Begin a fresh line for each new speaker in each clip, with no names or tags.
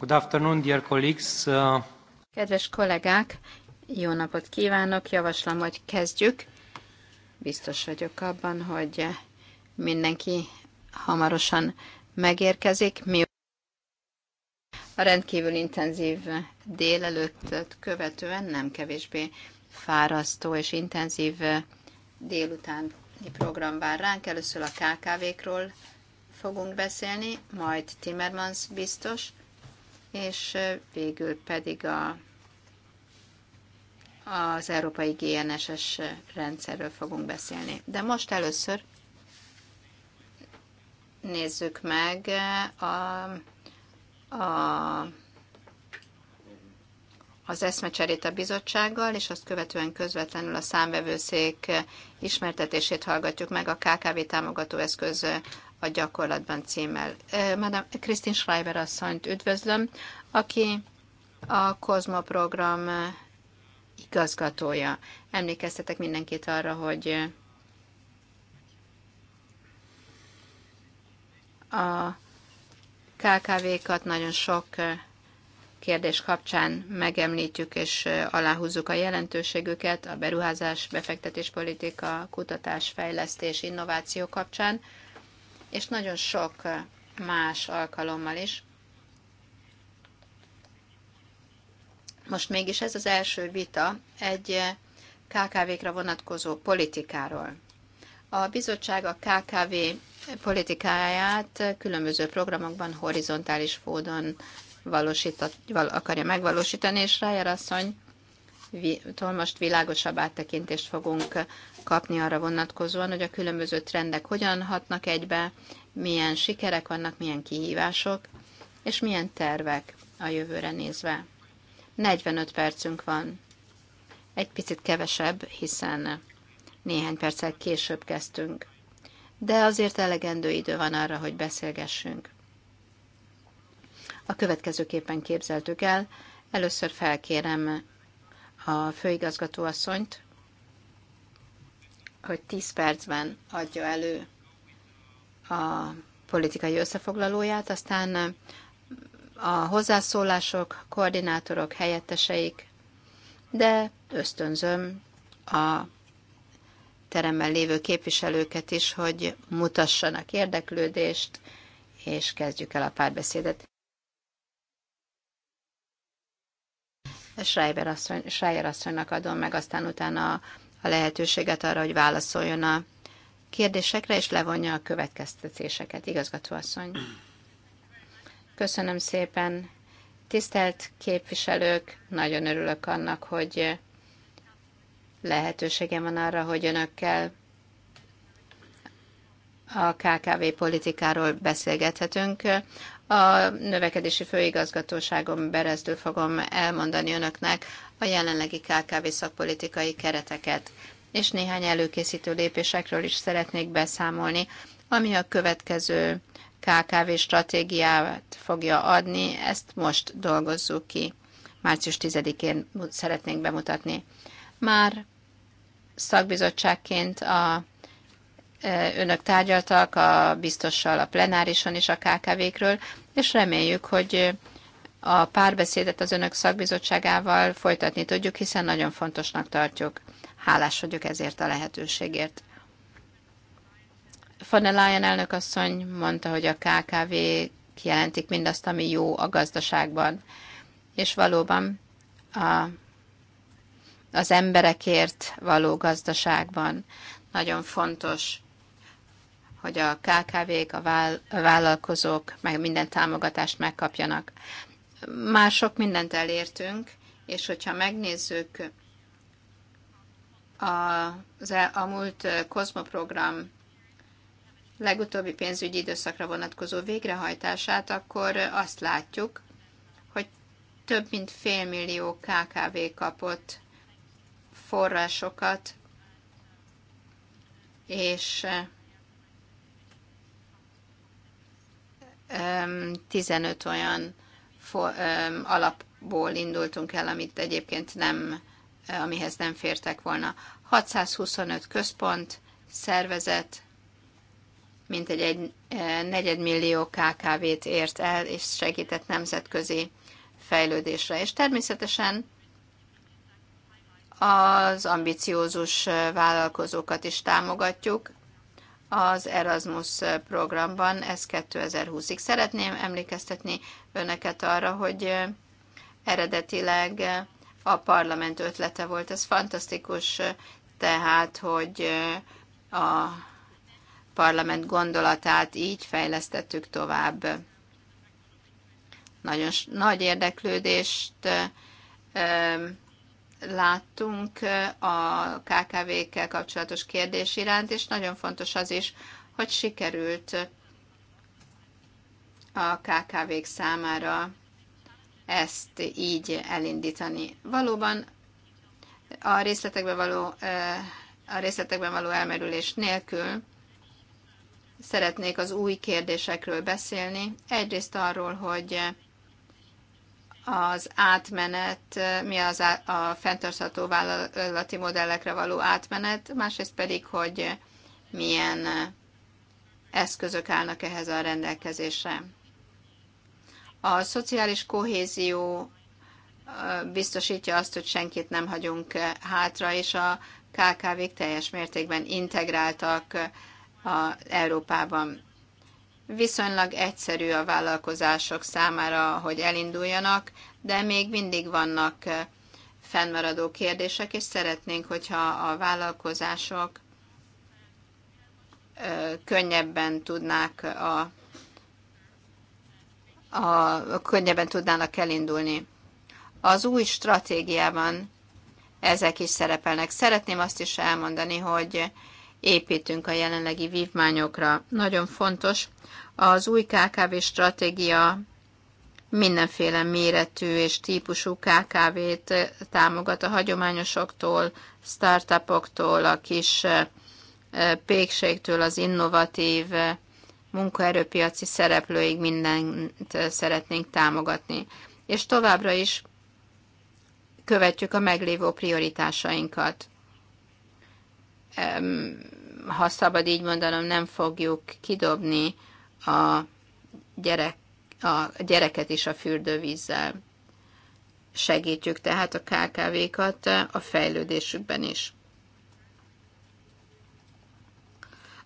Good afternoon, dear colleagues. Uh,
Kedves kollégák, jó napot kívánok, javaslom, hogy kezdjük. Biztos vagyok abban, hogy mindenki hamarosan megérkezik. Mi a rendkívül intenzív délelőttet követően nem kevésbé fárasztó és intenzív délutáni program vár ránk. Először a KKV-król fogunk beszélni, majd Timmermans biztos, és végül pedig a, az európai GNSS rendszerről fogunk beszélni. De most először nézzük meg a, a, az eszmecserét a bizottsággal, és azt követően közvetlenül a számvevőszék ismertetését hallgatjuk meg a KKV támogató eszköz a gyakorlatban címmel. Madame Christine Schreiber asszonyt üdvözlöm, aki a kozma program igazgatója. Emlékeztetek mindenkit arra, hogy a KKV-kat nagyon sok kérdés kapcsán megemlítjük és aláhúzzuk a jelentőségüket a beruházás, befektetéspolitika, kutatás, fejlesztés, innováció kapcsán és nagyon sok más alkalommal is. Most mégis ez az első vita egy KKV-kra vonatkozó politikáról. A bizottság a KKV politikáját különböző programokban horizontális módon akarja megvalósítani, és Rájer asszony most világosabb áttekintést fogunk kapni arra vonatkozóan, hogy a különböző trendek hogyan hatnak egybe, milyen sikerek vannak, milyen kihívások, és milyen tervek a jövőre nézve. 45 percünk van. Egy picit kevesebb, hiszen néhány perccel később kezdtünk. De azért elegendő idő van arra, hogy beszélgessünk. A következőképpen képzeltük el. Először felkérem a főigazgatóasszonyt, hogy 10 percben adja elő a politikai összefoglalóját, aztán a hozzászólások, koordinátorok, helyetteseik, de ösztönzöm a teremben lévő képviselőket is, hogy mutassanak érdeklődést, és kezdjük el a párbeszédet. Schreiber asszony, Schreier asszonynak adom meg, aztán utána a lehetőséget arra, hogy válaszoljon a kérdésekre, és levonja a következtetéseket. Igazgatóasszony. Köszönöm szépen. Tisztelt képviselők, nagyon örülök annak, hogy lehetőségem van arra, hogy önökkel a KKV politikáról beszélgethetünk. A növekedési főigazgatóságon beresztül fogom elmondani önöknek a jelenlegi KKV szakpolitikai kereteket, és néhány előkészítő lépésekről is szeretnék beszámolni, ami a következő KKV stratégiát fogja adni, ezt most dolgozzuk ki. Március 10-én szeretnénk bemutatni. Már szakbizottságként a önök tárgyaltak a biztossal a plenárison és a KKV-kről, és reméljük, hogy a párbeszédet az önök szakbizottságával folytatni tudjuk, hiszen nagyon fontosnak tartjuk. Hálás vagyok ezért a lehetőségért. Von der Leyen elnök asszony mondta, hogy a KKV jelentik mindazt, ami jó a gazdaságban. És valóban a, az emberekért való gazdaságban nagyon fontos hogy a KKV-k, a vállalkozók meg minden támogatást megkapjanak. Már sok mindent elértünk, és hogyha megnézzük a, a múlt COSMO program legutóbbi pénzügyi időszakra vonatkozó végrehajtását, akkor azt látjuk, hogy több mint fél millió KKV kapott forrásokat, és 15 olyan alapból indultunk el, amit egyébként nem, amihez nem fértek volna. 625 központ, szervezet, mintegy egy negyedmillió KKV-t ért el, és segített nemzetközi fejlődésre. És természetesen az ambiciózus vállalkozókat is támogatjuk, az Erasmus programban, ez 2020-ig. Szeretném emlékeztetni önöket arra, hogy eredetileg a parlament ötlete volt. Ez fantasztikus, tehát, hogy a parlament gondolatát így fejlesztettük tovább. Nagyon nagy érdeklődést láttunk eh, a KKV-kkel kapcsolatos kérdés iránt, és nagyon fontos az is, hogy sikerült a KKV-k számára ezt így elindítani. Valóban a részletekben való, eh, a részletekben való elmerülés nélkül szeretnék az új kérdésekről beszélni. Egyrészt arról, hogy az átmenet, mi az a fenntartható vállalati modellekre való átmenet, másrészt pedig, hogy milyen eszközök állnak ehhez a rendelkezésre. A szociális kohézió biztosítja azt, hogy senkit nem hagyunk hátra, és a KKV-k teljes mértékben integráltak a Európában. Viszonylag egyszerű a vállalkozások számára, hogy elinduljanak, de még mindig vannak fennmaradó kérdések, és szeretnénk, hogyha a vállalkozások könnyebben tudnák a, a könnyebben tudnának elindulni. Az új stratégiában ezek is szerepelnek. Szeretném azt is elmondani, hogy építünk a jelenlegi vívmányokra. Nagyon fontos az új KKV stratégia mindenféle méretű és típusú KKV-t támogat a hagyományosoktól, startupoktól, a kis pékségtől az innovatív munkaerőpiaci szereplőig mindent szeretnénk támogatni. És továbbra is követjük a meglévő prioritásainkat ha szabad így mondanom, nem fogjuk kidobni a, gyerek, a gyereket is a fürdővízzel. Segítjük tehát a KKV-kat a fejlődésükben is.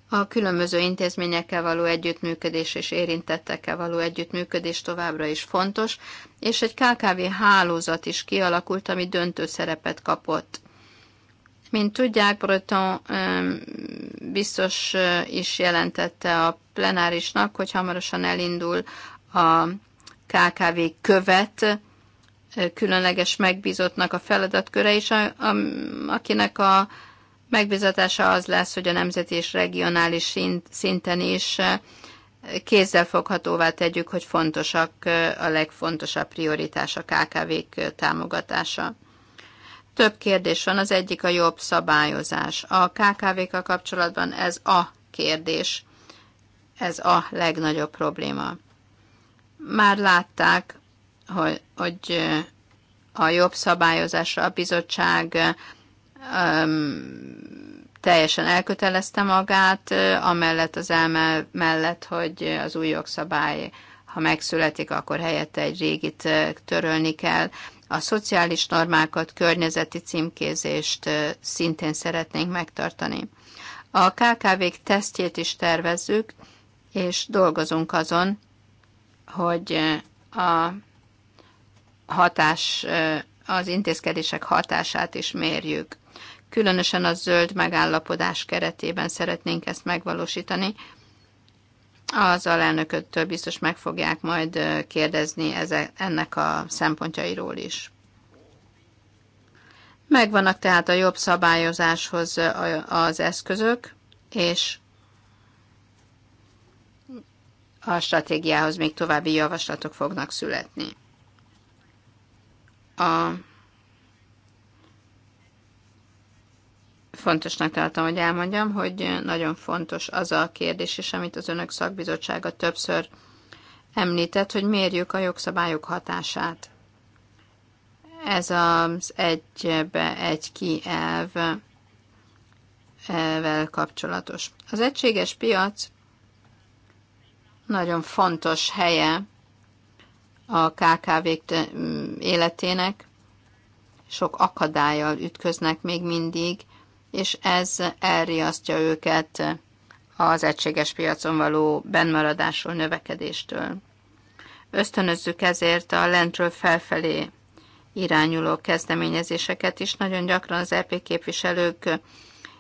A különböző intézményekkel való együttműködés és érintettekkel való együttműködés továbbra is fontos, és egy KKV hálózat is kialakult, ami döntő szerepet kapott mint tudják, Breton biztos is jelentette a plenárisnak, hogy hamarosan elindul a KKV követ, különleges megbízottnak a feladatköre, és a, a, akinek a megbízatása az lesz, hogy a nemzeti és regionális szinten is kézzelfoghatóvá tegyük, hogy fontosak a legfontosabb prioritás a KKV-k támogatása. Több kérdés van, az egyik a jobb szabályozás. A KKV-kkal kapcsolatban ez a kérdés, ez a legnagyobb probléma. Már látták, hogy, hogy a jobb szabályozásra a bizottság um, teljesen elkötelezte magát, amellett az elme mellett, hogy az új jogszabály, ha megszületik, akkor helyette egy régit törölni kell. A szociális normákat, környezeti címkézést szintén szeretnénk megtartani. A KKV-k tesztjét is tervezzük, és dolgozunk azon, hogy a hatás, az intézkedések hatását is mérjük. Különösen a zöld megállapodás keretében szeretnénk ezt megvalósítani, az alelnököttől biztos meg fogják majd kérdezni ezek, ennek a szempontjairól is. Megvannak tehát a jobb szabályozáshoz az eszközök, és a stratégiához még további javaslatok fognak születni. A fontosnak találtam, hogy elmondjam, hogy nagyon fontos az a kérdés is, amit az önök szakbizottsága többször említett, hogy mérjük a jogszabályok hatását. Ez az egybe egy ki elvel kapcsolatos. Az egységes piac nagyon fontos helye a KKV mm, életének, sok akadályal ütköznek még mindig, és ez elriasztja őket az egységes piacon való benmaradásról, növekedéstől. Ösztönözzük ezért a lentről felfelé irányuló kezdeményezéseket is. Nagyon gyakran az EP képviselők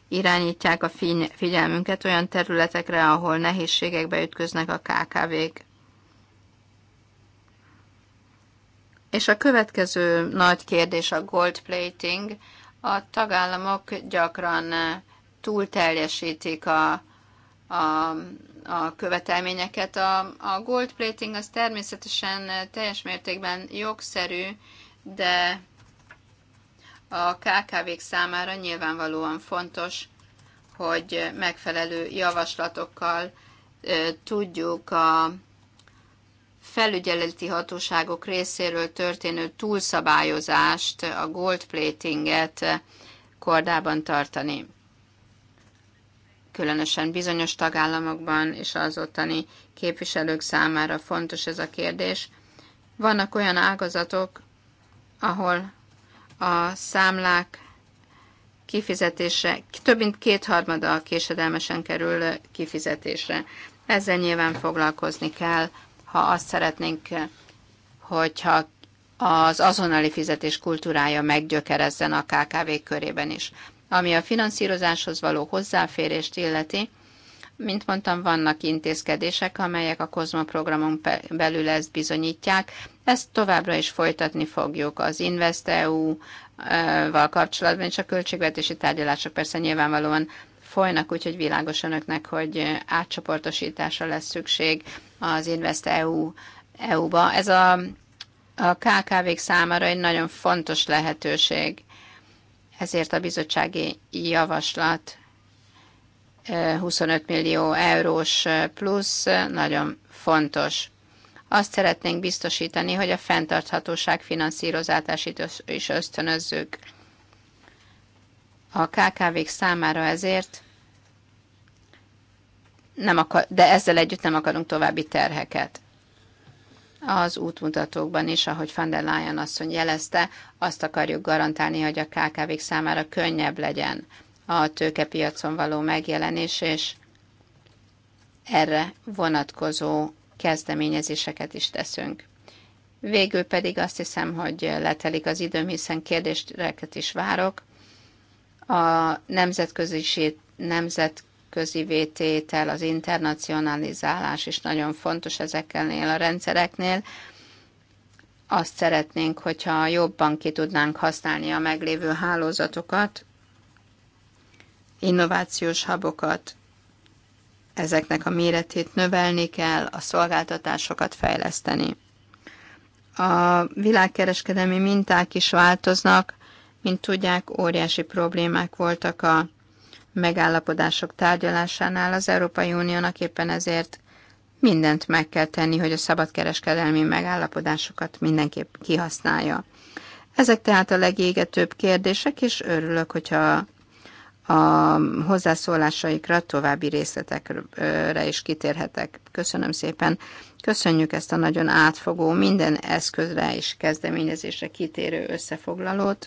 irányítják a figyelmünket olyan területekre, ahol nehézségekbe ütköznek a KKV-k. És a következő nagy kérdés a gold plating, a tagállamok gyakran eh, túlteljesítik a, a, a követelményeket. A, a gold plating az természetesen eh, teljes mértékben jogszerű, de a KKV-k számára nyilvánvalóan fontos, hogy megfelelő javaslatokkal eh, tudjuk a felügyeleti hatóságok részéről történő túlszabályozást, a gold platinget kordában tartani. Különösen bizonyos tagállamokban és az ottani képviselők számára fontos ez a kérdés. Vannak olyan ágazatok, ahol a számlák kifizetése több mint kétharmada késedelmesen kerül kifizetésre. Ezzel nyilván foglalkozni kell, ha azt szeretnénk, hogyha az azonnali fizetés kultúrája meggyökerezzen a KKV körében is. Ami a finanszírozáshoz való hozzáférést illeti, mint mondtam, vannak intézkedések, amelyek a Kozma programon belül ezt bizonyítják. Ezt továbbra is folytatni fogjuk az InvestEU-val kapcsolatban, és a költségvetési tárgyalások persze nyilvánvalóan folynak, úgyhogy világos önöknek, hogy átcsoportosításra lesz szükség az Invest EU, EU-ba. Ez a, a KKV-k számára egy nagyon fontos lehetőség. Ezért a bizottsági javaslat 25 millió eurós plusz nagyon fontos. Azt szeretnénk biztosítani, hogy a fenntarthatóság finanszírozását is ösztönözzük. A KKV-k számára ezért nem akar, de ezzel együtt nem akarunk további terheket. Az útmutatókban is, ahogy van der Leyen asszony jelezte, azt akarjuk garantálni, hogy a KKV-k számára könnyebb legyen a tőkepiacon való megjelenés, és erre vonatkozó kezdeményezéseket is teszünk. Végül pedig azt hiszem, hogy letelik az időm, hiszen kérdéseket is várok. A nemzetközi, nemzet nemzetközi vététel, az internacionalizálás is nagyon fontos ezeknél a rendszereknél. Azt szeretnénk, hogyha jobban ki tudnánk használni a meglévő hálózatokat, innovációs habokat, ezeknek a méretét növelni kell, a szolgáltatásokat fejleszteni. A világkereskedelmi minták is változnak, mint tudják, óriási problémák voltak a megállapodások tárgyalásánál az Európai Uniónak éppen ezért mindent meg kell tenni, hogy a szabadkereskedelmi megállapodásokat mindenképp kihasználja. Ezek tehát a legégetőbb kérdések, és örülök, hogyha a hozzászólásaikra további részletekre is kitérhetek. Köszönöm szépen. Köszönjük ezt a nagyon átfogó, minden eszközre és kezdeményezésre kitérő összefoglalót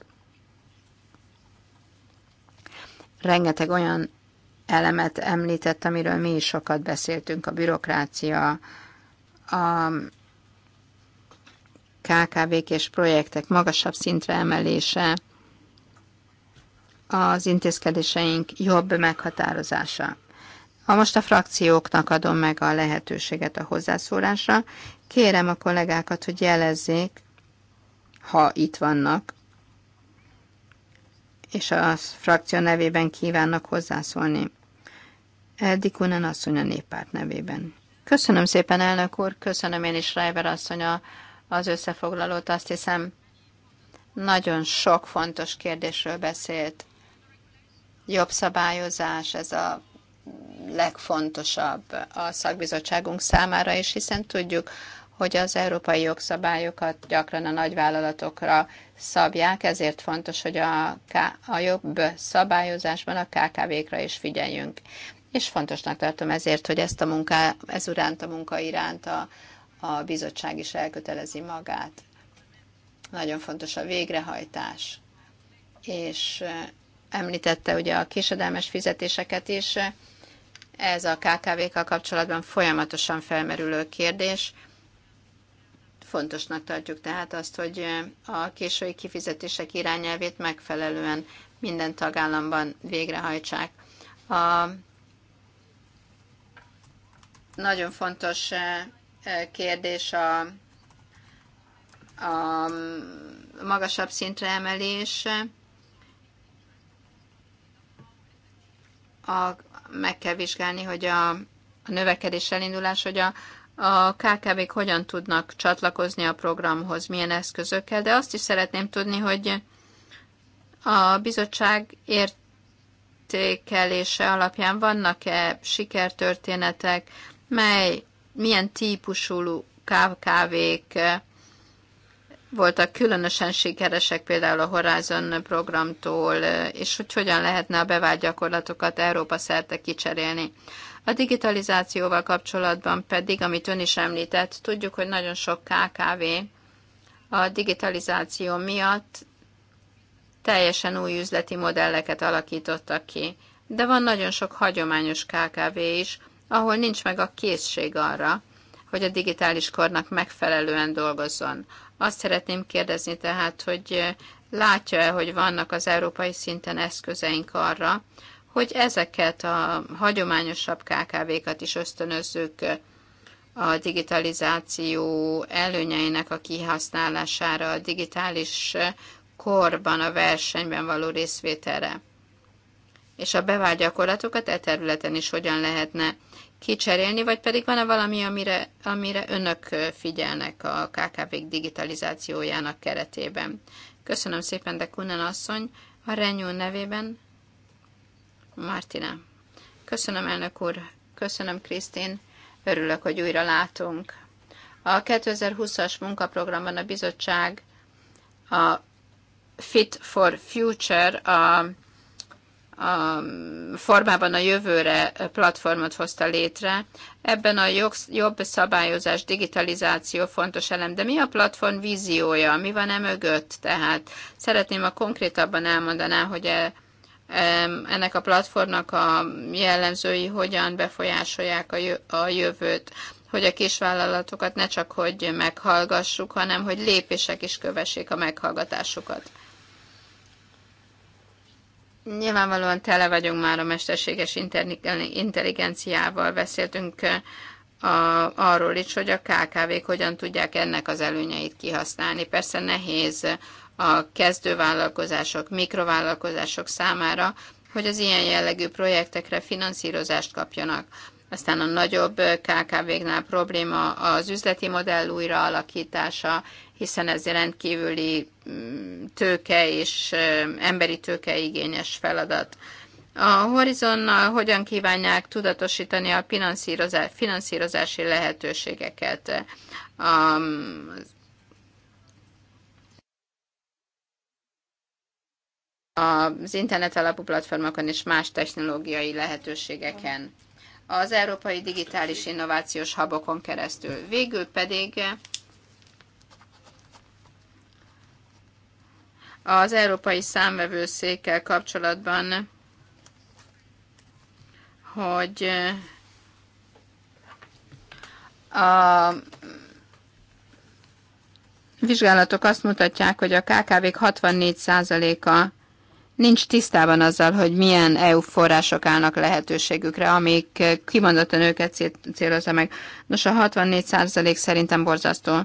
rengeteg olyan elemet említett, amiről mi is sokat beszéltünk, a bürokrácia, a KKV-k és projektek magasabb szintre emelése, az intézkedéseink jobb meghatározása. Ha most a frakcióknak adom meg a lehetőséget a hozzászólásra, kérem a kollégákat, hogy jelezzék, ha itt vannak, és a frakció nevében kívánnak hozzászólni. Dikunen asszony a néppárt nevében. Köszönöm szépen, elnök úr, köszönöm én is Reiber asszony az összefoglalót. Azt hiszem, nagyon sok fontos kérdésről beszélt. Jobb szabályozás, ez a legfontosabb a szakbizottságunk számára, és hiszen tudjuk, hogy az európai jogszabályokat gyakran a nagyvállalatokra szabják, ezért fontos, hogy a, a jobb szabályozásban a KKV-kra is figyeljünk. És fontosnak tartom ezért, hogy ezt a ez uránt a munka iránt a, a bizottság is elkötelezi magát. Nagyon fontos a végrehajtás. És említette ugye a késedelmes fizetéseket is, ez a KKV-kkal kapcsolatban folyamatosan felmerülő kérdés Fontosnak tartjuk tehát azt, hogy a késői kifizetések irányelvét megfelelően minden tagállamban végrehajtsák. A nagyon fontos kérdés a, a magasabb szintre emelés. A, meg kell vizsgálni, hogy a, a növekedés elindulás, hogy a, a KKV-k hogyan tudnak csatlakozni a programhoz, milyen eszközökkel, de azt is szeretném tudni, hogy a bizottság értékelése alapján vannak-e sikertörténetek, mely, milyen típusú KKV-k voltak különösen sikeresek például a Horizon programtól, és hogy hogyan lehetne a bevált gyakorlatokat Európa szerte kicserélni. A digitalizációval kapcsolatban pedig, amit ön is említett, tudjuk, hogy nagyon sok KKV a digitalizáció miatt teljesen új üzleti modelleket alakítottak ki. De van nagyon sok hagyományos KKV is, ahol nincs meg a készség arra, hogy a digitális kornak megfelelően dolgozzon. Azt szeretném kérdezni tehát, hogy látja-e, hogy vannak az európai szinten eszközeink arra, hogy ezeket a hagyományosabb KKV-kat is ösztönözzük a digitalizáció előnyeinek a kihasználására, a digitális korban, a versenyben való részvételre. És a bevált gyakorlatokat e területen is hogyan lehetne kicserélni, vagy pedig van-e valami, amire, amire önök figyelnek a kkv digitalizációjának keretében. Köszönöm szépen, de Kunen asszony, a Renyú nevében Martina. Köszönöm, elnök úr. Köszönöm, Krisztin. Örülök, hogy újra látunk. A 2020-as munkaprogramban a bizottság a Fit for Future, a, a formában a jövőre platformot hozta létre. Ebben a jog, jobb szabályozás, digitalizáció fontos elem, de mi a platform víziója, mi van e mögött? Tehát szeretném, a konkrétabban elmondaná, hogy e, ennek a platformnak a jellemzői hogyan befolyásolják a jövőt, hogy a kisvállalatokat ne csak hogy meghallgassuk, hanem hogy lépések is kövessék a meghallgatásukat. Nyilvánvalóan tele vagyunk már a mesterséges intelligenciával, beszéltünk eh, a, arról is, hogy a KKV-k hogyan tudják ennek az előnyeit kihasználni. Persze nehéz a kezdővállalkozások, mikrovállalkozások számára, hogy az ilyen jellegű projektekre finanszírozást kapjanak. Aztán a nagyobb KKV-knál probléma az üzleti modell újraalakítása, hiszen ez rendkívüli mm, tőke és mm, emberi tőke igényes feladat. A horizonnal hogyan kívánják tudatosítani a finanszírozási lehetőségeket? Az mm, az internet alapú platformokon és más technológiai lehetőségeken, az Európai Digitális Innovációs Habokon keresztül. Végül pedig az Európai Számvevőszékkel kapcsolatban, hogy a vizsgálatok azt mutatják, hogy a KKV-k 64%-a nincs tisztában azzal, hogy milyen EU források állnak lehetőségükre, amik eh, kimondottan őket cél, célozza meg. Nos, a 64% szerintem borzasztó,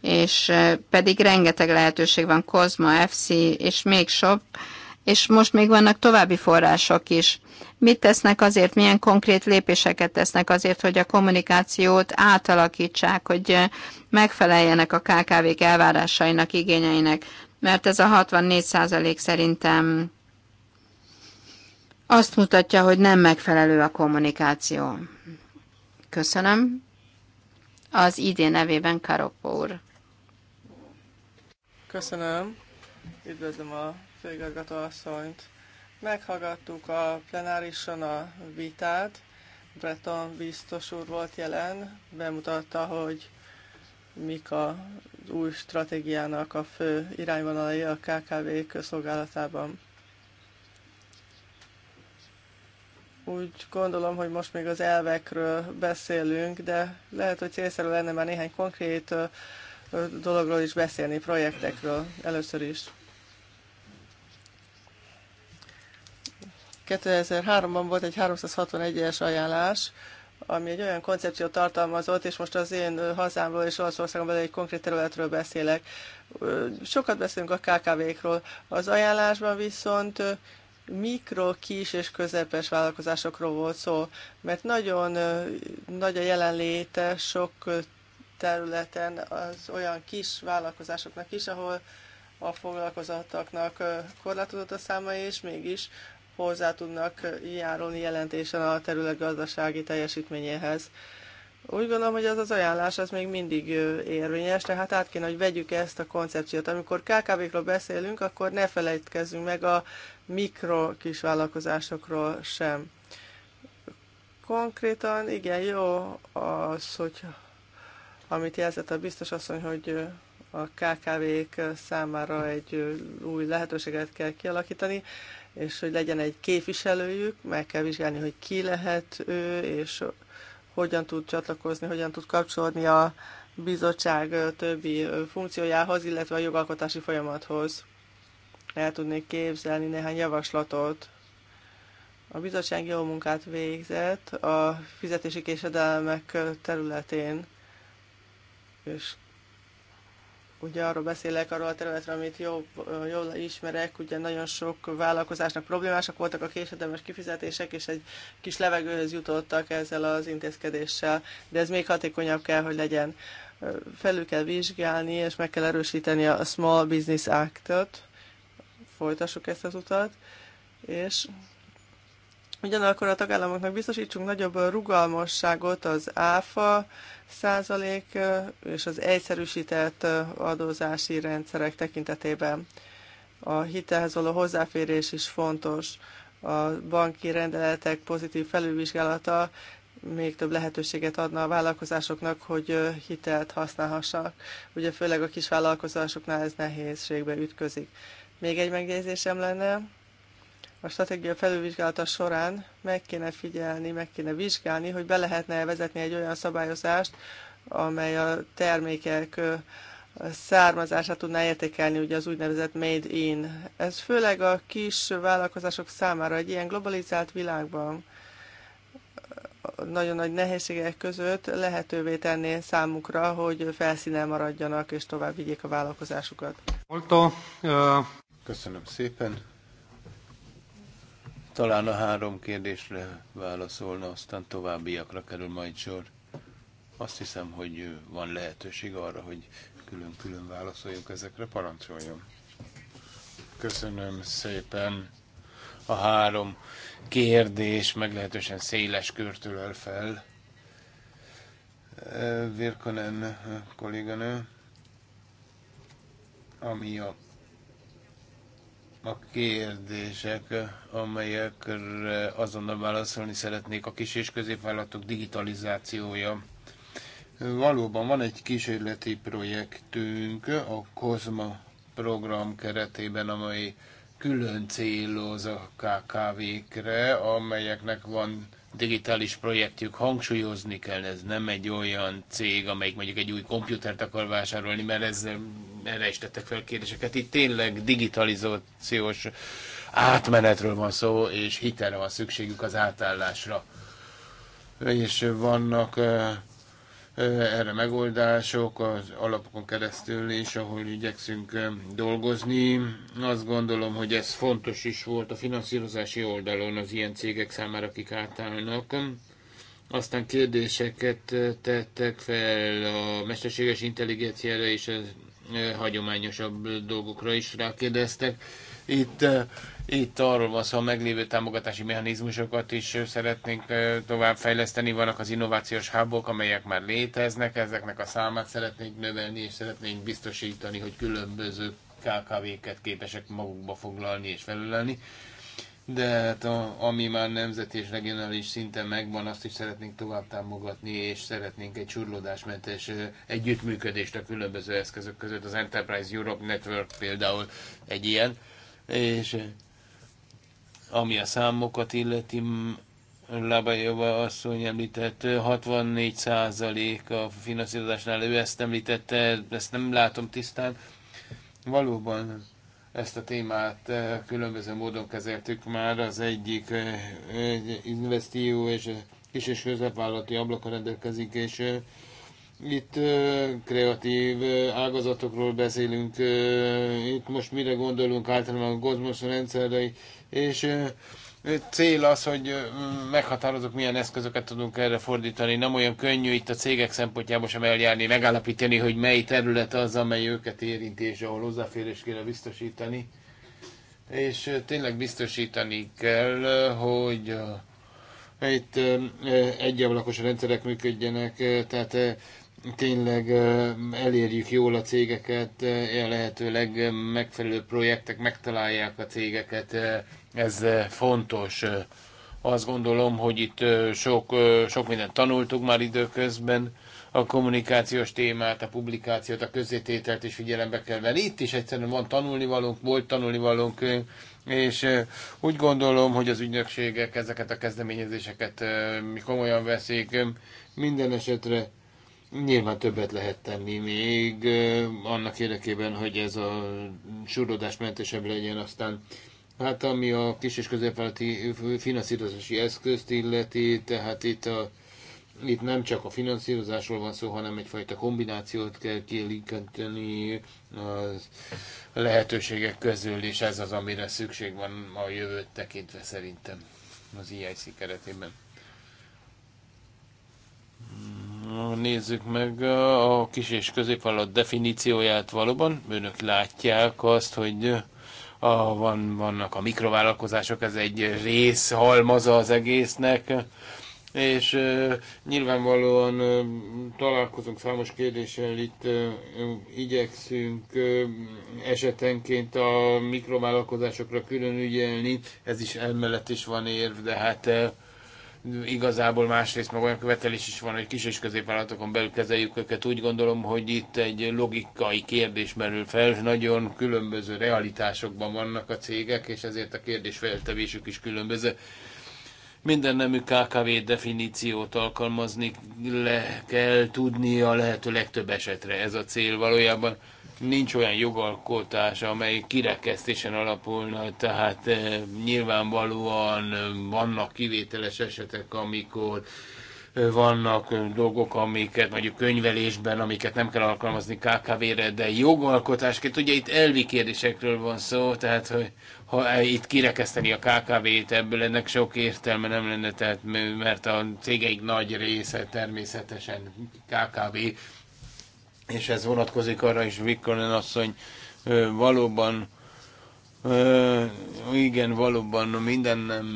és eh, pedig rengeteg lehetőség van, Kozma, FC és még sok, és most még vannak további források is. Mit tesznek azért, milyen konkrét lépéseket tesznek azért, hogy a kommunikációt átalakítsák, hogy eh, megfeleljenek a KKV-k elvárásainak, igényeinek, mert ez a 64 százalék szerintem azt mutatja, hogy nem megfelelő a kommunikáció. Köszönöm. Az idén nevében Karoppó úr.
Köszönöm. Üdvözlöm a főigazgató asszonyt. Meghallgattuk a plenárison a vitát. Breton biztos úr volt jelen, bemutatta, hogy mik az új stratégiának a fő irányvonalai a KKV közszolgálatában. úgy gondolom, hogy most még az elvekről beszélünk, de lehet, hogy célszerű lenne már néhány konkrét dologról is beszélni, projektekről először is. 2003-ban volt egy 361-es ajánlás, ami egy olyan koncepciót tartalmazott, és most az én hazámról és Olaszországon belül egy konkrét területről beszélek. Sokat beszélünk a KKV-król. Az ajánlásban viszont mikro, kis és közepes vállalkozásokról volt szó, mert nagyon nagy a jelenléte sok területen az olyan kis vállalkozásoknak is, ahol a foglalkozottaknak korlátozott a száma, és mégis hozzá tudnak járulni jelentésen a terület gazdasági teljesítményéhez. Úgy gondolom, hogy ez az ajánlás ez még mindig érvényes, tehát át kéne, hogy vegyük ezt a koncepciót. Amikor KKV-król beszélünk, akkor ne felejtkezzünk meg a mikro kisvállalkozásokról sem. Konkrétan igen, jó az, hogy amit jelzett a biztos asszony, hogy a KKV-k számára egy új lehetőséget kell kialakítani, és hogy legyen egy képviselőjük, meg kell vizsgálni, hogy ki lehet ő, és hogyan tud csatlakozni, hogyan tud kapcsolódni a bizottság többi funkciójához, illetve a jogalkotási folyamathoz. El tudnék képzelni néhány javaslatot. A bizottság jó munkát végzett a fizetési késedelmek területén, és ugye arról beszélek, arról a területről, amit jobb, jól ismerek, ugye nagyon sok vállalkozásnak problémásak voltak a késedelmes kifizetések, és egy kis levegőhöz jutottak ezzel az intézkedéssel, de ez még hatékonyabb kell, hogy legyen. Felül kell vizsgálni, és meg kell erősíteni a Small Business Act-ot, folytassuk ezt az utat, és Ugyanakkor a tagállamoknak biztosítsunk nagyobb rugalmasságot az áfa százalék és az egyszerűsített adózási rendszerek tekintetében. A hitelhez való hozzáférés is fontos. A banki rendeletek pozitív felülvizsgálata még több lehetőséget adna a vállalkozásoknak, hogy hitelt használhassak. Ugye főleg a kisvállalkozásoknál ez nehézségbe ütközik. Még egy megjegyzésem lenne, a stratégia felülvizsgálata során meg kéne figyelni, meg kéne vizsgálni, hogy be lehetne vezetni egy olyan szabályozást, amely a termékek származását tudná értékelni, ugye az úgynevezett made in. Ez főleg a kis vállalkozások számára egy ilyen globalizált világban nagyon nagy nehézségek között lehetővé tenné számukra, hogy felszínen maradjanak és tovább vigyék a vállalkozásukat.
Köszönöm szépen. Talán a három kérdésre válaszolna, aztán továbbiakra kerül majd sor. Azt hiszem, hogy van lehetőség arra, hogy külön-külön válaszoljunk ezekre. Parancsoljon! Köszönöm szépen! A három kérdés meglehetősen széles körtől el fel. Virkonen kolléganő, ami a a kérdések, amelyekre azonnal válaszolni szeretnék a kis és középvállalatok digitalizációja. Valóban van egy kísérleti projektünk a Kozma program keretében, amely külön céloz a KKV-kre, amelyeknek van digitális projektjük, hangsúlyozni kell, ez nem egy olyan cég, amelyik mondjuk egy új komputert akar vásárolni, mert ezzel erre is tettek fel kérdéseket. Itt tényleg digitalizációs átmenetről van szó, és hitelre van szükségük az átállásra. És vannak eh, erre megoldások az alapokon keresztül és ahol igyekszünk dolgozni. Azt gondolom, hogy ez fontos is volt a finanszírozási oldalon az ilyen cégek számára, akik átállnak. Aztán kérdéseket tettek fel a mesterséges intelligenciára és a hagyományosabb dolgokra is rákérdeztek. Itt, eh, itt arról van szó, a meglévő támogatási mechanizmusokat is eh, szeretnénk eh, továbbfejleszteni. Vannak az innovációs hábok, amelyek már léteznek, ezeknek a számát szeretnénk növelni, és szeretnénk biztosítani, hogy különböző KKV-ket képesek magukba foglalni és felülelni de hát a, ami már nemzeti és regionális szinten megvan, azt is szeretnénk tovább támogatni, és szeretnénk egy csurlódásmentes együttműködést a különböző eszközök között. Az Enterprise Europe Network például egy ilyen és eh, ami a számokat illeti, Labajova asszony említett, 64 százalék a finanszírozásnál, ő ezt említette, ezt nem látom tisztán. Valóban ezt a témát eh, különböző módon kezeltük már, az egyik eh, egy investíció és kis és középvállalati ablaka rendelkezik, és itt ö, kreatív ö, ágazatokról beszélünk, ö, itt most mire gondolunk általában a gozmos rendszerre, és ö, cél az, hogy meghatározok, milyen eszközöket tudunk erre fordítani. Nem olyan könnyű itt a cégek szempontjából sem eljárni, megállapítani, hogy mely terület az, amely őket érinti, és ahol hozzáférés kéne biztosítani. És tényleg biztosítani kell, hogy itt egyablakos rendszerek működjenek, tehát tényleg elérjük jól a cégeket, lehetőleg megfelelő projektek megtalálják a cégeket, ez fontos. Azt gondolom, hogy itt sok, sok mindent tanultuk már időközben, a kommunikációs témát, a publikációt, a közétételt is figyelembe kell venni. Itt is egyszerűen van tanulnivalónk, volt tanulnivalónk, és úgy gondolom, hogy az ügynökségek ezeket a kezdeményezéseket komolyan veszik. Minden esetre Nyilván többet lehet tenni még annak érdekében, hogy ez a súrodás mentesebb legyen, aztán hát ami a kis és középvállalati finanszírozási eszközt illeti, tehát itt, a, itt nem csak a finanszírozásról van szó, hanem egyfajta kombinációt kell kielinkenteni a lehetőségek közül, és ez az, amire szükség van a jövőt tekintve szerintem az EIC keretében. Nézzük meg a kis és középvállalat definícióját valóban. Önök látják azt, hogy a, van, vannak a mikrovállalkozások, ez egy rész halmaza az egésznek, és e, nyilvánvalóan e, találkozunk számos kérdéssel, itt e, igyekszünk e, esetenként a mikrovállalkozásokra külön ügyelni, ez is emellett is van érv, de hát e, Igazából másrészt meg olyan követelés is van, hogy kis és középvállalatokon belül kezeljük őket. Úgy gondolom, hogy itt egy logikai kérdés merül fel, nagyon különböző realitásokban vannak a cégek, és ezért a kérdés feltevésük is különböző minden nemű KKV definíciót alkalmazni le kell tudnia a lehető legtöbb esetre. Ez a cél valójában nincs olyan jogalkotás, amely kirekesztésen alapulna, tehát e, nyilvánvalóan eh, vannak kivételes esetek, amikor eh, vannak dolgok, amiket mondjuk könyvelésben, amiket nem kell alkalmazni KKV-re, de jogalkotásként, ugye itt elvi kérdésekről van szó, tehát hogy ha itt kirekeszteni a KKV-t, ebből ennek sok értelme nem lenne, tehát, mert a cégeik nagy része természetesen KKV, és ez vonatkozik arra is, Vikkonen asszony valóban igen, valóban minden nem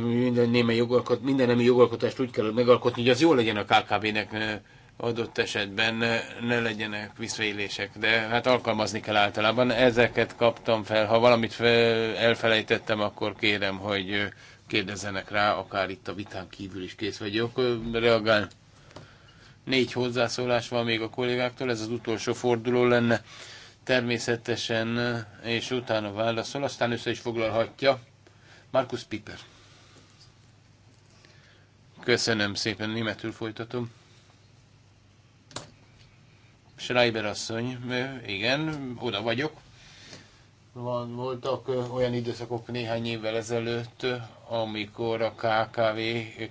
minden némely jogalkot, minden nemi jogalkotást úgy kell megalkotni, hogy az jó legyen a KKB-nek adott esetben, ne, legyenek visszaélések, de hát alkalmazni kell általában. Ezeket kaptam fel, ha valamit elfelejtettem, akkor kérem, hogy kérdezzenek rá, akár itt a vitán kívül is kész vagyok, reagálni. Négy hozzászólás van még a kollégáktól, ez az utolsó forduló lenne természetesen, és utána válaszol, aztán össze is foglalhatja. Markus Piper. Köszönöm szépen, németül folytatom. Schreiber asszony, igen, oda vagyok van, voltak olyan időszakok néhány évvel ezelőtt, amikor a KKV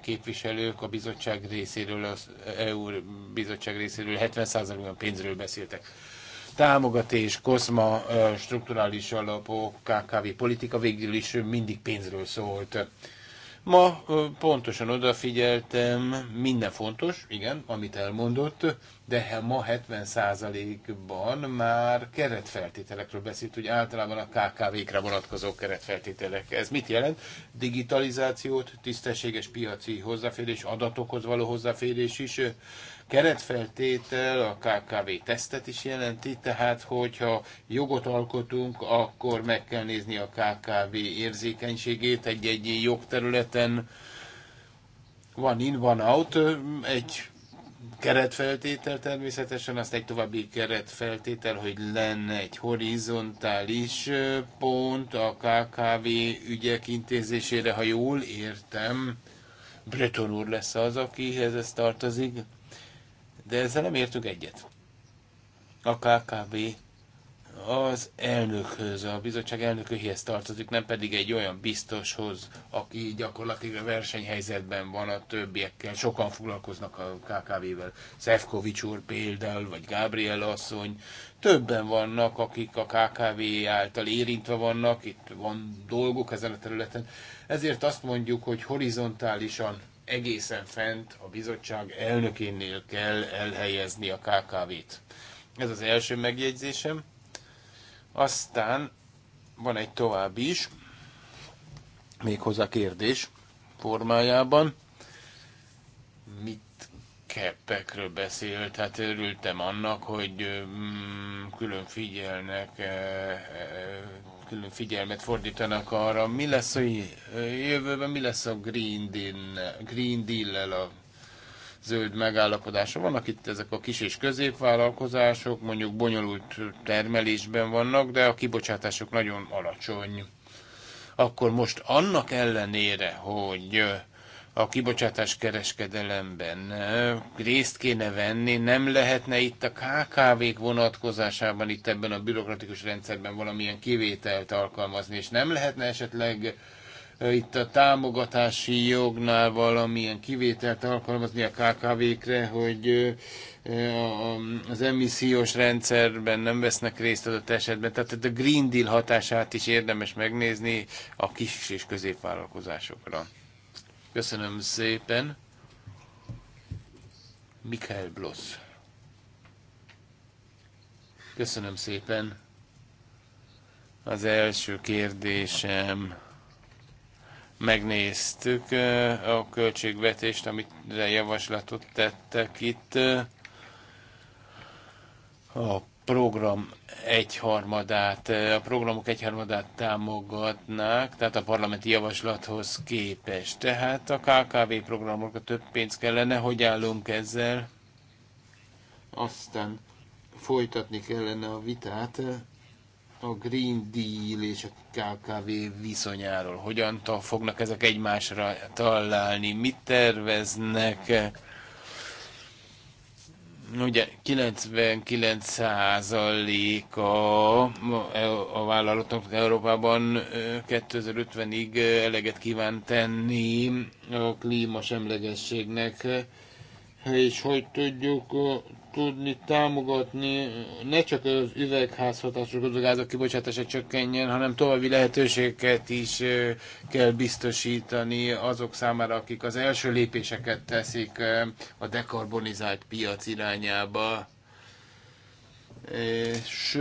képviselők a bizottság részéről, az EU bizottság részéről 70%-ban pénzről beszéltek. Támogatás, koszma, strukturális alapok, KKV politika végül is mindig pénzről szólt. Ma pontosan odafigyeltem, minden fontos, igen, amit elmondott, de ma 70%-ban már keretfeltételekről beszélt, hogy általában a KKV-kre vonatkozó keretfeltételek. Ez mit jelent? Digitalizációt, tisztességes piaci hozzáférés, adatokhoz való hozzáférés is, keretfeltétel a KKV tesztet is jelenti, tehát hogyha jogot alkotunk, akkor meg kell nézni a KKV érzékenységét egy-egy jogterületen. Van in, van out, egy keretfeltétel természetesen, azt egy további keretfeltétel, hogy lenne egy horizontális pont a KKV ügyek intézésére, ha jól értem. Breton úr lesz az, akihez ez tartozik de ezzel nem értünk egyet. A KKB az elnökhöz, a bizottság elnököhez tartozik, nem pedig egy olyan biztoshoz, aki gyakorlatilag a versenyhelyzetben van a többiekkel. Sokan foglalkoznak a KKV-vel. Szefkovics úr például, vagy Gabriel asszony. Többen vannak, akik a KKV által érintve vannak, itt van dolgok ezen a területen. Ezért azt mondjuk, hogy horizontálisan egészen fent a bizottság elnökénél kell elhelyezni a KKV-t. Ez az első megjegyzésem. Aztán van egy további is, méghozzá kérdés formájában. Mit keppekről beszélt, hát örültem annak, hogy mm, külön figyelnek e, e, külön figyelmet fordítanak arra, mi lesz a jövőben, mi lesz a Green Deal-lel, Green deal a zöld megállapodása. Vannak itt ezek a kis és középvállalkozások, mondjuk bonyolult termelésben vannak, de a kibocsátások nagyon alacsony. Akkor most annak ellenére, hogy a kibocsátás kereskedelemben részt kéne venni, nem lehetne itt a KKV-k vonatkozásában, itt ebben a bürokratikus rendszerben valamilyen kivételt alkalmazni, és nem lehetne esetleg itt a támogatási jognál valamilyen kivételt alkalmazni a KKV-kre, hogy az emissziós rendszerben nem vesznek részt adott esetben. Tehát a Green Deal hatását is érdemes megnézni a kis és középvállalkozásokra. Köszönöm szépen. Mikael Bloss. Köszönöm szépen. Az első kérdésem. Megnéztük a költségvetést, amit javaslatot tettek itt. A program egyharmadát, a programok egyharmadát támogatnák, tehát a parlamenti javaslathoz képest. Tehát a KKV programokra több pénz kellene, hogy állunk ezzel. Aztán folytatni kellene a vitát a Green Deal és a KKV viszonyáról. Hogyan fognak ezek egymásra találni? Mit terveznek? Ugye 99 a, a vállalatoknak Európában 2050-ig eleget kíván tenni a klímasemlegességnek, és hogy tudjuk tudni támogatni, ne csak az üvegházhatású gázok kibocsátása csökkenjen, hanem további lehetőséget is kell biztosítani azok számára, akik az első lépéseket teszik a dekarbonizált piac irányába. És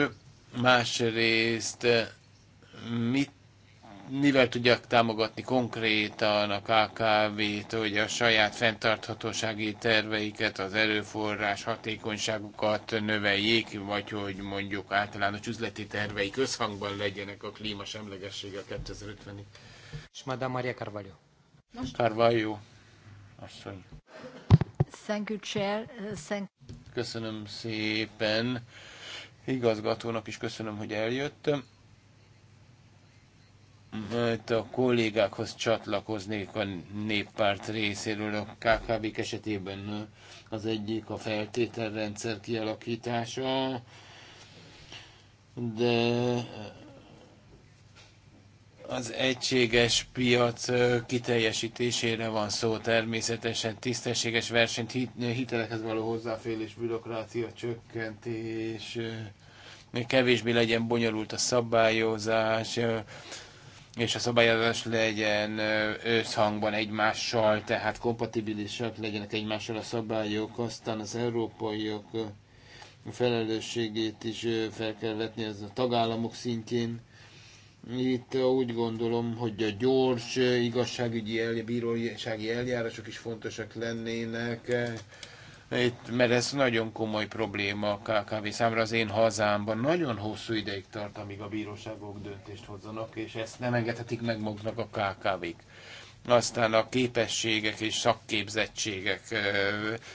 másrészt mit mivel tudják támogatni konkrétan a KKV-t, hogy a saját fenntarthatósági terveiket, az erőforrás hatékonyságukat növeljék, vagy hogy mondjuk általános üzleti terveik összhangban legyenek a klímasemlegessége a 2050-ig. És Madame Maria Carvalho. Carvalho, asszony.
Thank you, Chair. Thank...
Köszönöm szépen. Igazgatónak is köszönöm, hogy eljött itt a kollégákhoz csatlakoznék a néppárt részéről a kkb esetében az egyik a feltételrendszer kialakítása, de az egységes piac kiteljesítésére van szó természetesen, tisztességes versenyt, hitelekhez való hozzáférés, bürokrácia csökkentés, kevésbé legyen bonyolult a szabályozás, és a szabályozás legyen összhangban egymással, tehát kompatibilisak legyenek egymással a szabályok, aztán az európaiak felelősségét is fel kell vetni az a tagállamok szintjén. Itt úgy gondolom, hogy a gyors igazságügyi bírósági eljárások is fontosak lennének, itt, mert ez nagyon komoly probléma a KKV számra az én hazámban. Nagyon hosszú ideig tart, amíg a bíróságok döntést hozzanak, és ezt nem engedhetik meg maguknak a KKV-k aztán a képességek és szakképzettségek.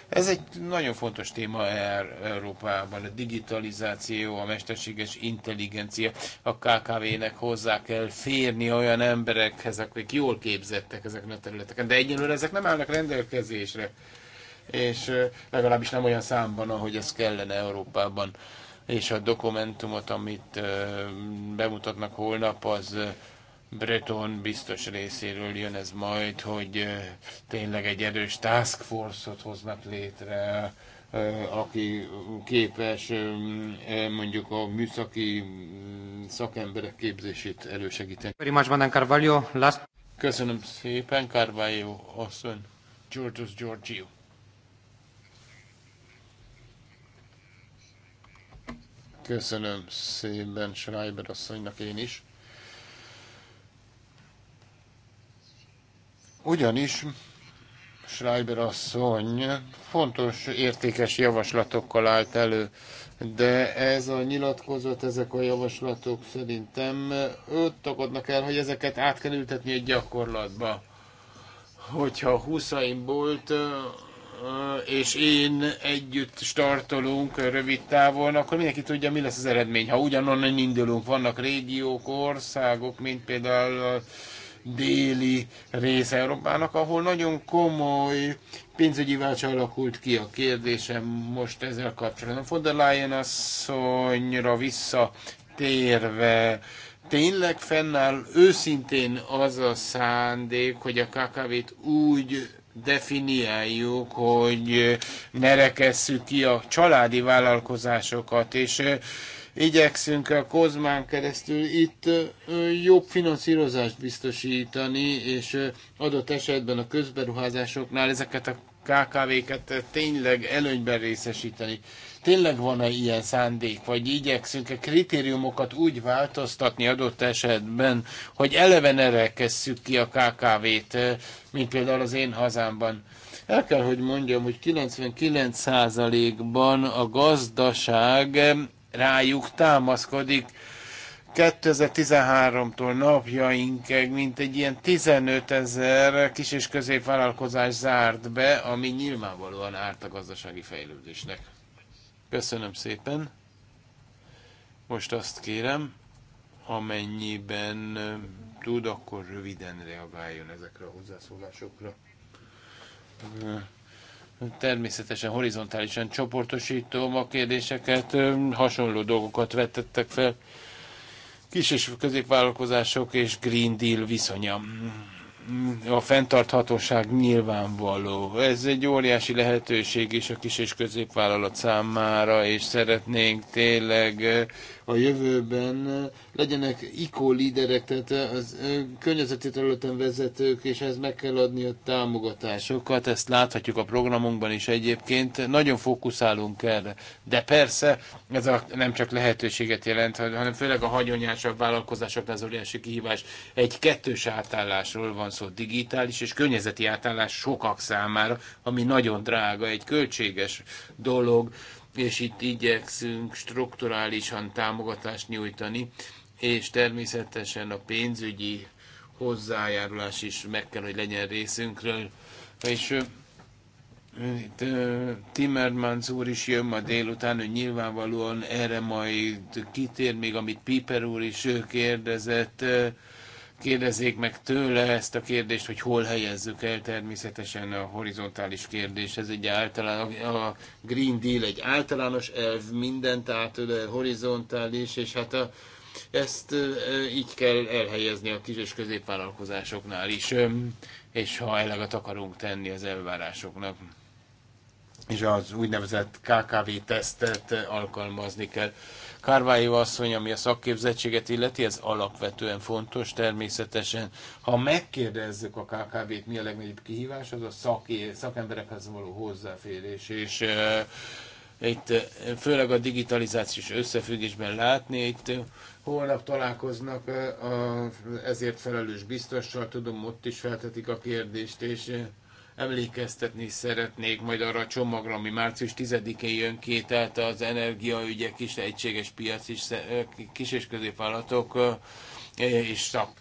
Ez egy nagyon fontos téma Európában, a digitalizáció, a mesterséges intelligencia. A KKV-nek hozzá kell férni olyan emberekhez, akik jól képzettek ezeken a területeken, de egyelőre ezek nem állnak rendelkezésre és legalábbis nem olyan számban, ahogy ez kellene Európában. És a dokumentumot, amit bemutatnak holnap, az Breton biztos részéről jön ez majd, hogy tényleg egy erős task force-ot hoznak létre, aki képes mondjuk a műszaki szakemberek képzését elősegíteni. Köszönöm szépen, Carvalho asszony, Georgios Giorgio. Köszönöm szépen Schreiber asszonynak én is. Ugyanis Schreiber asszony fontos, értékes javaslatokkal állt elő, de ez a nyilatkozat, ezek a javaslatok szerintem őt tagadnak el, hogy ezeket át kell ültetni egy gyakorlatba. Hogyha 20 bolt és én együtt startolunk rövid távon, akkor mindenki tudja, mi lesz az eredmény. Ha ugyanonnan indulunk, vannak régiók, országok, mint például a déli rész Európának, ahol nagyon komoly pénzügyi válcs alakult ki a kérdésem most ezzel kapcsolatban. Von der Leyen asszonyra visszatérve, tényleg fennáll őszintén az a szándék, hogy a KKV-t úgy definiáljuk, hogy rekesszük ki a családi vállalkozásokat, és igyekszünk a Kozmán keresztül itt jobb finanszírozást biztosítani, és adott esetben a közberuházásoknál ezeket a KKV-ket tényleg előnyben részesíteni tényleg van-e ilyen szándék, vagy igyekszünk-e kritériumokat úgy változtatni adott esetben, hogy eleven nerekesszük ki a KKV-t, eh, mint például az én hazámban. El kell, hogy mondjam, hogy 99%-ban a gazdaság eh, rájuk támaszkodik, 2013-tól napjainkig mint egy ilyen 15 ezer kis és középvállalkozás zárt be, ami nyilvánvalóan árt a gazdasági fejlődésnek. Köszönöm szépen. Most azt kérem, amennyiben tud, akkor röviden reagáljon ezekre a hozzászólásokra. Természetesen horizontálisan csoportosítom a kérdéseket, hasonló dolgokat vetettek fel. Kis és középvállalkozások és Green Deal viszonya. Mm, a fenntarthatóság nyilvánvaló. Ez egy óriási lehetőség is a kis és középvállalat számára, és szeretnénk tényleg a jövőben legyenek ICO-líderek, tehát az környezeti területen vezetők, és ez meg kell adni a támogatásokat. Ezt láthatjuk a programunkban is egyébként. Nagyon fókuszálunk erre. De persze, ez a, nem csak lehetőséget jelent, hanem főleg a hagyományosabb vállalkozásoknál az óriási kihívás. Egy kettős átállásról van szó, digitális és környezeti átállás sokak számára, ami nagyon drága, egy költséges dolog és itt igyekszünk strukturálisan támogatást nyújtani, és természetesen a pénzügyi hozzájárulás is meg kell, hogy legyen részünkről. És itt Timmermans úr is jön ma délután, ő nyilvánvalóan erre majd kitér, még amit Piper úr is kérdezett, kérdezzék meg tőle ezt a kérdést, hogy hol helyezzük el természetesen a horizontális kérdés. Ez egy általán, a Green Deal egy általános elv, mindent átölel, horizontális, és hát a, ezt így kell elhelyezni a kis és középvállalkozásoknál is, és ha eleget akarunk tenni az elvárásoknak. És az úgynevezett KKV tesztet alkalmazni kell. Kárvályó asszony, ami a szakképzettséget illeti, ez alapvetően fontos természetesen. Ha megkérdezzük a KKV-t, mi a legnagyobb kihívás, az a szaké, szakemberekhez való hozzáférés, és e, itt főleg a digitalizációs összefüggésben látni, itt holnap találkoznak a, ezért felelős biztossal, tudom, ott is feltetik a kérdést, és Emlékeztetni szeretnék majd arra a csomagra, ami március 10-én jön ki, tehát az energiaügyek kis egységes piac is, kis és középvállalatok és szak,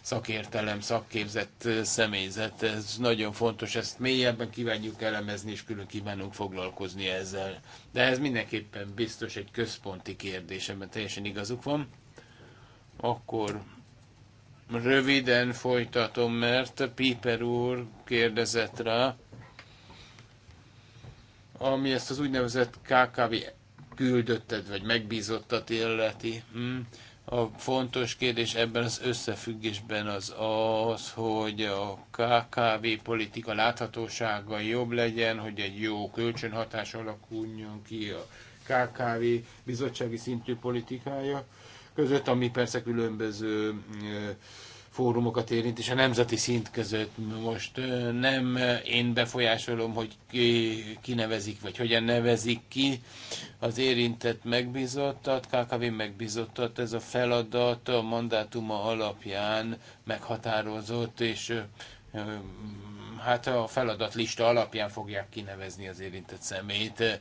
szakértelem, szakképzett személyzet. Ez nagyon fontos, ezt mélyebben kívánjuk elemezni, és külön kívánunk foglalkozni ezzel. De ez mindenképpen biztos egy központi kérdés, ebben teljesen igazuk van. Akkor Röviden folytatom, mert Piper úr kérdezett rá, ami ezt az úgynevezett KKV küldötted vagy megbízottat illeti. Hmm. A fontos kérdés ebben az összefüggésben az az, hogy a KKV politika láthatósága jobb legyen, hogy egy jó kölcsönhatás alakuljon ki a KKV bizottsági szintű politikája között, ami persze különböző fórumokat érint, és a nemzeti szint között most nem én befolyásolom, hogy ki, ki nevezik, vagy hogyan nevezik ki az érintett megbizottat, KKV megbizottat, ez a feladat a mandátuma alapján meghatározott, és hát a feladatlista alapján fogják kinevezni az érintett szemét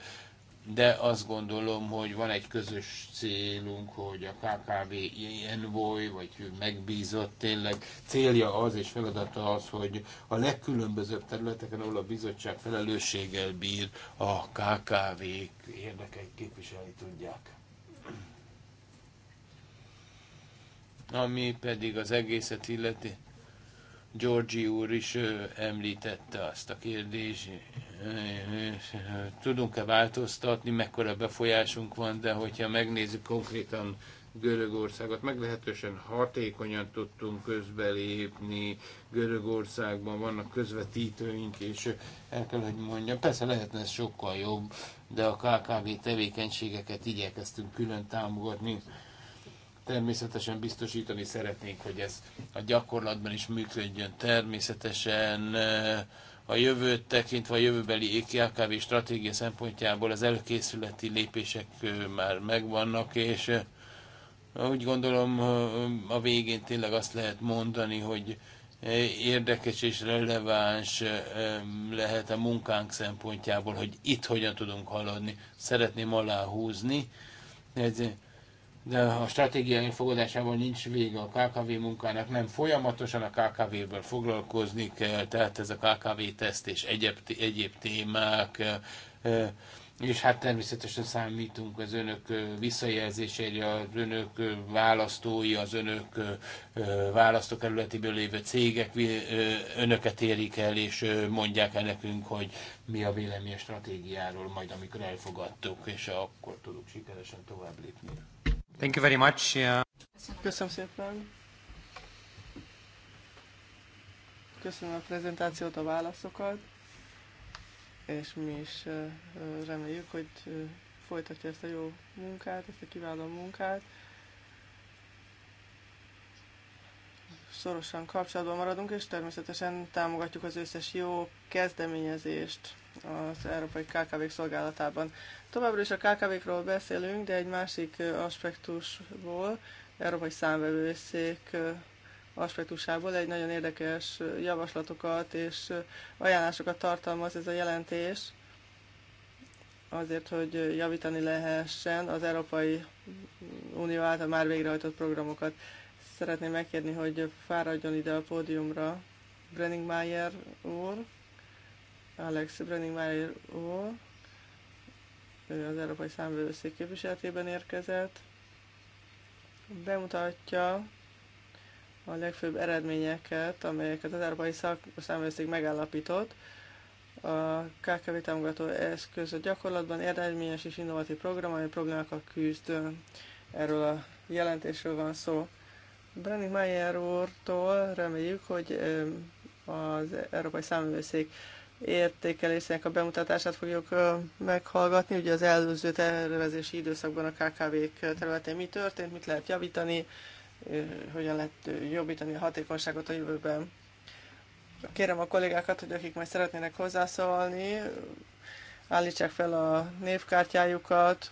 de azt gondolom, hogy van egy közös célunk, hogy a KKV ilyen envoy, vagy megbízott tényleg célja az és feladata az, hogy a legkülönbözőbb területeken, ahol a bizottság felelősséggel bír, a kkv érdekeit képviselni tudják. Ami pedig az egészet illeti, Georgi úr is említette azt a kérdést, tudunk-e változtatni, mekkora befolyásunk van, de hogyha megnézzük konkrétan Görögországot, meglehetősen hatékonyan tudtunk közbelépni. Görögországban vannak közvetítőink, és el kell, hogy mondjam, persze lehetne ez sokkal jobb, de a KKV tevékenységeket igyekeztünk külön támogatni. Természetesen biztosítani szeretnénk, hogy ez a gyakorlatban is működjön. Természetesen a jövőt tekintve a jövőbeli KKV stratégia szempontjából az előkészületi lépések már megvannak, és úgy gondolom a végén tényleg azt lehet mondani, hogy érdekes és releváns lehet a munkánk szempontjából, hogy itt hogyan tudunk haladni. Szeretném aláhúzni, de a stratégiai fogadásában nincs vége a KKV munkának, nem folyamatosan a KKV-ből foglalkozni kell, tehát ez a KKV-teszt és egyéb, egyéb témák, és hát természetesen számítunk az önök visszajelzésére, az önök választói, az önök választókerületiből lévő cégek önöket érik el, és mondják el nekünk, hogy mi a vélemény stratégiáról majd, amikor elfogadtuk, és akkor tudunk sikeresen tovább lépni.
Thank you very much. Uh, Köszönöm szépen. Köszönöm a prezentációt, a válaszokat, és mi is reméljük, hogy folytatja ezt a jó munkát, ezt a kiváló munkát. Szorosan kapcsolatban maradunk, és természetesen támogatjuk az összes jó kezdeményezést az Európai kkv szolgálatában. Továbbra is a KKV-król beszélünk, de egy másik aspektusból, Európai Számvevőszék aspektusából egy nagyon érdekes javaslatokat és ajánlásokat tartalmaz ez a jelentés, azért, hogy javítani lehessen az Európai Unió által már végrehajtott programokat. Szeretném megkérni, hogy fáradjon ide a pódiumra Brenning Mayer úr. Alex Brenningmeier úr, ő az Európai Számvevőszék képviseletében érkezett, bemutatja a legfőbb eredményeket, amelyeket az Európai Számvevőszék megállapított, a KKV támogató eszköz a gyakorlatban eredményes és innovatív program, ami problémákkal küzd. Erről a jelentésről van szó. Brenning Mayer úrtól reméljük, hogy az Európai Számvevőszék értékelésének a bemutatását fogjuk meghallgatni. Ugye az előző tervezési időszakban a KKV-k területén mi történt, mit lehet javítani, hogyan lehet jobbítani a hatékonyságot a jövőben. Kérem a kollégákat, hogy akik majd szeretnének hozzászólni, állítsák fel a névkártyájukat,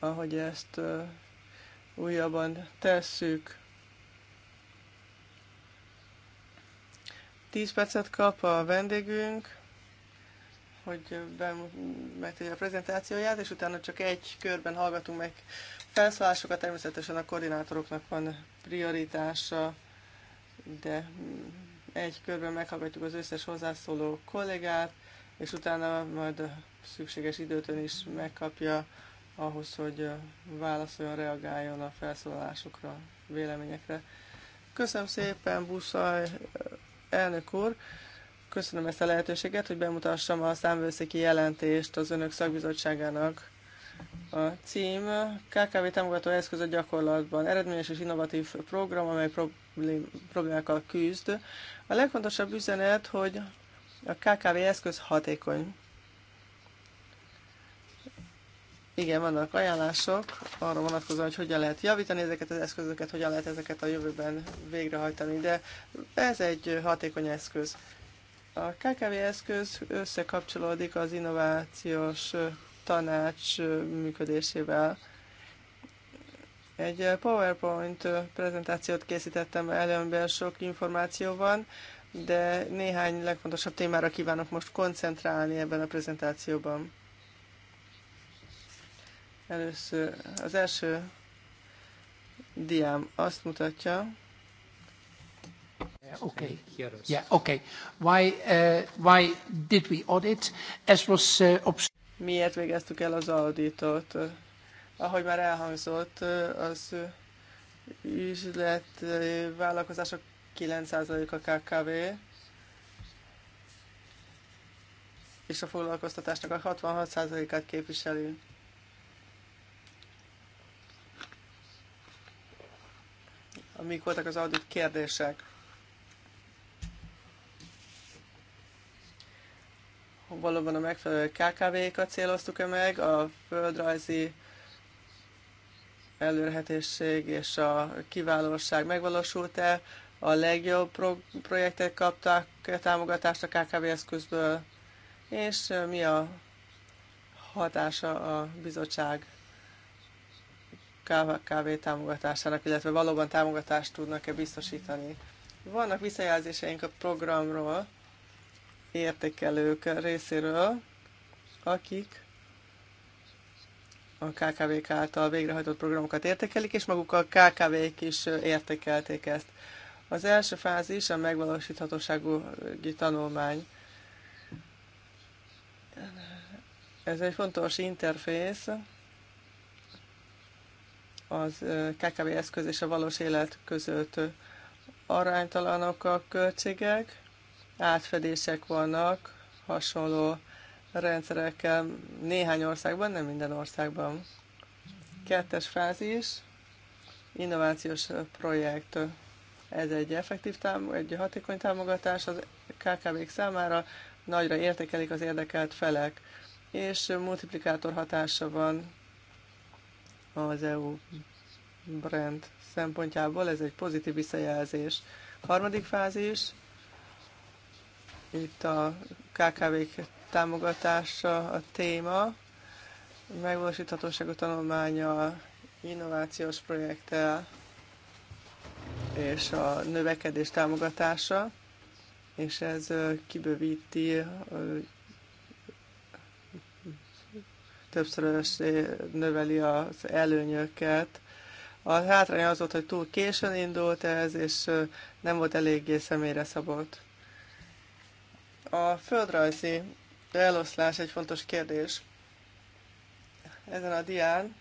ahogy ezt újabban tesszük. 10 percet kap a vendégünk, hogy megtegye a prezentációját, és utána csak egy körben hallgatunk meg felszólásokat. Természetesen a koordinátoroknak van prioritása, de egy körben meghallgatjuk az összes hozzászóló kollégát, és utána majd a szükséges időtön is megkapja ahhoz, hogy válaszoljon, reagáljon a felszólalásokra, véleményekre. Köszönöm szépen, Buszaj Elnök úr, köszönöm ezt a lehetőséget, hogy bemutassam a számvőszéki jelentést az önök szakbizottságának. A cím KKV támogató eszköz a gyakorlatban eredményes és innovatív program, amely problémákkal küzd. A legfontosabb üzenet, hogy a KKV eszköz hatékony igen, vannak ajánlások arra vonatkozóan, hogy hogyan lehet javítani ezeket az eszközöket, hogyan lehet ezeket a jövőben végrehajtani, de ez egy hatékony eszköz. A KKV eszköz összekapcsolódik az innovációs tanács működésével. Egy PowerPoint prezentációt készítettem elő, amiben sok információ van, de néhány legfontosabb témára kívánok most koncentrálni ebben a prezentációban. Először az első diám azt mutatja,
Okay. Yeah, okay. Why, uh, why did
we audit? As was, uh, Miért végeztük el az auditot? Ahogy már elhangzott, az üzlet vállalkozások 9% a KKV, és a foglalkoztatásnak a 66%-át képviseli. amik voltak az adott kérdések. Valóban a megfelelő KKV-kat céloztuk-e meg, a földrajzi előrehetőség és a kiválóság megvalósult-e, a legjobb pro- projektek kaptak támogatást a KKV eszközből, és mi a hatása a bizottság KKV támogatásának, illetve valóban támogatást tudnak-e biztosítani. Vannak visszajelzéseink a programról, értékelők részéről, akik a kkv által végrehajtott programokat értékelik, és maguk a KKV-k is értékelték ezt. Az első fázis a megvalósíthatósági tanulmány. Ez egy fontos interfész, az KKV eszköz és a valós élet között aránytalanok a költségek, átfedések vannak hasonló rendszerekkel néhány országban, nem minden országban. Kettes fázis, innovációs projekt. Ez egy effektív, támogatás, egy hatékony támogatás az kkv számára, nagyra értékelik az érdekelt felek, és multiplikátor hatása van az EU brand szempontjából. Ez egy pozitív visszajelzés. Harmadik fázis, itt a KKV-k támogatása a téma, megvalósíthatóságú tanulmánya, innovációs projekttel és a növekedés támogatása, és ez kibővíti többszörös eh, növeli az előnyöket. A hátrány az volt, hogy túl későn indult ez, és eh, nem volt eléggé személyre szabott. A földrajzi eloszlás egy fontos kérdés. Ezen a dián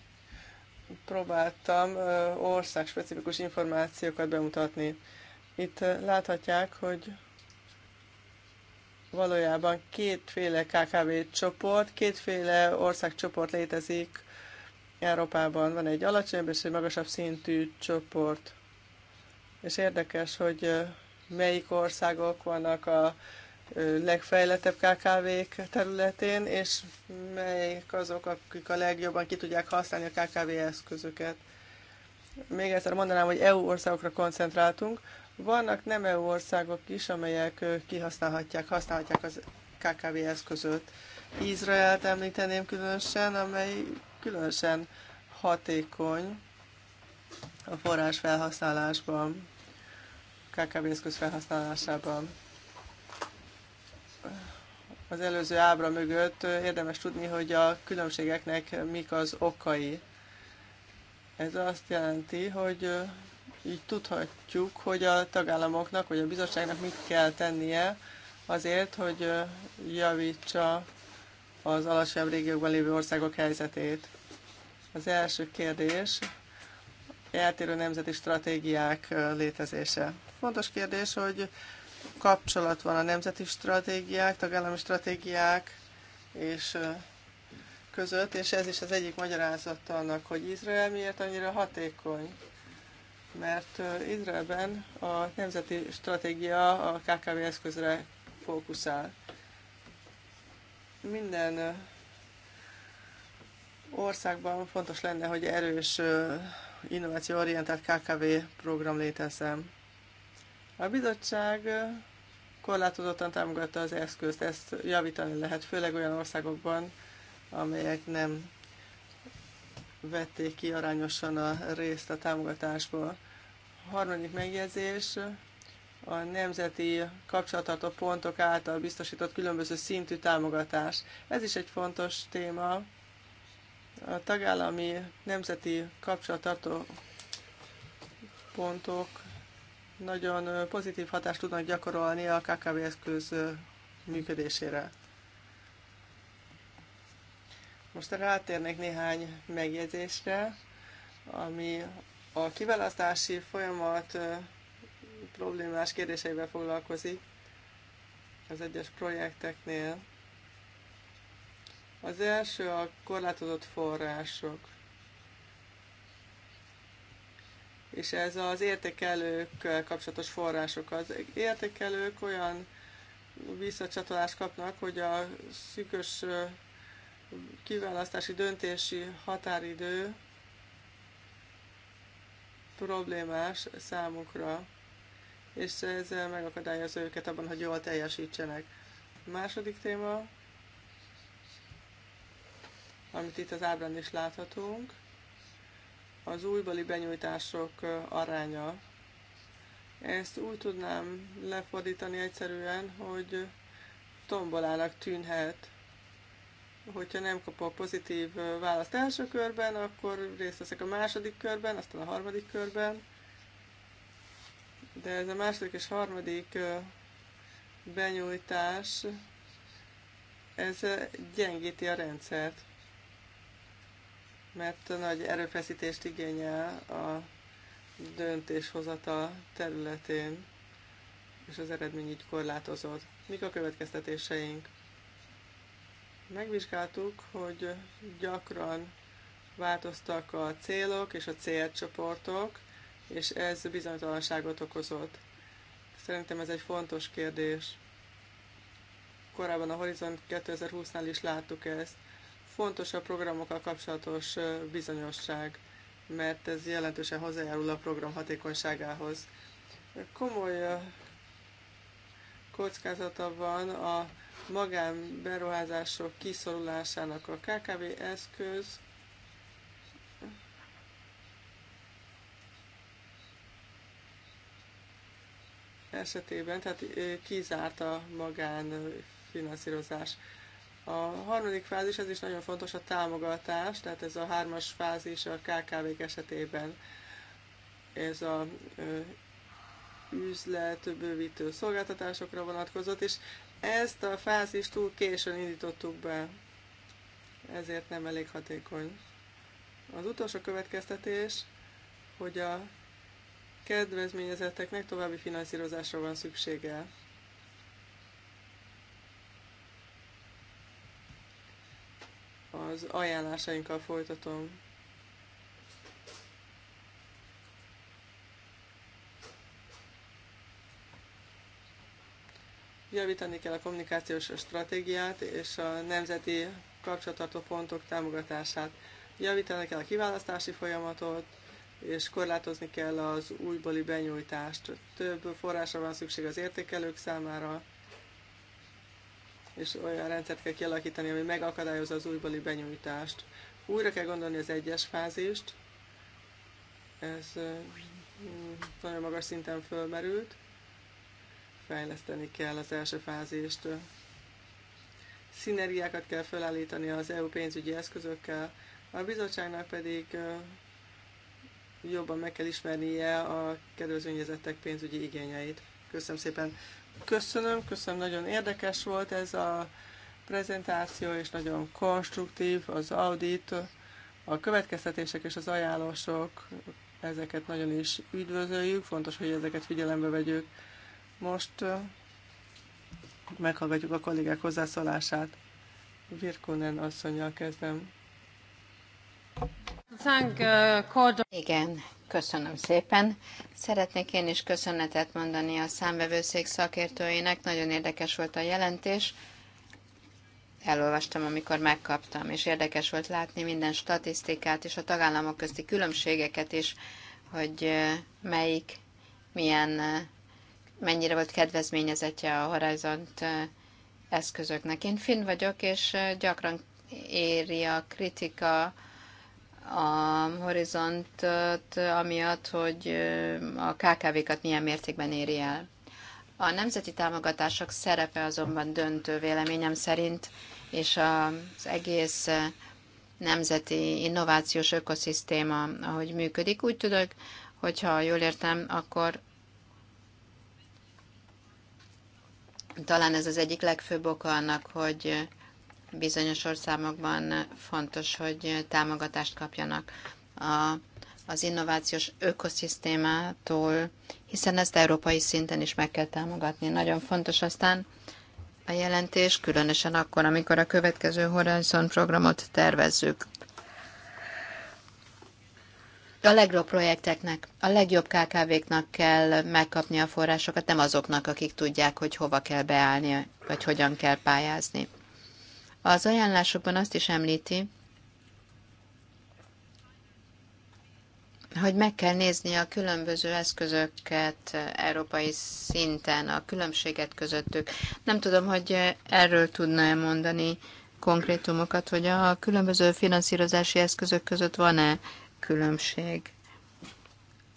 próbáltam eh, országspecifikus információkat bemutatni. Itt láthatják, hogy valójában kétféle KKV csoport, kétféle országcsoport létezik Európában. Van egy alacsonyabb és egy magasabb szintű csoport. És érdekes, hogy melyik országok vannak a legfejlettebb KKV-k területén, és melyik azok, akik a legjobban ki tudják használni a KKV eszközöket. Még egyszer mondanám, hogy EU országokra koncentráltunk, vannak nem EU országok is, amelyek kihasználhatják, használhatják az KKV eszközöt. Izraelt említeném különösen, amely különösen hatékony a forrás felhasználásban, KKV eszköz felhasználásában. Az előző ábra mögött érdemes tudni, hogy a különbségeknek mik az okai. Ez azt jelenti, hogy így tudhatjuk, hogy a tagállamoknak vagy a bizottságnak mit kell tennie azért, hogy javítsa az alacsonyabb régiókban lévő országok helyzetét. Az első kérdés, eltérő nemzeti stratégiák létezése. Fontos kérdés, hogy kapcsolat van a nemzeti stratégiák, tagállami stratégiák és között, és ez is az egyik magyarázat annak, hogy Izrael miért annyira hatékony mert Izraelben a nemzeti stratégia a KKV eszközre fókuszál. Minden országban fontos lenne, hogy erős innovációorientált KKV program létezzen. A bizottság korlátozottan támogatta az eszközt, ezt javítani lehet, főleg olyan országokban, amelyek nem vették ki arányosan a részt a támogatásból. A harmadik megjegyzés, a nemzeti kapcsolatartó pontok által biztosított különböző szintű támogatás. Ez is egy fontos téma. A tagállami nemzeti kapcsolatartó pontok nagyon pozitív hatást tudnak gyakorolni a KKV eszköz működésére. Most rátérnék néhány megjegyzésre, ami a kiválasztási folyamat problémás kérdéseivel foglalkozik az egyes projekteknél. Az első a korlátozott források. És ez az értékelőkkel kapcsolatos források. Az értékelők olyan visszacsatolást kapnak, hogy a szűkös kiválasztási döntési határidő problémás számukra, és ez megakadályoz őket abban, hogy jól teljesítsenek. A második téma, amit itt az ábrán is láthatunk, az újbali benyújtások aránya. Ezt úgy tudnám lefordítani egyszerűen, hogy tombolának tűnhet hogyha nem kap a pozitív választ első körben, akkor részt veszek a második körben, aztán a harmadik körben. De ez a második és harmadik benyújtás, ez gyengíti a rendszert, mert a nagy erőfeszítést igényel a döntéshozata területén, és az eredmény így korlátozott. Mik a következtetéseink? Megvizsgáltuk, hogy gyakran változtak a célok és a célcsoportok, és ez bizonytalanságot okozott. Szerintem ez egy fontos kérdés. Korábban a Horizon 2020-nál is láttuk ezt. Fontos a programokkal kapcsolatos bizonyosság, mert ez jelentősen hozzájárul a program hatékonyságához. Komoly kockázata van a magánberuházások kiszorulásának a KKV eszköz, esetében, tehát kizárt a magánfinanszírozás. A harmadik fázis, ez is nagyon fontos, a támogatás, tehát ez a hármas fázis a kkv esetében. Ez a üzlet bővítő szolgáltatásokra vonatkozott, és ezt a fázist túl későn indítottuk be, ezért nem elég hatékony. Az utolsó következtetés, hogy a kedvezményezetteknek további finanszírozásra van szüksége. Az ajánlásainkkal folytatom. Javítani kell a kommunikációs stratégiát és a nemzeti kapcsolatartó pontok támogatását. Javítani kell a kiválasztási folyamatot, és korlátozni kell az újbóli benyújtást. Több forrásra van szükség az értékelők számára, és olyan rendszert kell kialakítani, ami megakadályozza az újbóli benyújtást. Újra kell gondolni az egyes fázist, ez mm, nagyon magas szinten fölmerült, fejleszteni kell az első fázist. Szinergiákat kell felállítani az EU pénzügyi eszközökkel, a bizottságnak pedig jobban meg kell ismernie a kedvezményezettek pénzügyi igényeit. Köszönöm szépen. Köszönöm, köszönöm, nagyon érdekes volt ez a prezentáció, és nagyon konstruktív az audit, a következtetések és az ajánlások, ezeket nagyon is üdvözöljük, fontos, hogy ezeket figyelembe vegyük. Most meghallgatjuk a kollégák hozzászólását. Virkunen asszonyjal kezdem.
Igen, köszönöm szépen. Szeretnék én is köszönetet mondani a számvevőszék szakértőinek. Nagyon érdekes volt a jelentés. Elolvastam, amikor megkaptam, és érdekes volt látni minden statisztikát és a tagállamok közti különbségeket is, hogy melyik milyen mennyire volt kedvezményezetje a Horizont eszközöknek. Én finn vagyok, és gyakran éri a kritika a horizontot, amiatt, hogy a KKV-kat milyen mértékben éri el. A nemzeti támogatások szerepe azonban döntő véleményem szerint, és az egész nemzeti innovációs ökoszisztéma, ahogy működik, úgy tudok, hogyha jól értem, akkor Talán ez az egyik legfőbb oka annak, hogy bizonyos országokban fontos, hogy támogatást kapjanak a, az innovációs ökoszisztémától, hiszen ezt európai szinten is meg kell támogatni. Nagyon fontos aztán a jelentés, különösen akkor, amikor a következő Horizon programot tervezzük. A legjobb projekteknek, a legjobb KKV-knak kell megkapni a forrásokat, nem azoknak, akik tudják, hogy hova kell beállni, vagy hogyan kell pályázni. Az ajánlásokban azt is említi, hogy meg kell nézni a különböző eszközöket európai szinten, a különbséget közöttük. Nem tudom, hogy erről tudna-e mondani konkrétumokat, hogy a különböző finanszírozási eszközök között van-e különbség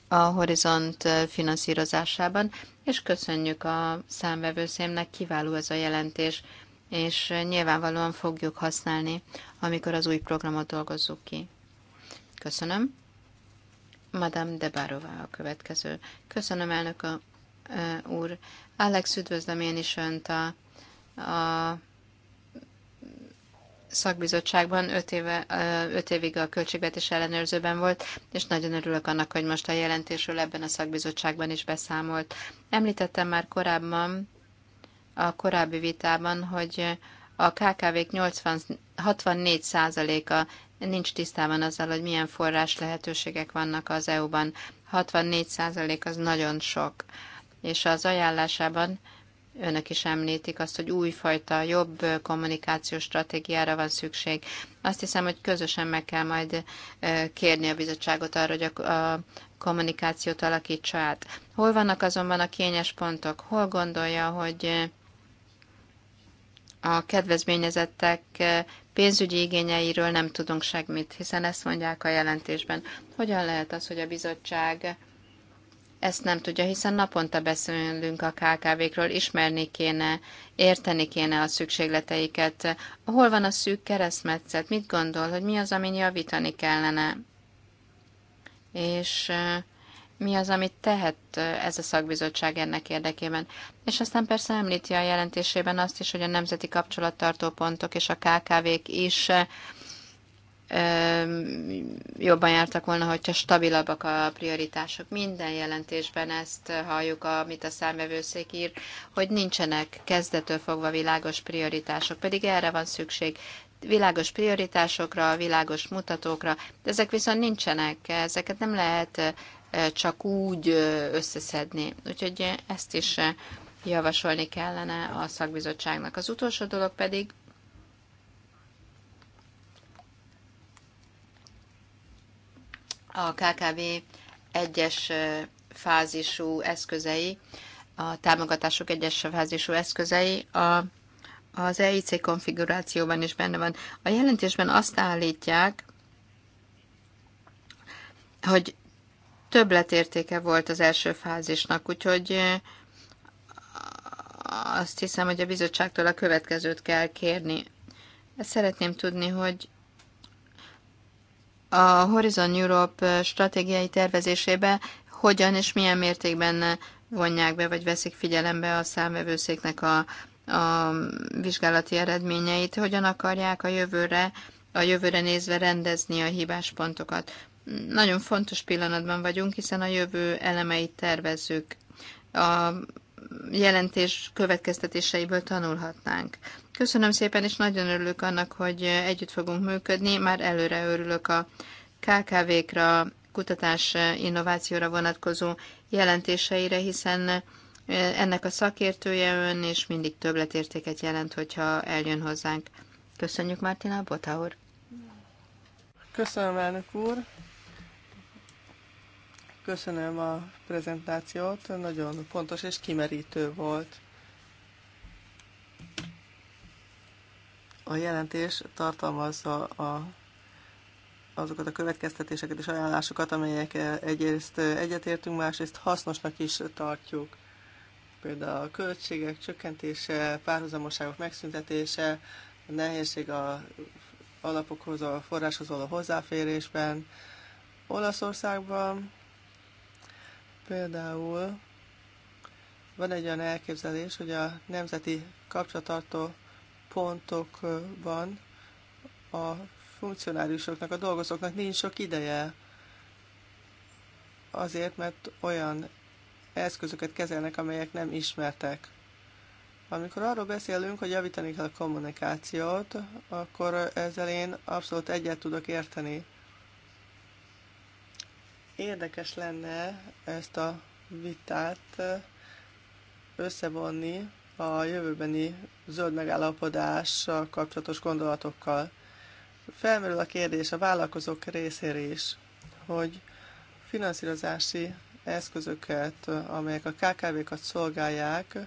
a horizont finanszírozásában, és köszönjük a számvevőszémnek, kiváló ez a jelentés, és nyilvánvalóan fogjuk használni, amikor az új programot dolgozzuk ki. Köszönöm. Madame de Barová a következő. Köszönöm, elnök a, e, úr. Alex, üdvözlöm én is Önt a, a szakbizottságban öt, éve, öt évig a költségvetés ellenőrzőben volt, és nagyon örülök annak, hogy most a jelentésről ebben a szakbizottságban is beszámolt. Említettem már korábban, a korábbi vitában, hogy a KKV-k 80, 64%-a nincs tisztában azzal, hogy milyen forrás lehetőségek vannak az EU-ban. 64% az nagyon sok. És az ajánlásában önök is említik azt, hogy újfajta, jobb kommunikációs stratégiára van szükség. Azt hiszem, hogy közösen meg kell majd kérni a bizottságot arra, hogy a kommunikációt alakítsa át. Hol vannak azonban a kényes pontok? Hol gondolja, hogy a kedvezményezettek pénzügyi igényeiről nem tudunk semmit, hiszen ezt mondják a jelentésben. Hogyan lehet az, hogy a bizottság ezt nem tudja, hiszen naponta beszélünk a KKV-kről, ismerni kéne, érteni kéne a szükségleteiket. Hol van a szűk keresztmetszet? Mit gondol, hogy mi az, amin javítani kellene? És mi az, amit tehet ez a szakbizottság ennek érdekében. És aztán persze említi a jelentésében azt is, hogy a nemzeti kapcsolattartó pontok és a KKV-k is jobban jártak volna, hogyha stabilabbak a prioritások. Minden jelentésben ezt halljuk, amit a számvevőszék ír, hogy nincsenek kezdetől fogva világos prioritások, pedig erre van szükség világos prioritásokra, világos mutatókra, de ezek viszont nincsenek, ezeket nem lehet csak úgy összeszedni. Úgyhogy ezt is javasolni kellene a szakbizottságnak. Az utolsó dolog pedig a KKV egyes fázisú eszközei, a támogatások egyes fázisú eszközei a, az EIC konfigurációban is benne van. A jelentésben azt állítják, hogy többletértéke volt az első fázisnak, úgyhogy azt hiszem, hogy a bizottságtól a következőt kell kérni. Ezt szeretném tudni, hogy a Horizon Europe eh, stratégiai tervezésébe hogyan és milyen mértékben eh, vonják be, vagy veszik figyelembe a számvevőszéknek a, a vizsgálati eredményeit, hogyan akarják a jövőre, a jövőre nézve rendezni a hibás pontokat. Nagyon fontos pillanatban vagyunk, hiszen a jövő elemeit tervezzük. A jelentés következtetéseiből tanulhatnánk. Köszönöm szépen, és nagyon örülök annak, hogy együtt fogunk működni. Már előre örülök a KKV-kra, kutatás innovációra vonatkozó jelentéseire, hiszen ennek a szakértője ön, és mindig többletértéket jelent, hogyha eljön hozzánk.
Köszönjük Mártina Botaur! Köszönöm, elnök úr! Köszönöm a prezentációt, nagyon pontos és kimerítő volt. A jelentés tartalmazza a, azokat a következtetéseket és ajánlásokat, amelyek egyrészt egyetértünk, másrészt hasznosnak is tartjuk. Például a költségek csökkentése, párhuzamoságok megszüntetése, a nehézség a alapokhoz, a forráshoz való hozzáférésben. Olaszországban Például van egy olyan elképzelés, hogy a nemzeti kapcsolatartó pontokban a funkcionáriusoknak, a dolgozóknak nincs sok ideje, azért, mert olyan eszközöket kezelnek, amelyek nem ismertek. Amikor arról beszélünk, hogy javítani kell a kommunikációt, akkor ezzel én abszolút egyet tudok érteni érdekes lenne ezt a vitát összevonni a jövőbeni zöld megállapodással kapcsolatos gondolatokkal. Felmerül a kérdés a vállalkozók részéről is, hogy finanszírozási eszközöket, amelyek a KKV-kat szolgálják,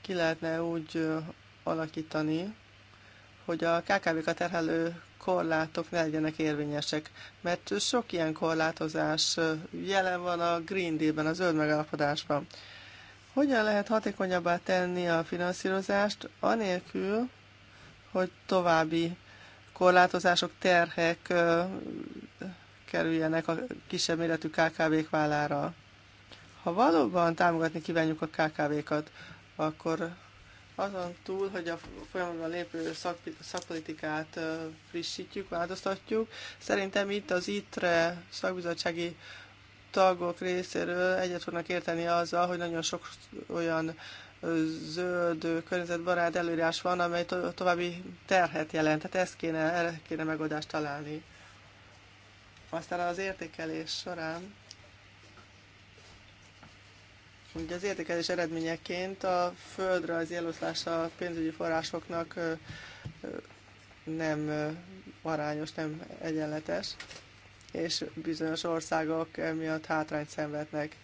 ki lehetne úgy alakítani, hogy a KKV-kat terhelő korlátok ne legyenek érvényesek, mert sok ilyen korlátozás jelen van a Green Deal-ben, a zöld megállapodásban. Hogyan lehet hatékonyabbá tenni a finanszírozást, anélkül, hogy további korlátozások, terhek kerüljenek a kisebb méretű KKV-k vállára? Ha valóban támogatni kívánjuk a KKV-kat, akkor azon túl, hogy a folyamatban lépő szak, szakpolitikát frissítjük, változtatjuk, szerintem itt az ITRE szakbizottsági tagok részéről egyet fognak érteni azzal, hogy nagyon sok olyan zöld környezetbarát előírás van, amely to- további terhet jelent. Tehát ezt kéne, erre kéne megoldást találni. Aztán az értékelés során Ugye az értékelés eredményeként a földre az eloszlása a pénzügyi forrásoknak nem arányos, nem egyenletes, és bizonyos országok miatt hátrányt szenvednek.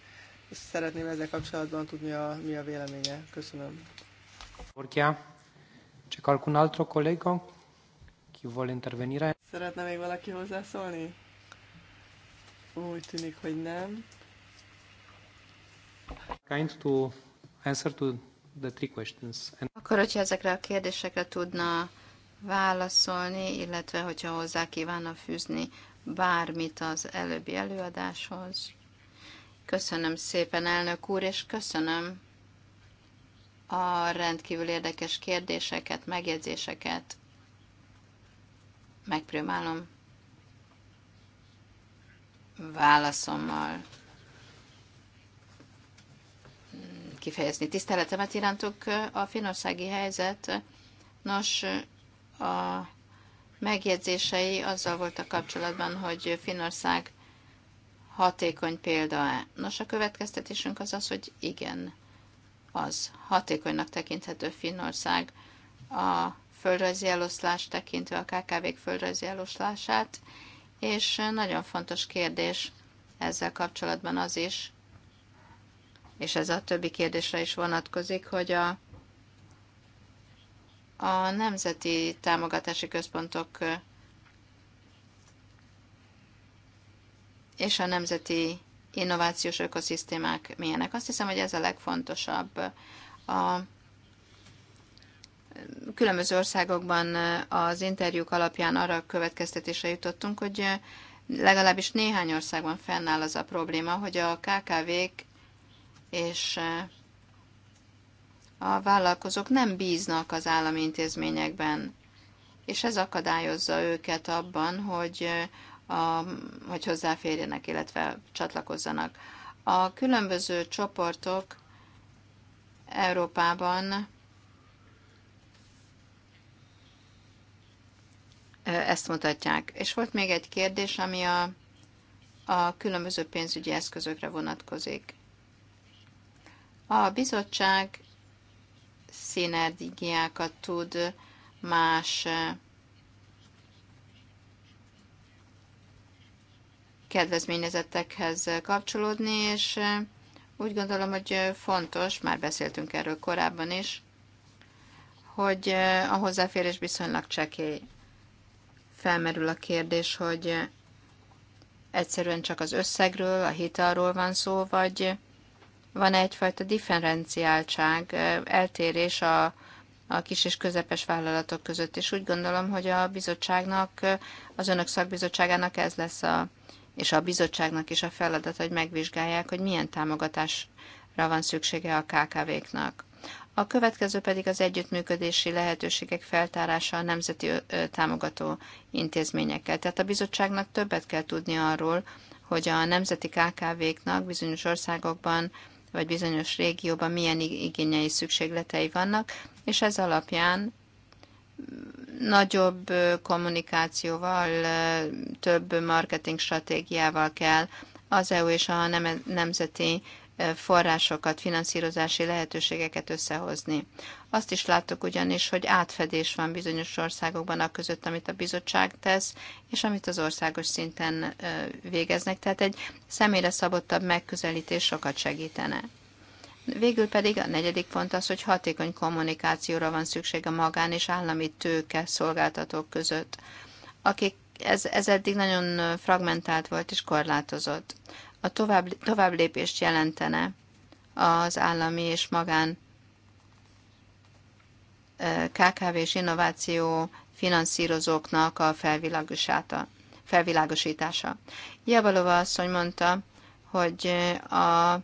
Szeretném ezzel kapcsolatban tudni, a, mi a véleménye. Köszönöm.
Borgia, csak alcun altro chi vuole intervenire?
Szeretne még valaki hozzászólni? Úgy tűnik, hogy nem.
Kind to answer to the three questions. And...
Akkor, hogyha ezekre a kérdésekre tudna válaszolni, illetve hogyha hozzá kívánna fűzni bármit az előbbi előadáshoz. Köszönöm szépen, elnök úr, és köszönöm a rendkívül érdekes kérdéseket, megjegyzéseket. Megpróbálom válaszommal kifejezni tiszteletemet irántuk. A finországi helyzet, nos, a megjegyzései azzal voltak kapcsolatban, hogy Finország hatékony példa-e. Nos, a következtetésünk az az, hogy igen, az hatékonynak tekinthető Finország a földrajzi eloszlást tekintve a KKV-k földrajzi eloszlását, és nagyon fontos kérdés ezzel kapcsolatban az is, és ez a többi kérdésre is vonatkozik, hogy a, a nemzeti támogatási központok és a nemzeti innovációs ökoszisztémák milyenek. Azt hiszem, hogy ez a legfontosabb. A különböző országokban az interjúk alapján arra következtetésre jutottunk, hogy legalábbis néhány országban fennáll az a probléma, hogy a KKV-k és eh, a vállalkozók nem bíznak az állami intézményekben, és ez akadályozza őket abban, hogy, eh, a, hogy hozzáférjenek, illetve csatlakozzanak. A különböző csoportok Európában eh, ezt mutatják. És volt még egy kérdés, ami a, a különböző pénzügyi eszközökre vonatkozik. A bizottság szinergiákat tud más eh, kedvezményezettekhez kapcsolódni, és eh, úgy gondolom, hogy eh, fontos, már beszéltünk erről korábban is, hogy a hozzáférés viszonylag csekély. Felmerül a kérdés, hogy egyszerűen csak az összegről, a hitelről van szó, vagy van egyfajta differenciáltság, eltérés a, a kis és közepes vállalatok között, és úgy gondolom, hogy a bizottságnak, az önök szakbizottságának ez lesz a, és a bizottságnak is a feladat, hogy megvizsgálják, hogy milyen támogatásra van szüksége a KKV-knak. A következő pedig az együttműködési lehetőségek feltárása a nemzeti támogató intézményekkel. Tehát a bizottságnak többet kell tudni arról, hogy a nemzeti KKV-knak bizonyos országokban vagy bizonyos régióban milyen igényei, szükségletei vannak, és ez alapján nagyobb kommunikációval, több marketing stratégiával kell az EU és a nemzeti forrásokat, finanszírozási lehetőségeket összehozni. Azt is láttuk ugyanis, hogy átfedés van bizonyos országokban a között, amit a bizottság tesz, és amit az országos szinten végeznek. Tehát egy személyre szabottabb megközelítés sokat segítene. Végül pedig a negyedik pont az, hogy hatékony kommunikációra van szükség a magán és állami tőke szolgáltatók között, akik ez, ez eddig nagyon fragmentált volt és korlátozott a tovább, tovább lépést jelentene az állami és magán KKV és innováció finanszírozóknak a felvilágosítása. Javalova asszony mondta, hogy a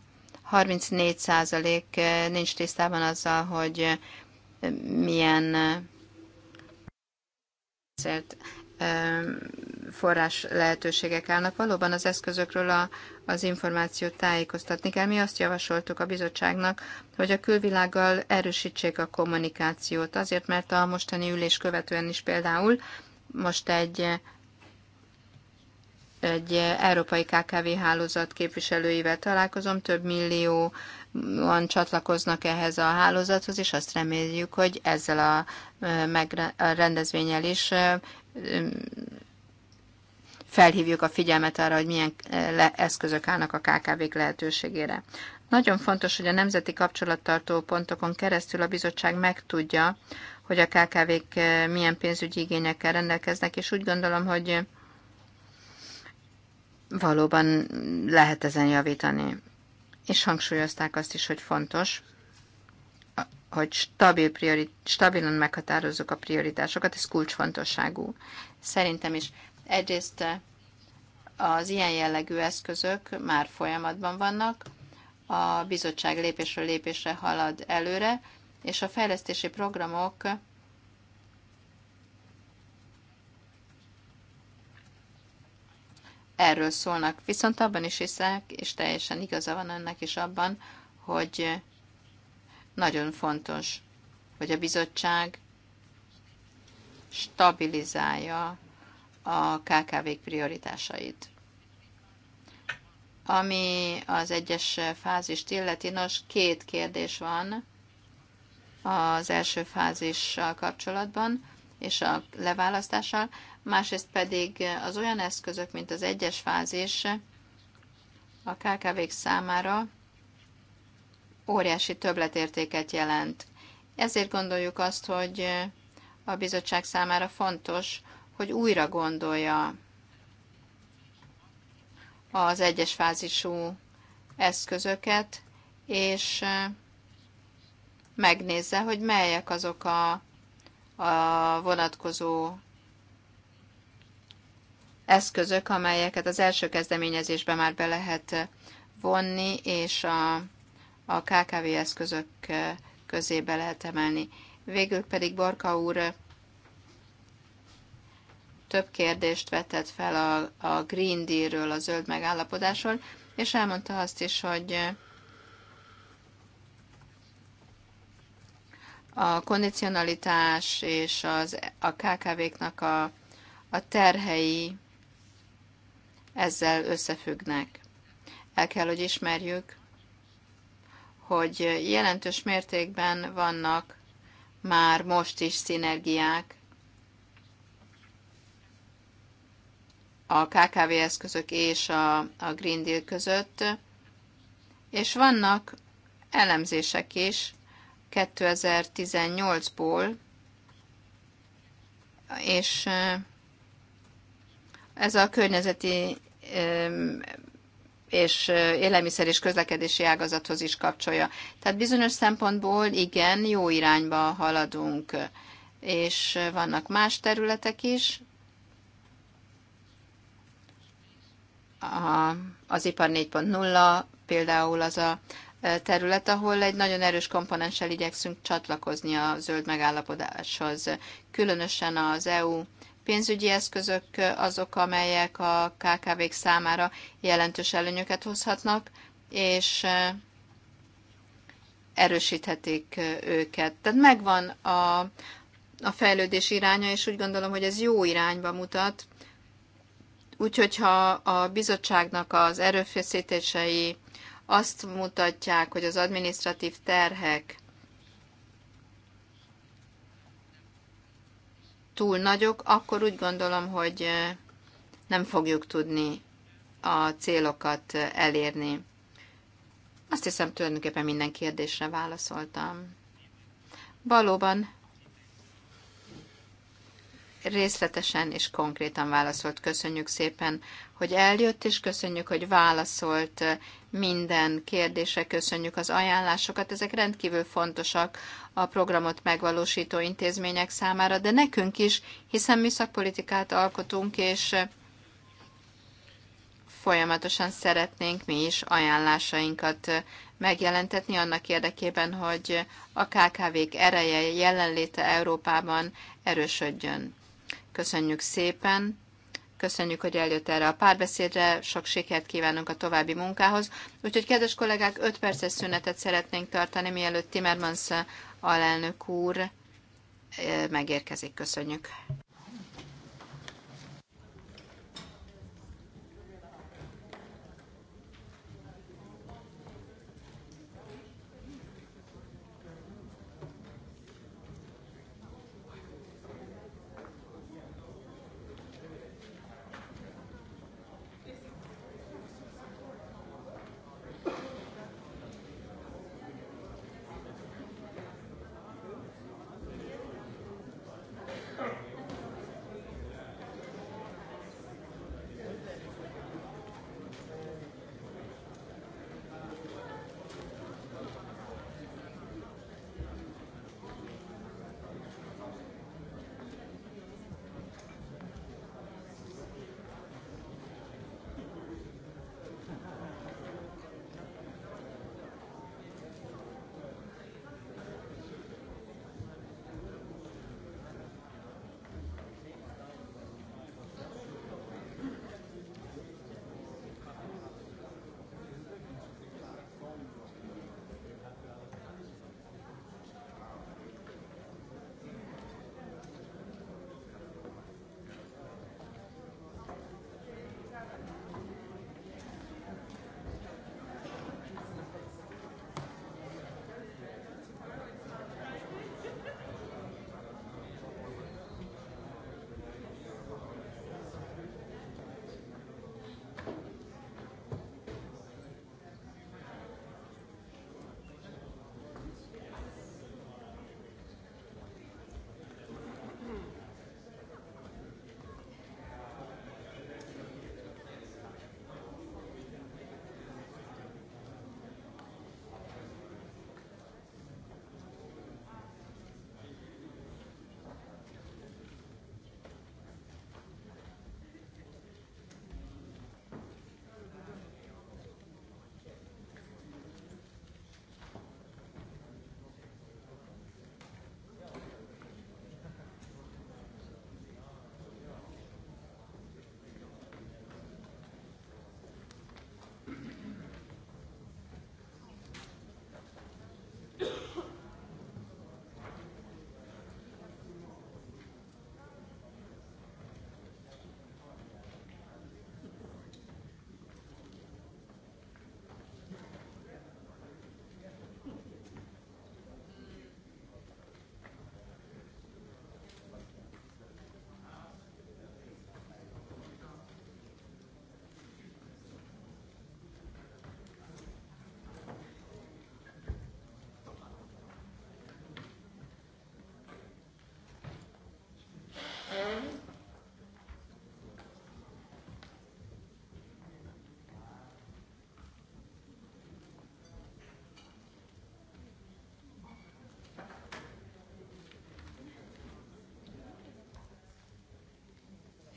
34% nincs tisztában azzal, hogy milyen forrás lehetőségek állnak. Valóban az eszközökről a, az információt tájékoztatni kell. Mi azt javasoltuk a bizottságnak, hogy a külvilággal erősítsék a kommunikációt, azért mert a mostani ülés követően is például most egy egy európai KKV hálózat képviselőivel találkozom, több millió van csatlakoznak ehhez a hálózathoz, és azt reméljük, hogy ezzel a rendezvényel is felhívjuk a figyelmet arra, hogy milyen eh, eszközök állnak a KKV-k lehetőségére. Nagyon fontos, hogy a nemzeti kapcsolattartó pontokon keresztül a bizottság megtudja, hogy a KKV-k eh, milyen pénzügyi igényekkel rendelkeznek, és úgy gondolom, hogy valóban lehet ezen javítani. És hangsúlyozták azt is, hogy fontos, hogy stabil priori, stabilan meghatározzuk a prioritásokat, ez kulcsfontosságú. Szerintem is. Egyrészt eh, az ilyen jellegű eszközök már folyamatban vannak, a bizottság lépésről lépésre halad előre, és a fejlesztési programok erről szólnak. Viszont abban is hiszek, és teljesen igaza van önnek is abban, hogy nagyon fontos, hogy a bizottság stabilizálja a KKV-k prioritásait. Ami az egyes fázist illeti, nos, két kérdés van az első fázissal kapcsolatban és a leválasztással, másrészt pedig az olyan eszközök, mint az egyes fázis a kkv számára óriási többletértéket jelent. Ezért gondoljuk azt, hogy a bizottság számára fontos, hogy újra gondolja az egyes fázisú eszközöket, és megnézze, hogy melyek azok a, a vonatkozó eszközök, amelyeket az első kezdeményezésben már be lehet vonni, és a, a KKV eszközök közébe lehet emelni. Végül pedig Borka úr több kérdést vetett fel a, a Green Deal-ről, a zöld megállapodásról, és elmondta azt is, hogy a kondicionalitás és az, a KKV-knak a, a terhei ezzel összefüggnek. El kell, hogy ismerjük, hogy jelentős mértékben vannak már most is szinergiák a KKV eszközök és a, a Green Deal között, és vannak elemzések is 2018-ból, és ez a környezeti és élelmiszer és közlekedési ágazathoz is kapcsolja. Tehát bizonyos szempontból igen, jó irányba haladunk, és vannak más területek is, a, az ipar 4.0 például az a terület, ahol egy nagyon erős komponenssel igyekszünk csatlakozni a zöld megállapodáshoz. Különösen az EU pénzügyi eszközök azok, amelyek a KKV-k számára jelentős előnyöket hozhatnak, és erősíthetik őket. Tehát megvan a, a fejlődés iránya, és úgy gondolom, hogy ez jó irányba mutat, Úgyhogy ha a bizottságnak az erőfeszítései azt mutatják, hogy az administratív terhek túl nagyok, akkor úgy gondolom, hogy nem fogjuk tudni a célokat elérni. Azt hiszem, tulajdonképpen minden kérdésre válaszoltam. Valóban részletesen és konkrétan válaszolt. Köszönjük szépen, hogy eljött, és köszönjük, hogy válaszolt minden kérdésre, köszönjük az ajánlásokat. Ezek rendkívül fontosak a programot megvalósító intézmények számára, de nekünk is, hiszen mi szakpolitikát alkotunk, és folyamatosan szeretnénk mi is ajánlásainkat megjelentetni annak érdekében, hogy a KKV-k ereje, jelenléte Európában erősödjön. Köszönjük szépen, köszönjük, hogy eljött erre a párbeszédre, sok sikert kívánunk a további munkához. Úgyhogy, kedves kollégák, 5 perces szünetet szeretnénk tartani, mielőtt Timmermans alelnök úr eh, megérkezik. Köszönjük.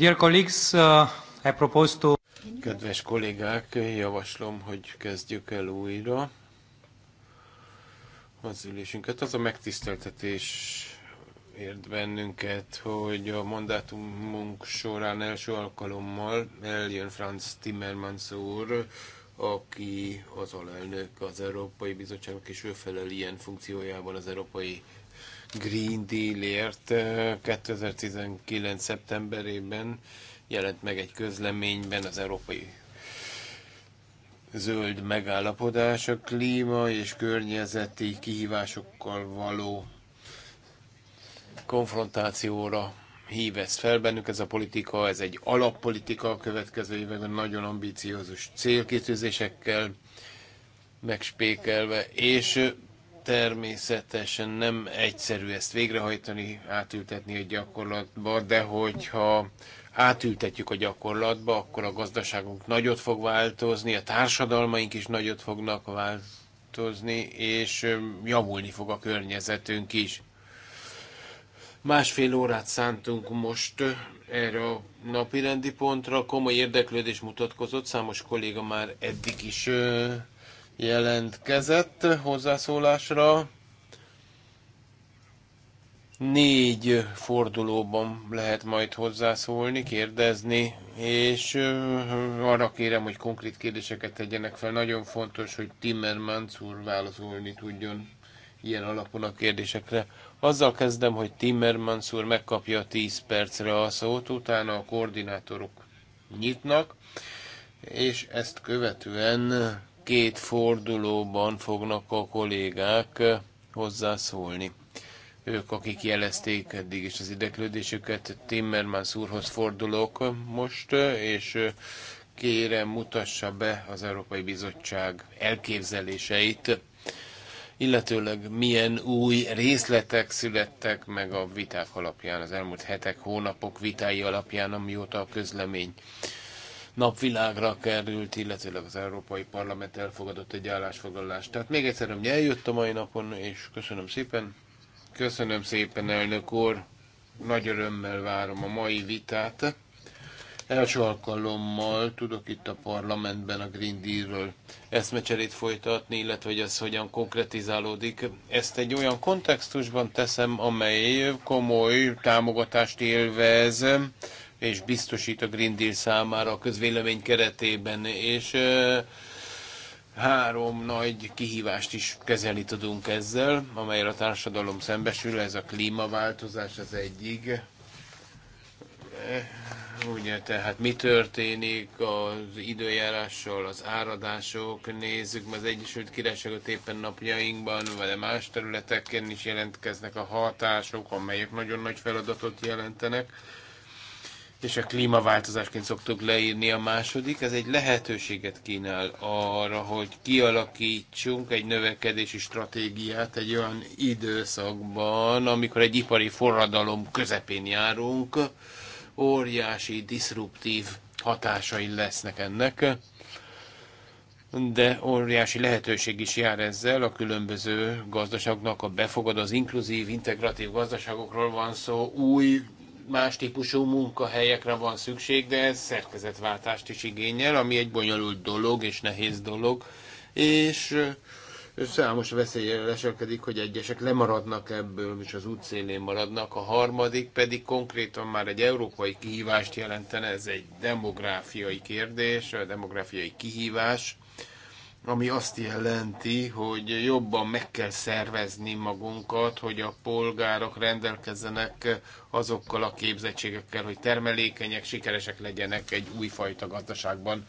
Dear colleagues, uh, I propose to... Kedves kollégák, javaslom, hogy kezdjük el újra az ülésünket. Az a megtiszteltetés ért bennünket, hogy a mandátumunk során első alkalommal eljön Franz Timmermans úr, aki az alelnök az Európai Bizottságnak, és ő felel ilyen funkciójában az Európai Green Dealért 2019. szeptemberében jelent meg egy közleményben az Európai Zöld Megállapodás a klíma és környezeti kihívásokkal való konfrontációra hív ez fel bennük, ez a politika, ez egy alappolitika a következő években nagyon ambiciózus célkitűzésekkel megspékelve, és Természetesen nem egyszerű ezt végrehajtani, átültetni a gyakorlatba, de hogyha átültetjük a gyakorlatba, akkor a gazdaságunk nagyot fog változni, a társadalmaink is nagyot fognak változni, és javulni fog a környezetünk is. Másfél órát szántunk most erre a napirendi pontra. Komoly érdeklődés mutatkozott, számos kolléga már eddig is jelentkezett hozzászólásra. Négy fordulóban lehet majd hozzászólni, kérdezni, és arra kérem, hogy konkrét kérdéseket tegyenek fel. Nagyon fontos, hogy Timmermans úr válaszolni tudjon ilyen alapon a kérdésekre. Azzal kezdem, hogy Timmermans úr megkapja 10 percre a szót, utána a koordinátorok nyitnak, és ezt követően két fordulóban fognak a kollégák eh, hozzászólni. Ők, akik jelezték eddig is az ideklődésüket, Timmermans úrhoz fordulok most, eh, és eh, kérem mutassa be az Európai Bizottság elképzeléseit, illetőleg milyen új részletek születtek meg a viták alapján, az elmúlt hetek, hónapok vitái alapján, amióta a közlemény napvilágra került, illetőleg az Európai Parlament elfogadott egy állásfoglalást. Tehát még egyszer, hogy eljött a mai napon, és köszönöm szépen. Köszönöm szépen, elnök úr. Nagy örömmel várom a mai vitát. Első alkalommal tudok itt a parlamentben a Green Deal-ről eszmecserét folytatni, illetve hogy ez hogyan konkretizálódik. Ezt egy olyan kontextusban teszem, amely komoly támogatást élvez és biztosít a Green Deal számára a közvélemény keretében, és három nagy kihívást is kezelni tudunk ezzel, amelyre a társadalom szembesül, ez a klímaváltozás az egyik. Eh, ugye, tehát mi történik az időjárással, az áradások, nézzük, az Egyesült Királyságot éppen napjainkban, vagy más területeken is jelentkeznek a hatások, amelyek nagyon nagy feladatot jelentenek és a klímaváltozásként szoktuk leírni a második, ez egy lehetőséget kínál arra, hogy kialakítsunk egy növekedési stratégiát egy olyan időszakban, amikor egy ipari forradalom közepén járunk, óriási diszruptív hatásai lesznek ennek, de óriási lehetőség is jár ezzel a különböző gazdaságnak, a befogadó, az inkluzív, integratív gazdaságokról van szó, új más típusú munkahelyekre van szükség, de ez szerkezetváltást is igényel, ami egy bonyolult dolog és nehéz dolog, és számos veszélyre leselkedik, hogy egyesek lemaradnak ebből, és az útszélén maradnak, a harmadik pedig konkrétan már egy európai kihívást jelentene, ez egy demográfiai kérdés, a demográfiai kihívás, ami azt jelenti, hogy jobban meg kell szervezni magunkat, hogy a polgárok rendelkezzenek azokkal a képzettségekkel, hogy termelékenyek, sikeresek legyenek egy újfajta gazdaságban,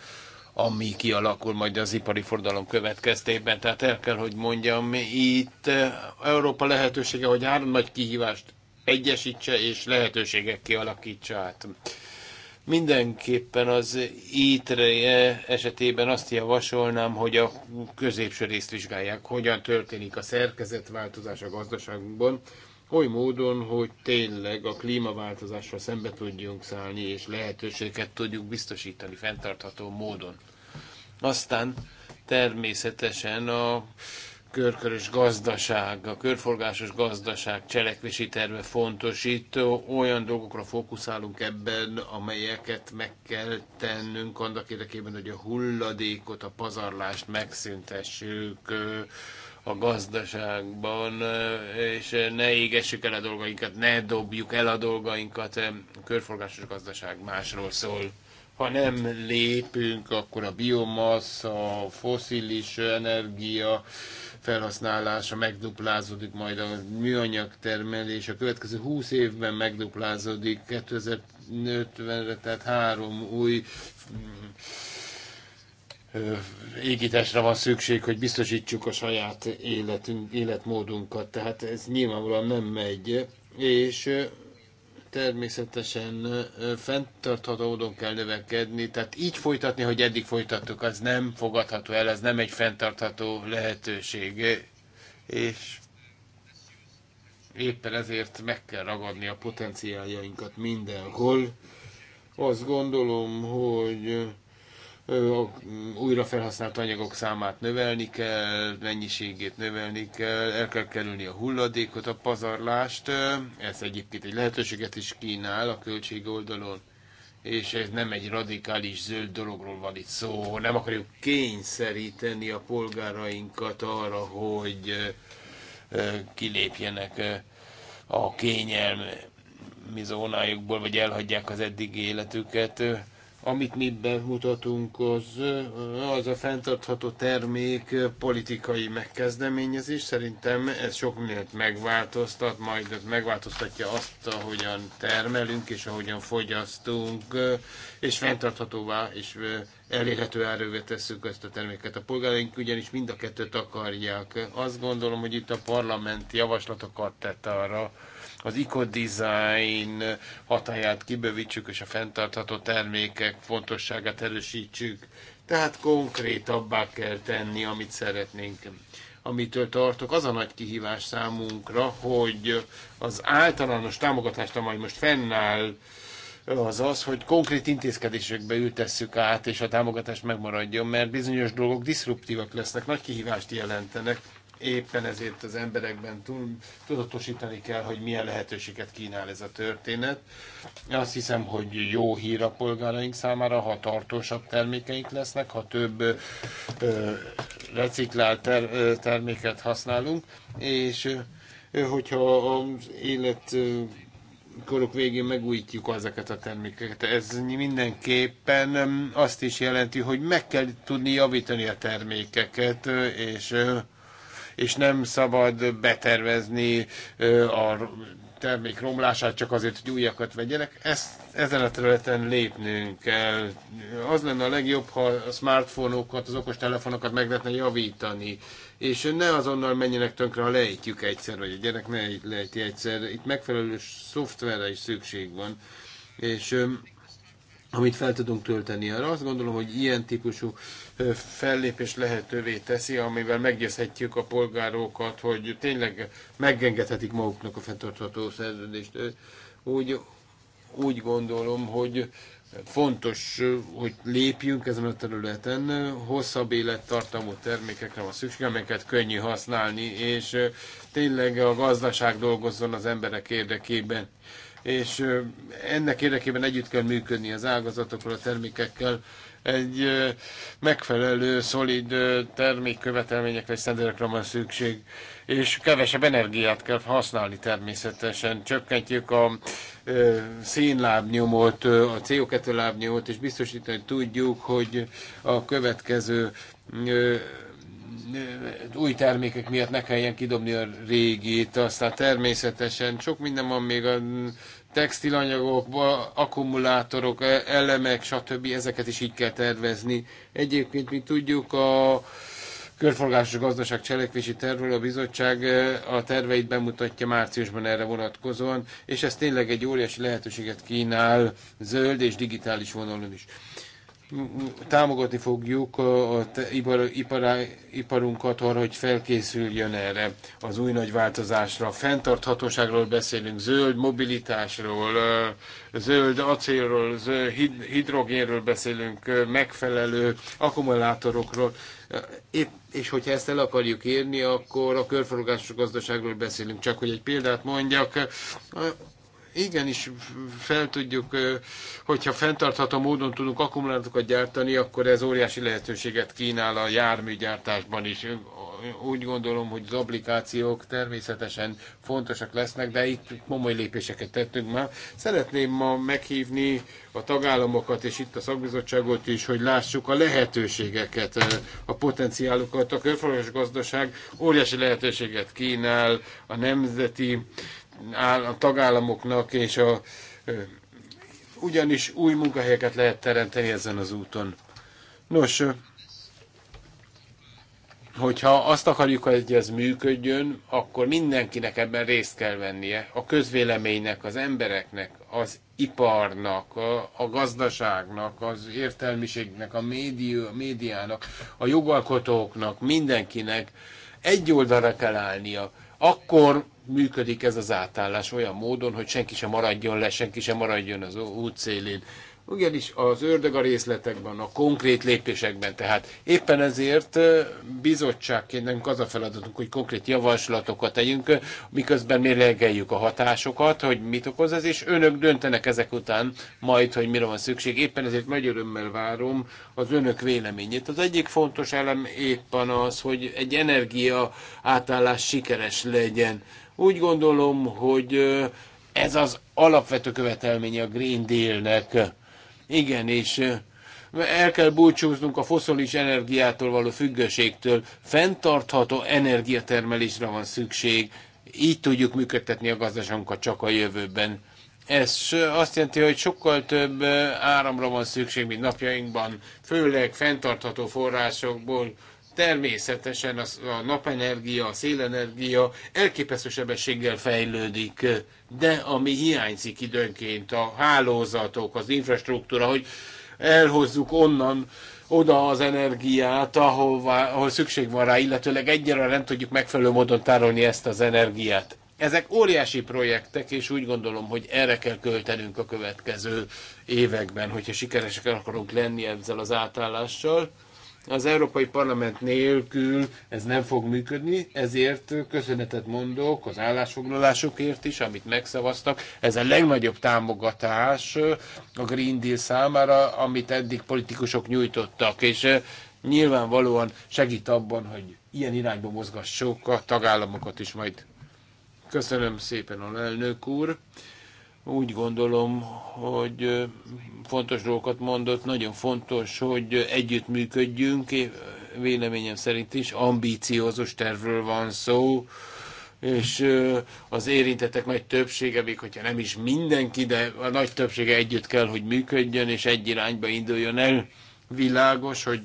ami kialakul majd az ipari fordalom következtében. Tehát el kell, hogy mondjam, itt Európa lehetősége, hogy három nagy kihívást egyesítse és lehetőségek kialakítsa át. Mindenképpen az ítre esetében azt javasolnám, hogy a középső részt vizsgálják, hogyan történik a szerkezetváltozás a gazdaságunkban, oly módon, hogy tényleg a klímaváltozásra szembe tudjunk szállni, és lehetőséget tudjuk biztosítani fenntartható módon. Aztán természetesen a körkörös gazdaság, a körforgásos gazdaság cselekvési terve fontos. Itt olyan dolgokra fókuszálunk ebben, amelyeket meg kell tennünk annak érdekében, hogy a hulladékot, a pazarlást megszüntessük a gazdaságban, és ne égessük el a dolgainkat, ne dobjuk el a dolgainkat. A körforgásos gazdaság másról szól. Ha nem lépünk, akkor a biomassa, a foszilis energia felhasználása megduplázódik, majd a műanyag termelés a következő 20 évben megduplázódik 2050-re, tehát három új égítésre van szükség, hogy biztosítsuk a saját életünk, életmódunkat. Tehát ez nyilvánvalóan nem megy, és Természetesen fenntartható módon kell növekedni, tehát így folytatni, hogy eddig folytattuk, az nem fogadható el, az nem egy fenntartható lehetőség. És éppen ezért meg kell ragadni a potenciáljainkat mindenhol. Azt gondolom, hogy a mm, újra felhasznált anyagok számát növelni kell, mennyiségét növelni kell, el kell kerülni a hulladékot, a pazarlást. Ez egyébként egy lehetőséget is kínál a költség oldalon, és ez nem egy radikális zöld dologról van itt szó. Nem akarjuk kényszeríteni a polgárainkat arra, hogy kilépjenek a kényelmi zónájukból, vagy elhagyják az eddigi életüket amit mi bemutatunk, az, az a fenntartható termék politikai megkezdeményezés. Szerintem ez sok mindent megváltoztat, majd megváltoztatja azt, ahogyan termelünk és ahogyan fogyasztunk, és fenntarthatóvá és elérhető erővé tesszük ezt a terméket. A polgáraink ugyanis mind a kettőt akarják. Azt gondolom, hogy itt a parlament javaslatokat tett arra, az ecodesign hatáját kibővítsük, és a fenntartható termékek fontosságát erősítsük. Tehát konkrétabbá kell tenni, amit szeretnénk. Amitől tartok, az a nagy kihívás számunkra, hogy az általános támogatást, amely most fennáll, az az, hogy konkrét intézkedésekbe ültesszük át, és a támogatás megmaradjon, mert bizonyos dolgok diszruptívak lesznek, nagy kihívást jelentenek Éppen ezért az emberekben tudatosítani kell, hogy milyen lehetőséget kínál ez a történet. Azt hiszem, hogy jó hír a polgáraink számára, ha tartósabb termékeink lesznek, ha több ö, reciklált ter, ö, terméket használunk, és ö, hogyha az élet ö, korok végén megújítjuk ezeket a termékeket. Ez mindenképpen azt is jelenti, hogy meg kell tudni javítani a termékeket, és és nem szabad betervezni a termék romlását csak azért, hogy újakat vegyenek. Ezt, ezen a területen lépnünk kell. Az lenne a legjobb, ha a smartfonokat, az okostelefonokat meg lehetne javítani, és ne azonnal menjenek tönkre, ha lejtjük egyszer, vagy a gyerek ne lejti egyszer. Itt megfelelő szoftverre is szükség van, és amit fel tudunk tölteni. Arra azt gondolom, hogy ilyen típusú fellépés lehetővé teszi, amivel meggyőzhetjük a polgárokat, hogy tényleg megengedhetik maguknak a fenntartható szerződést. Úgy, úgy gondolom, hogy fontos, hogy lépjünk ezen a területen. Hosszabb élettartamú termékekre van szükség, amelyeket könnyű használni, és tényleg a gazdaság dolgozzon az emberek érdekében és ennek érdekében együtt kell működni az ágazatokkal, a termékekkel, egy megfelelő, szolid termékkövetelményekre és szenderekre van szükség, és kevesebb energiát kell használni természetesen. Csökkentjük a szénlábnyomot, a CO2 lábnyomot, és biztosítani tudjuk, hogy a következő új termékek miatt ne kelljen kidobni a régit, aztán természetesen sok minden van még a textilanyagok, akkumulátorok, e, elemek, stb. ezeket is így kell tervezni. Egyébként mi tudjuk a körforgásos gazdaság cselekvési tervről a bizottság e, a terveit bemutatja márciusban erre vonatkozóan, és ez tényleg egy óriási lehetőséget kínál zöld és digitális vonalon is támogatni fogjuk a ipar, ipar, iparunkat arra, hogy felkészüljön erre az új nagy változásra. Fenntarthatóságról beszélünk, zöld mobilitásról, zöld acélról, zöld hidrogénről beszélünk, megfelelő akkumulátorokról. Épp, és hogyha ezt el akarjuk érni, akkor a körforgásos gazdaságról beszélünk. Csak hogy egy példát mondjak, igenis fel tudjuk, hogyha fenntartható módon tudunk akkumulátorokat gyártani, akkor ez óriási lehetőséget kínál a járműgyártásban is. Úgy gondolom, hogy az applikációk természetesen fontosak lesznek, de itt komoly lépéseket tettünk már. Szeretném ma meghívni a tagállamokat és itt a szakbizottságot is, hogy lássuk a lehetőségeket, a potenciálokat. A körforgás gazdaság óriási lehetőséget kínál a nemzeti a tagállamoknak, és a, ugyanis új munkahelyeket lehet teremteni ezen az úton. Nos, hogyha azt akarjuk, hogy ez működjön, akkor mindenkinek ebben részt kell vennie. A közvéleménynek, az embereknek, az iparnak, a gazdaságnak, az értelmiségnek, a, média, a médiának, a jogalkotóknak, mindenkinek egy oldalra kell állnia akkor működik ez az átállás olyan módon, hogy senki sem maradjon le, senki sem maradjon az út szélén. Ugyanis az ördög a részletekben, a konkrét lépésekben. Tehát éppen ezért bizottságként nekünk az a feladatunk, hogy konkrét javaslatokat tegyünk, miközben mérlegeljük a hatásokat, hogy mit okoz ez, és önök döntenek ezek után majd, hogy mire van szükség. Éppen ezért nagy örömmel várom az önök véleményét. Az egyik fontos elem éppen az, hogy egy energia átállás sikeres legyen. Úgy gondolom, hogy ez az alapvető követelménye a Green Dealnek igen, és el kell búcsúznunk a foszilis energiától való függőségtől. Fenntartható energiatermelésre van szükség, így tudjuk működtetni a gazdaságunkat csak a jövőben. Ez azt jelenti, hogy sokkal több áramra van szükség, mint napjainkban, főleg fenntartható forrásokból, Természetesen a, a napenergia, a szélenergia elképesztő sebességgel fejlődik, de ami hiányzik időnként, a hálózatok, az infrastruktúra, hogy elhozzuk onnan oda az energiát, ahová, ahol szükség van rá, illetőleg egyre nem tudjuk megfelelő módon tárolni ezt az energiát. Ezek óriási projektek, és úgy gondolom, hogy erre kell költenünk a következő években, hogyha sikeresek akarunk lenni ezzel az átállással. Az Európai Parlament nélkül ez nem fog működni, ezért köszönetet mondok az állásfoglalásokért is, amit megszavaztak. Ez a legnagyobb támogatás a Green Deal számára, amit eddig politikusok nyújtottak, és eh, nyilvánvalóan segít abban, hogy ilyen irányba mozgassuk a tagállamokat is majd. Köszönöm szépen a elnök úr. Úgy gondolom, hogy fontos dolgokat mondott, nagyon fontos, hogy együttműködjünk, véleményem szerint is ambíciózus tervről van szó, és az érintettek nagy többsége, még hogyha nem is mindenki, de a nagy többsége együtt kell, hogy működjön, és egy irányba induljon el világos, hogy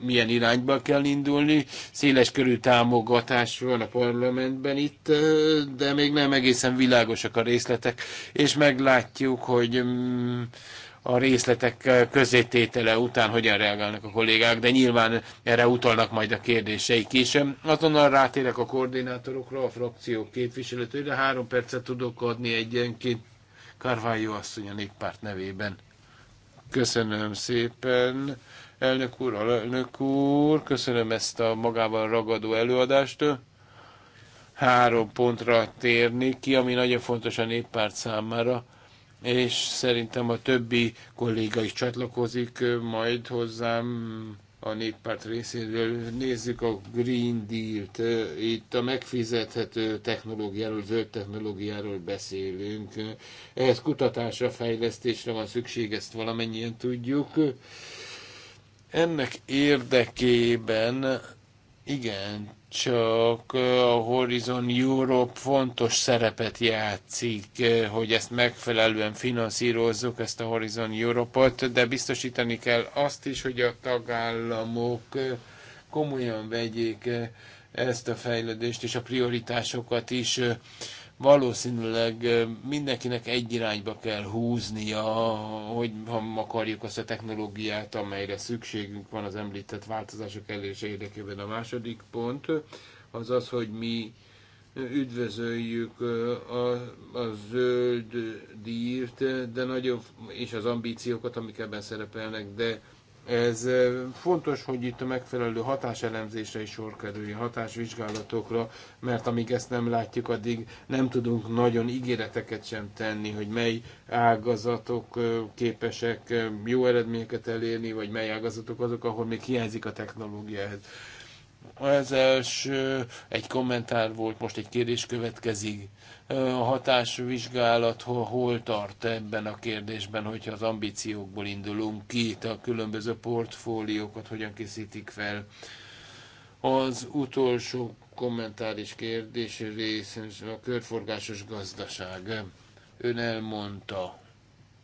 milyen irányba kell indulni. Széles körű támogatás van a parlamentben itt, de még nem egészen világosak a részletek, és meglátjuk, hogy mm, a részletek közététele után hogyan reagálnak a kollégák, de nyilván erre utalnak majd a kérdéseik is. Azonnal rátérek a koordinátorokra, a frakciók képviselőtőre, három percet tudok adni egyenként Carvalho asszony a néppárt nevében. Köszönöm szépen. Elnök úr, elnök úr, köszönöm ezt a magában ragadó előadást. Három pontra térni ki, ami nagyon fontos a néppárt számára, és szerintem a többi kolléga is csatlakozik majd hozzám a néppárt részéről. Nézzük a Green Deal-t. Itt a megfizethető technológiáról, zöld technológiáról beszélünk. Ehhez kutatásra, fejlesztésre van szükség, ezt valamennyien tudjuk. Ennek érdekében igen, csak a Horizon Europe fontos szerepet játszik, hogy ezt megfelelően finanszírozzuk, ezt a Horizon Europe-ot, de biztosítani kell azt is, hogy a tagállamok komolyan vegyék ezt a fejlődést, és a prioritásokat is valószínűleg mindenkinek egy irányba kell húznia, hogy ha akarjuk azt a technológiát, amelyre szükségünk van az említett változások elérése érdekében. A második pont az az, hogy mi üdvözöljük a, a zöld dírt, de nagyobb, és az ambíciókat, amik ebben szerepelnek, de ez fontos, hogy itt a megfelelő hatáselemzésre is sor kerüljön, hatásvizsgálatokra, mert amíg ezt nem látjuk, addig nem tudunk nagyon ígéreteket sem tenni, hogy mely ágazatok képesek jó eredményeket elérni, vagy mely ágazatok azok, ahol még hiányzik a technológia az első egy kommentár volt, most egy kérdés következik. A hatásvizsgálat hol, hol tart ebben a kérdésben, hogyha az ambíciókból indulunk ki, a különböző portfóliókat hogyan készítik fel. Az utolsó kommentár és kérdés rész a körforgásos gazdaság. Ön elmondta,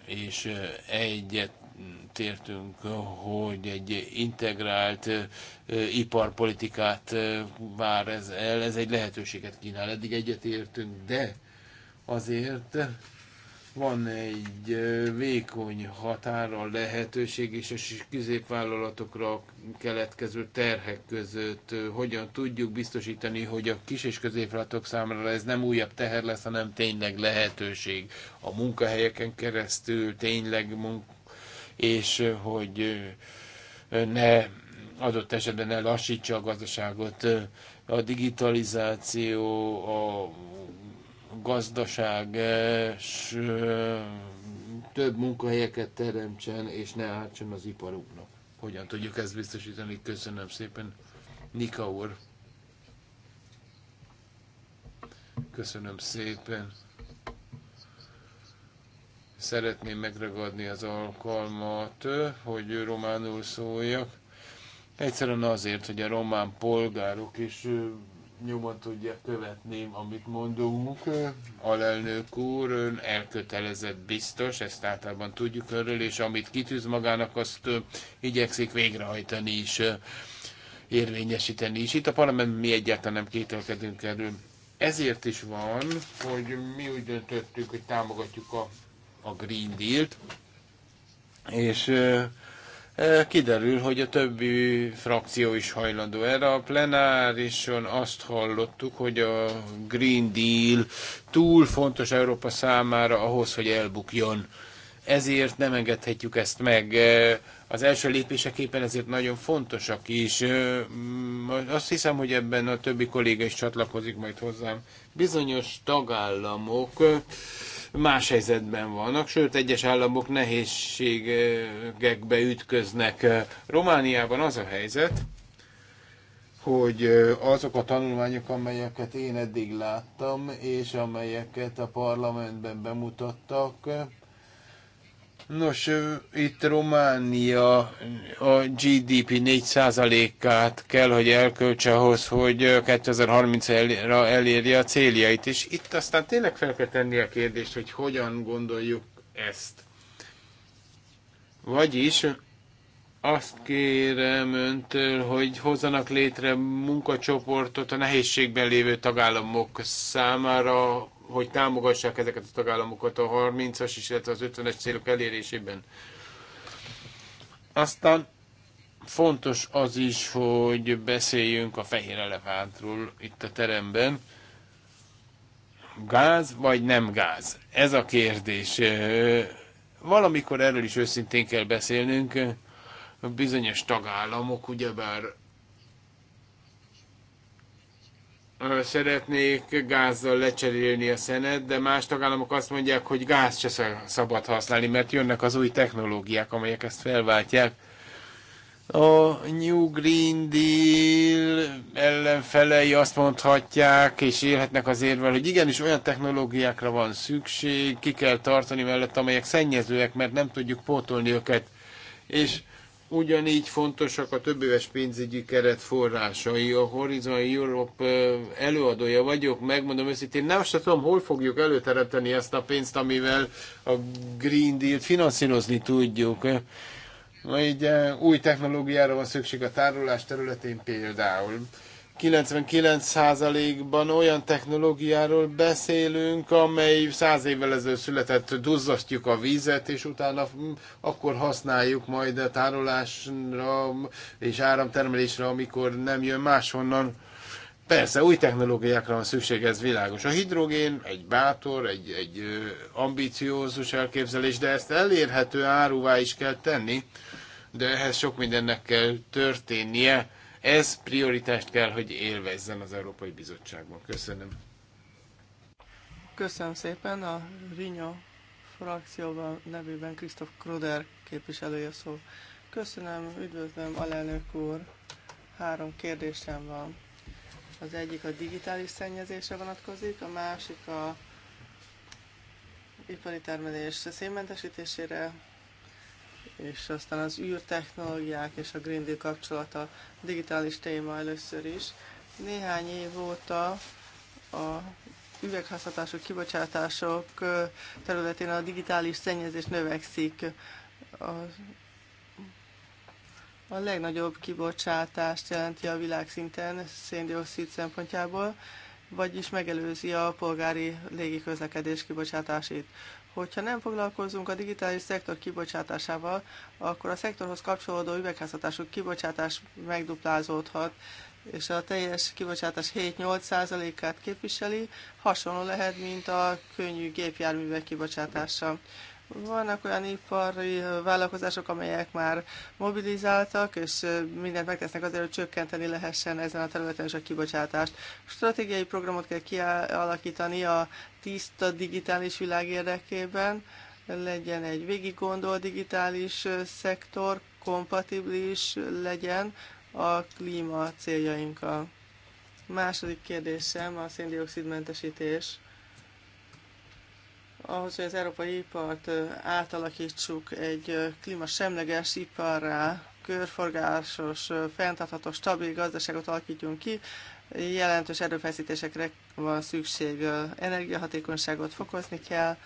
és egyet tértünk, hogy egy integrált iparpolitikát vár ez el, ez egy lehetőséget kínál. Eddig egyetértünk, de azért van egy vékony határa a lehetőség és a középvállalatokra keletkező terhek között. Hogyan tudjuk biztosítani, hogy a kis és középvállalatok számára ez nem újabb teher lesz, hanem tényleg lehetőség a munkahelyeken keresztül, tényleg munk- és hogy ne adott esetben ne lassítsa a gazdaságot. A digitalizáció, a gazdaság és több munkahelyeket teremtsen, és ne ártson az iparunknak. Hogyan tudjuk ezt biztosítani? Köszönöm szépen, Nika úr. Köszönöm szépen. Szeretném megragadni az alkalmat, hogy románul szóljak. Egyszerűen azért, hogy a román polgárok is nyomon tudják követni, amit mondunk. Alelnök úr, ön elkötelezett biztos, ezt általában tudjuk erről és amit kitűz magának, azt igyekszik végrehajtani is, érvényesíteni is. Itt a parlament mi egyáltalán nem kételkedünk erről. Ezért is van, hogy mi úgy döntöttük, hogy támogatjuk a a Green Deal-t, és kiderül, hogy a többi frakció is hajlandó erre. A plenárison azt hallottuk, hogy a Green Deal túl fontos Európa számára ahhoz, hogy elbukjon. Ezért nem engedhetjük ezt meg. Az első lépéseképpen ezért nagyon fontosak is. Azt hiszem, hogy ebben a többi kolléga is csatlakozik majd hozzám. Bizonyos tagállamok más helyzetben vannak, sőt egyes államok nehézségekbe ütköznek. Romániában az a helyzet, hogy azok a tanulmányok, amelyeket én eddig láttam, és amelyeket a parlamentben bemutattak, Nos, itt Románia a GDP 4%-át kell, hogy elköltse ahhoz, hogy 2030-ra elérje a céljait, és itt aztán tényleg fel kell tenni a kérdést, hogy hogyan gondoljuk ezt. Vagyis azt kérem öntől, hogy hozzanak létre munkacsoportot a nehézségben lévő tagállamok számára, hogy támogassák ezeket a tagállamokat a 30-as, illetve az 50-es célok elérésében. Aztán fontos az is, hogy beszéljünk a fehér elefántról itt a teremben. Gáz vagy nem gáz? Ez a kérdés. Valamikor erről is őszintén kell beszélnünk. Bizonyos tagállamok ugyebár szeretnék gázzal lecserélni a szenet, de más tagállamok azt mondják, hogy gáz se szabad használni, mert jönnek az új technológiák, amelyek ezt felváltják. A New Green Deal ellenfelei azt mondhatják, és élhetnek az érvel, hogy igenis olyan technológiákra van szükség, ki kell tartani mellett, amelyek szennyezőek, mert nem tudjuk pótolni őket. És Ugyanígy fontosak a többéves pénzügyi keret forrásai. A Horizon Europe eh, előadója vagyok, megmondom őszintén, nem azt tudom, hol fogjuk előteremteni ezt a pénzt, amivel a Green Deal-t finanszírozni tudjuk. egy eh, új technológiára van szükség a tárolás területén például. 99%-ban olyan technológiáról beszélünk, amely száz évvel ezelőtt született, duzzasztjuk a vizet, és utána akkor használjuk majd a tárolásra és áramtermelésre, amikor nem jön máshonnan. Persze, új technológiákra van szükség, ez világos. A hidrogén egy bátor, egy, egy ambiciózus elképzelés, de ezt elérhető áruvá is kell tenni, de ehhez sok mindennek kell történnie ez prioritást kell, hogy élvezzen az Európai Bizottságban. Köszönöm.
Köszönöm szépen a Rinyó frakcióban nevében Krisztof Kruder képviselője szó. Köszönöm, üdvözlöm, alelnök úr. Három kérdésem van. Az egyik a digitális szennyezésre vonatkozik, a másik a ipari termelés szénmentesítésére, és aztán az űrtechnológiák és a Green Deal kapcsolata digitális téma először is. Néhány év óta a üvegházhatású kibocsátások területén a digitális szennyezés növekszik. A, a legnagyobb kibocsátást jelenti a világszinten széndiokszid szempontjából, vagyis megelőzi a polgári légiközlekedés kibocsátásait. Hogyha nem foglalkozunk a digitális szektor kibocsátásával, akkor a szektorhoz kapcsolódó üvegházhatású kibocsátás megduplázódhat, és a teljes kibocsátás 7-8%-át képviseli, hasonló lehet, mint a könnyű gépjárművek kibocsátása. Vannak olyan ipari vállalkozások, amelyek már mobilizáltak, és mindent megtesznek azért, hogy csökkenteni lehessen ezen a területen is a kibocsátást. Stratégiai programot kell kialakítani a tiszta digitális világ érdekében, legyen egy végig gondol digitális szektor, kompatibilis legyen a klíma céljainkkal. Második kérdésem a széndiokszidmentesítés ahhoz, hogy az európai ipart átalakítsuk egy klímasemleges iparra, körforgásos, fenntartható, stabil gazdaságot alakítjunk ki, jelentős erőfeszítésekre van szükség, energiahatékonyságot fokozni kell,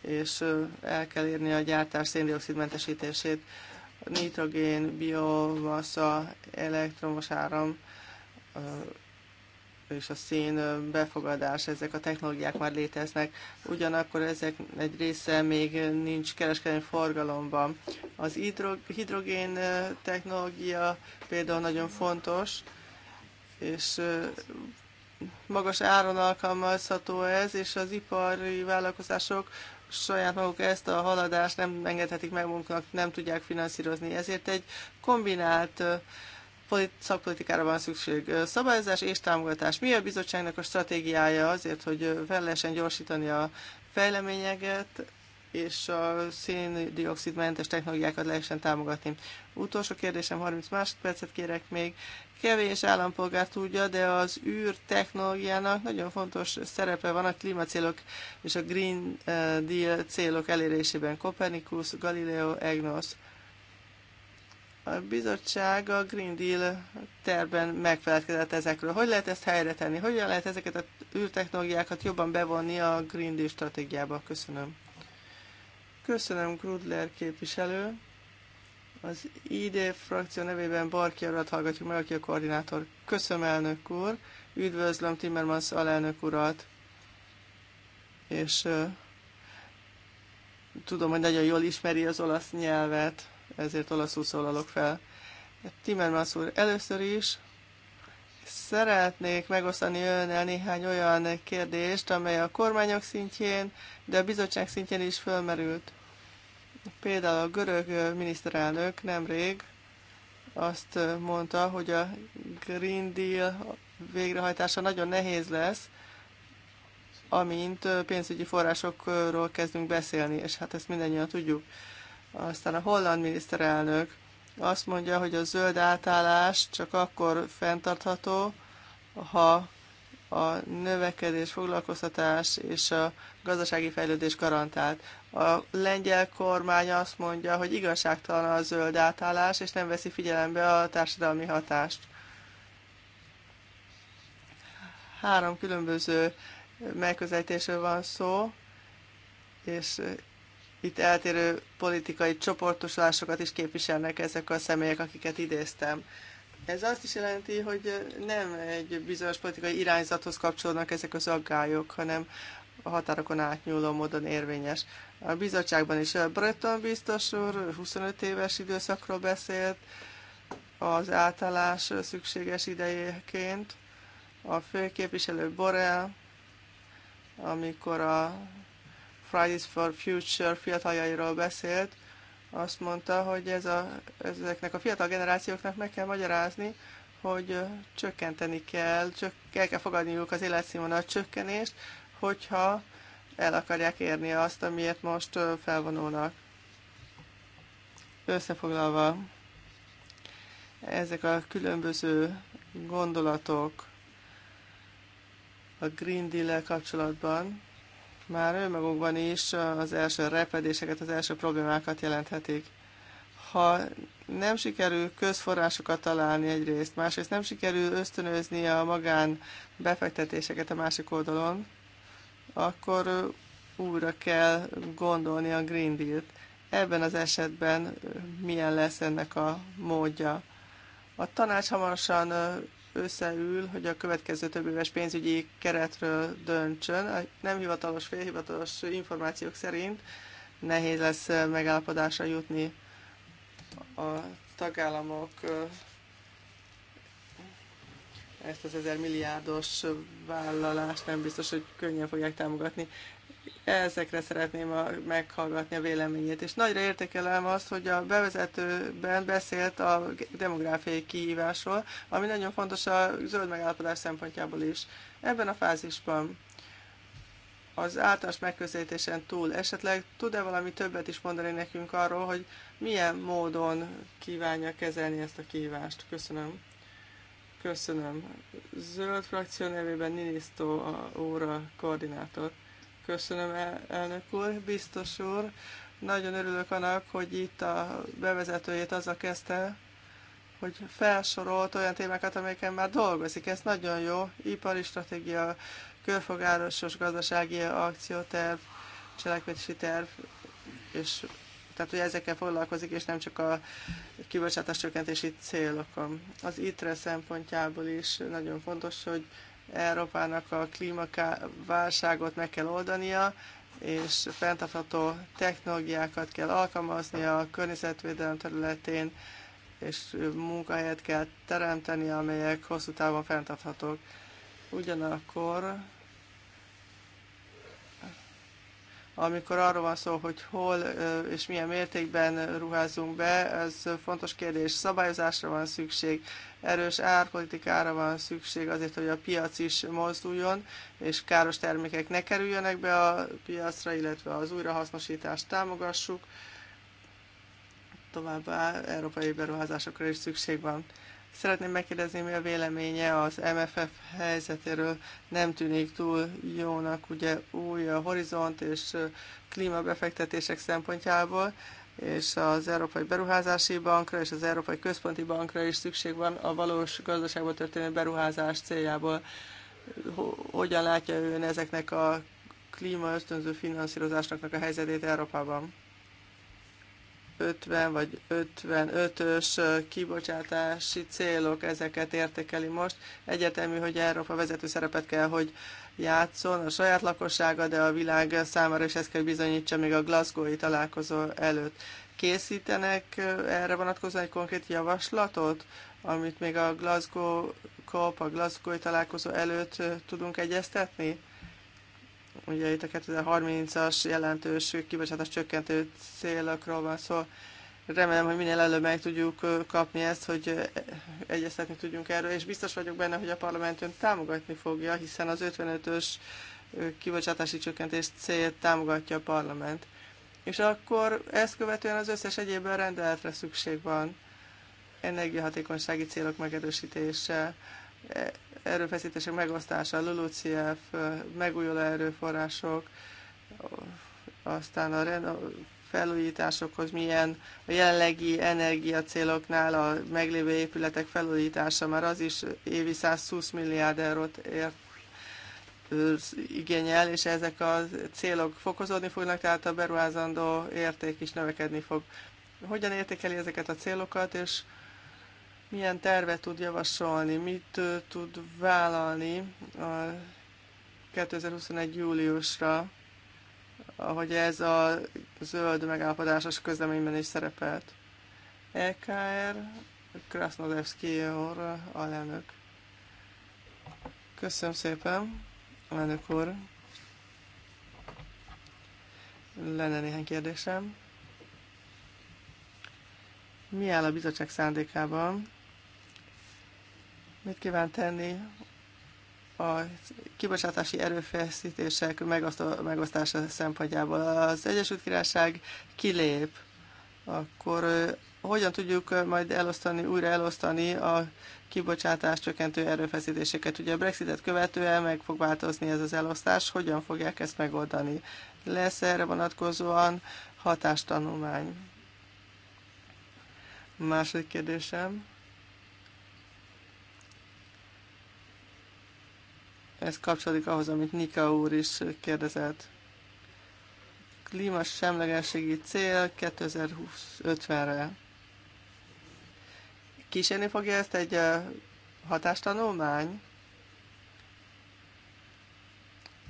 és el kell érni a gyártás széndiokszidmentesítését, nitrogén, biomassa, elektromos áram, és a szén befogadás, ezek a technológiák már léteznek. Ugyanakkor ezek egy része még nincs kereskedelmi forgalomban. Az hidrogén technológia például nagyon fontos, és magas áron alkalmazható ez, és az ipari vállalkozások saját maguk ezt a haladást nem engedhetik meg magunknak, nem tudják finanszírozni. Ezért egy kombinált szakpolitikára van szükség. Szabályozás és támogatás. Mi a bizottságnak a stratégiája azért, hogy fel lehessen gyorsítani a fejleményeket, és a széndiokszidmentes technológiákat lehessen támogatni. Utolsó kérdésem, 30 másodpercet kérek még. Kevés állampolgár tudja, de az űr technológiának nagyon fontos szerepe van a klímacélok és a Green Deal célok elérésében. Copernicus, Galileo, EGNOS. A bizottság a Green Deal terben megfelelkezett ezekről. Hogy lehet ezt helyre tenni? Hogyan lehet ezeket a űrtechnológiákat jobban bevonni a Green Deal stratégiába? Köszönöm. Köszönöm, Grudler képviselő. Az ID frakció nevében Barki urat hallgatjuk meg, aki a koordinátor. Köszönöm, elnök úr. Üdvözlöm Timmermans alelnök urat. És uh, tudom, hogy nagyon jól ismeri az olasz nyelvet ezért olaszul szólalok fel. Timmermans úr, először is szeretnék megosztani önnel néhány olyan kérdést, amely a kormányok szintjén, de a bizottság szintjén is fölmerült. Például a görög miniszterelnök nemrég azt mondta, hogy a Green Deal végrehajtása nagyon nehéz lesz, amint pénzügyi forrásokról kezdünk beszélni, és hát ezt mindannyian tudjuk. Aztán a holland miniszterelnök azt mondja, hogy a zöld átállás csak akkor fenntartható, ha a növekedés, foglalkoztatás és a gazdasági fejlődés garantált. A lengyel kormány azt mondja, hogy igazságtalan a zöld átállás, és nem veszi figyelembe a társadalmi hatást. Három különböző megközelítésről van szó, és itt eltérő politikai csoportosulásokat is képviselnek ezek a személyek, akiket idéztem. Ez azt is jelenti, hogy nem egy bizonyos politikai irányzathoz kapcsolódnak ezek az aggályok, hanem a határokon átnyúló módon érvényes. A bizottságban is Breton biztos úr 25 éves időszakról beszélt, az átállás szükséges idejéként. A főképviselő Borel, amikor a Fridays for Future fiataljairól beszélt, azt mondta, hogy ez a, ezeknek a fiatal generációknak meg kell magyarázni, hogy csökkenteni kell, csök, el kell fogadniuk az életszínvonal csökkenést, hogyha el akarják érni azt, amiért most felvonulnak. Összefoglalva, ezek a különböző gondolatok a Green Deal-el kapcsolatban már önmagukban is az első repedéseket, az első problémákat jelenthetik. Ha nem sikerül közforrásokat találni egyrészt, másrészt nem sikerül ösztönözni a magán befektetéseket a másik oldalon, akkor újra kell gondolni a Green Deal-t. Ebben az esetben milyen lesz ennek a módja. A tanács hamarosan összeül, hogy a következő több éves pénzügyi keretről döntsön. A nem hivatalos, félhivatalos információk szerint nehéz lesz megállapodásra jutni a tagállamok ezt az ezer milliárdos vállalást nem biztos, hogy könnyen fogják támogatni. Ezekre szeretném a, meghallgatni a véleményét. És nagyra értékelem azt, hogy a bevezetőben beszélt a demográfiai kihívásról, ami nagyon fontos a zöld megállapodás szempontjából is. Ebben a fázisban az általános megközelítésen túl esetleg tud-e valami többet is mondani nekünk arról, hogy milyen módon kívánja kezelni ezt a kihívást? Köszönöm. Köszönöm. Zöld frakció nevében Ninisztó óra koordinátor. Köszönöm, el, elnök úr. Biztos úr, nagyon örülök annak, hogy itt a bevezetőjét azzal kezdte, hogy felsorolt olyan témákat, amelyeken már dolgozik. Ez nagyon jó. Ipari stratégia, körfogárosos gazdasági akcióterv, cselekvési terv, és tehát ugye ezekkel foglalkozik, és nem csak a kibocsátás csökkentési célokon. Az ITRE szempontjából is nagyon fontos, hogy Európának a klímaválságot meg kell oldania, és fenntartható technológiákat kell alkalmazni a környezetvédelem területén, és munkahelyet kell teremteni, amelyek hosszú távon fenntarthatók. Ugyanakkor amikor arról van szó, hogy hol és milyen mértékben ruházunk be, ez fontos kérdés. Szabályozásra van szükség, erős árpolitikára van szükség azért, hogy a piac is mozduljon, és káros termékek ne kerüljenek be a piacra, illetve az újrahasznosítást támogassuk. Továbbá európai beruházásokra is szükség van. Szeretném megkérdezni, mi a véleménye az MFF helyzetéről. Nem tűnik túl jónak, ugye új a horizont és klímabefektetések szempontjából, és az Európai Beruházási Bankra és az Európai Központi Bankra is szükség van a valós gazdaságban történő beruházás céljából. Hogyan látja ön ezeknek a klíma ösztönző finanszírozásnak a helyzetét Európában? 50 vagy 55-ös kibocsátási célok, ezeket értékeli most. Egyetemű, hogy Európa vezető szerepet kell, hogy játszon a saját lakossága, de a világ számára is ezt kell bizonyítsa még a Glasgow-i találkozó előtt. Készítenek erre vonatkozóan egy konkrét javaslatot, amit még a Glasgow COP, a Glasgow-i találkozó előtt tudunk egyeztetni? ugye itt a 2030-as jelentős kibocsátás csökkentő célokról van szó. Remélem, hogy minél előbb meg tudjuk kapni ezt, hogy egyeztetni tudjunk erről, és biztos vagyok benne, hogy a parlament ön támogatni fogja, hiszen az 55-ös kibocsátási csökkentés célt támogatja a parlament. És akkor ezt követően az összes egyéb rendeletre szükség van. Energiahatékonysági célok megerősítése, erőfeszítések megosztása, LULUCF, megújuló erőforrások, aztán a felújításokhoz milyen a jelenlegi energiacéloknál a meglévő épületek felújítása, már az is évi 120 milliárd eurót ért igényel, és ezek a célok fokozódni fognak, tehát a beruházandó érték is növekedni fog. Hogyan értékeli ezeket a célokat, és milyen tervet tud javasolni, mit tud vállalni a 2021. júliusra, ahogy ez a zöld megállapodásos közleményben is szerepelt. EKR, Krasnodevski úr, alelnök. Köszönöm szépen, elnök úr. Lenne néhány kérdésem. Mi áll a bizottság szándékában mit kíván tenni a kibocsátási erőfeszítések megosztása szempontjából. Az Egyesült Királyság kilép, akkor hogyan tudjuk majd elosztani, újra elosztani a kibocsátás csökkentő erőfeszítéseket. Ugye a Brexitet követően meg fog változni ez az elosztás, hogyan fogják ezt megoldani. Lesz erre vonatkozóan hatástanulmány. Második kérdésem Ez kapcsolódik ahhoz, amit Nika úr is kérdezett. Klímas semlegességi cél 2050-re. Kísérni fogja ezt egy hatástanulmány?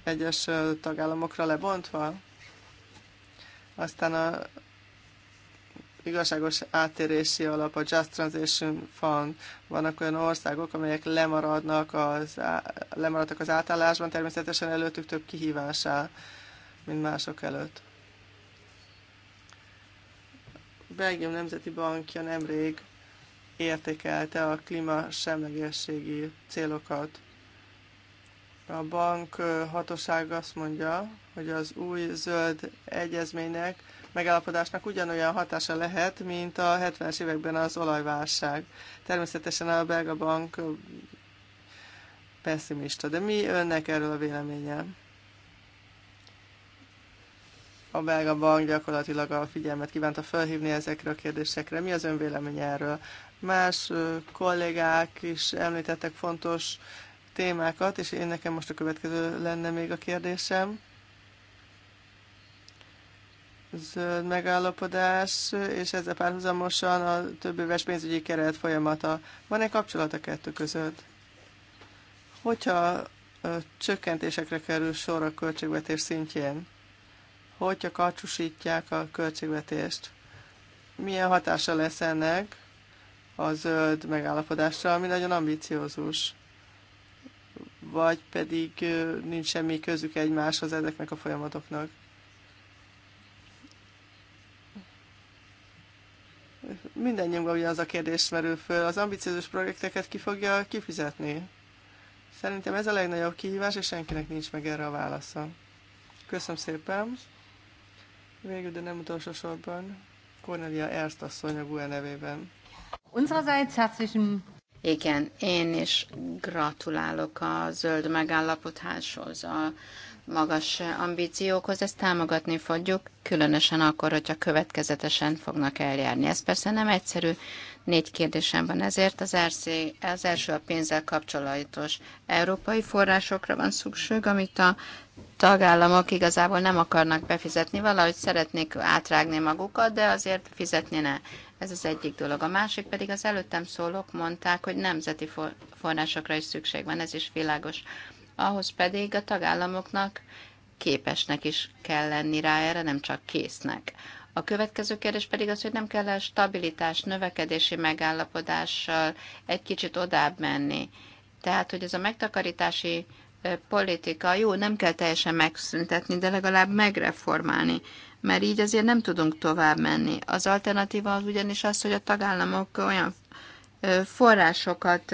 Egyes tagállamokra lebontva? Aztán a igazságos áttérési alap, a Just Transition Fund. Vannak olyan országok, amelyek lemaradnak az, lemaradtak az átállásban, természetesen előttük több kihívásá, mint mások előtt. A Belgium Nemzeti Bankja nemrég értékelte a klíma semlegességi célokat. A bank hatóság azt mondja, hogy az új zöld egyezménynek megállapodásnak ugyanolyan hatása lehet, mint a 70-es években az olajválság. Természetesen a belga bank pessimista, de mi önnek erről a véleménye? A belga bank gyakorlatilag a figyelmet kívánta felhívni ezekre a kérdésekre. Mi az ön véleménye erről? Más kollégák is említettek fontos témákat, és én nekem most a következő lenne még a kérdésem zöld megállapodás, és ezzel párhuzamosan a több éves pénzügyi keret folyamata. Van-e kapcsolat a kettő között? Hogyha csökkentésekre kerül sor a költségvetés szintjén, hogyha kacsusítják a költségvetést, milyen hatása lesz ennek a zöld megállapodásra, ami nagyon ambiciózus, vagy pedig nincs semmi közük egymáshoz ezeknek a folyamatoknak. mindennyiunkban ugyanaz a kérdés merül föl, az ambiciózus projekteket ki fogja kifizetni? Szerintem ez a legnagyobb kihívás, és senkinek nincs meg erre a válasza. Köszönöm szépen. Végül, de nem utolsó sorban, Cornelia Ernst asszony a GUE nevében.
Unsererseits herzlichen
igen, én is gratulálok a zöld
megállapodáshoz, a magas ambíciókhoz, ezt támogatni fogjuk, különösen akkor, hogyha következetesen fognak eljárni. Ez persze nem egyszerű, négy kérdésem van ezért. Az, RC, az első a pénzzel kapcsolatos európai forrásokra van szükség, amit a tagállamok igazából nem akarnak befizetni, valahogy szeretnék átrágni magukat, de azért fizetni ne. Ez az egyik dolog. A másik pedig az előttem szólók mondták, hogy nemzeti forrásokra is szükség van, ez is világos. Ahhoz pedig a tagállamoknak képesnek is kell lenni rá erre, nem csak késznek. A következő kérdés pedig az, hogy nem kell a stabilitás, növekedési megállapodással egy kicsit odább menni. Tehát, hogy ez a megtakarítási politika, jó, nem kell teljesen megszüntetni, de legalább megreformálni mert így azért nem tudunk tovább menni. Az alternatíva az ugyanis az, hogy a tagállamok olyan forrásokat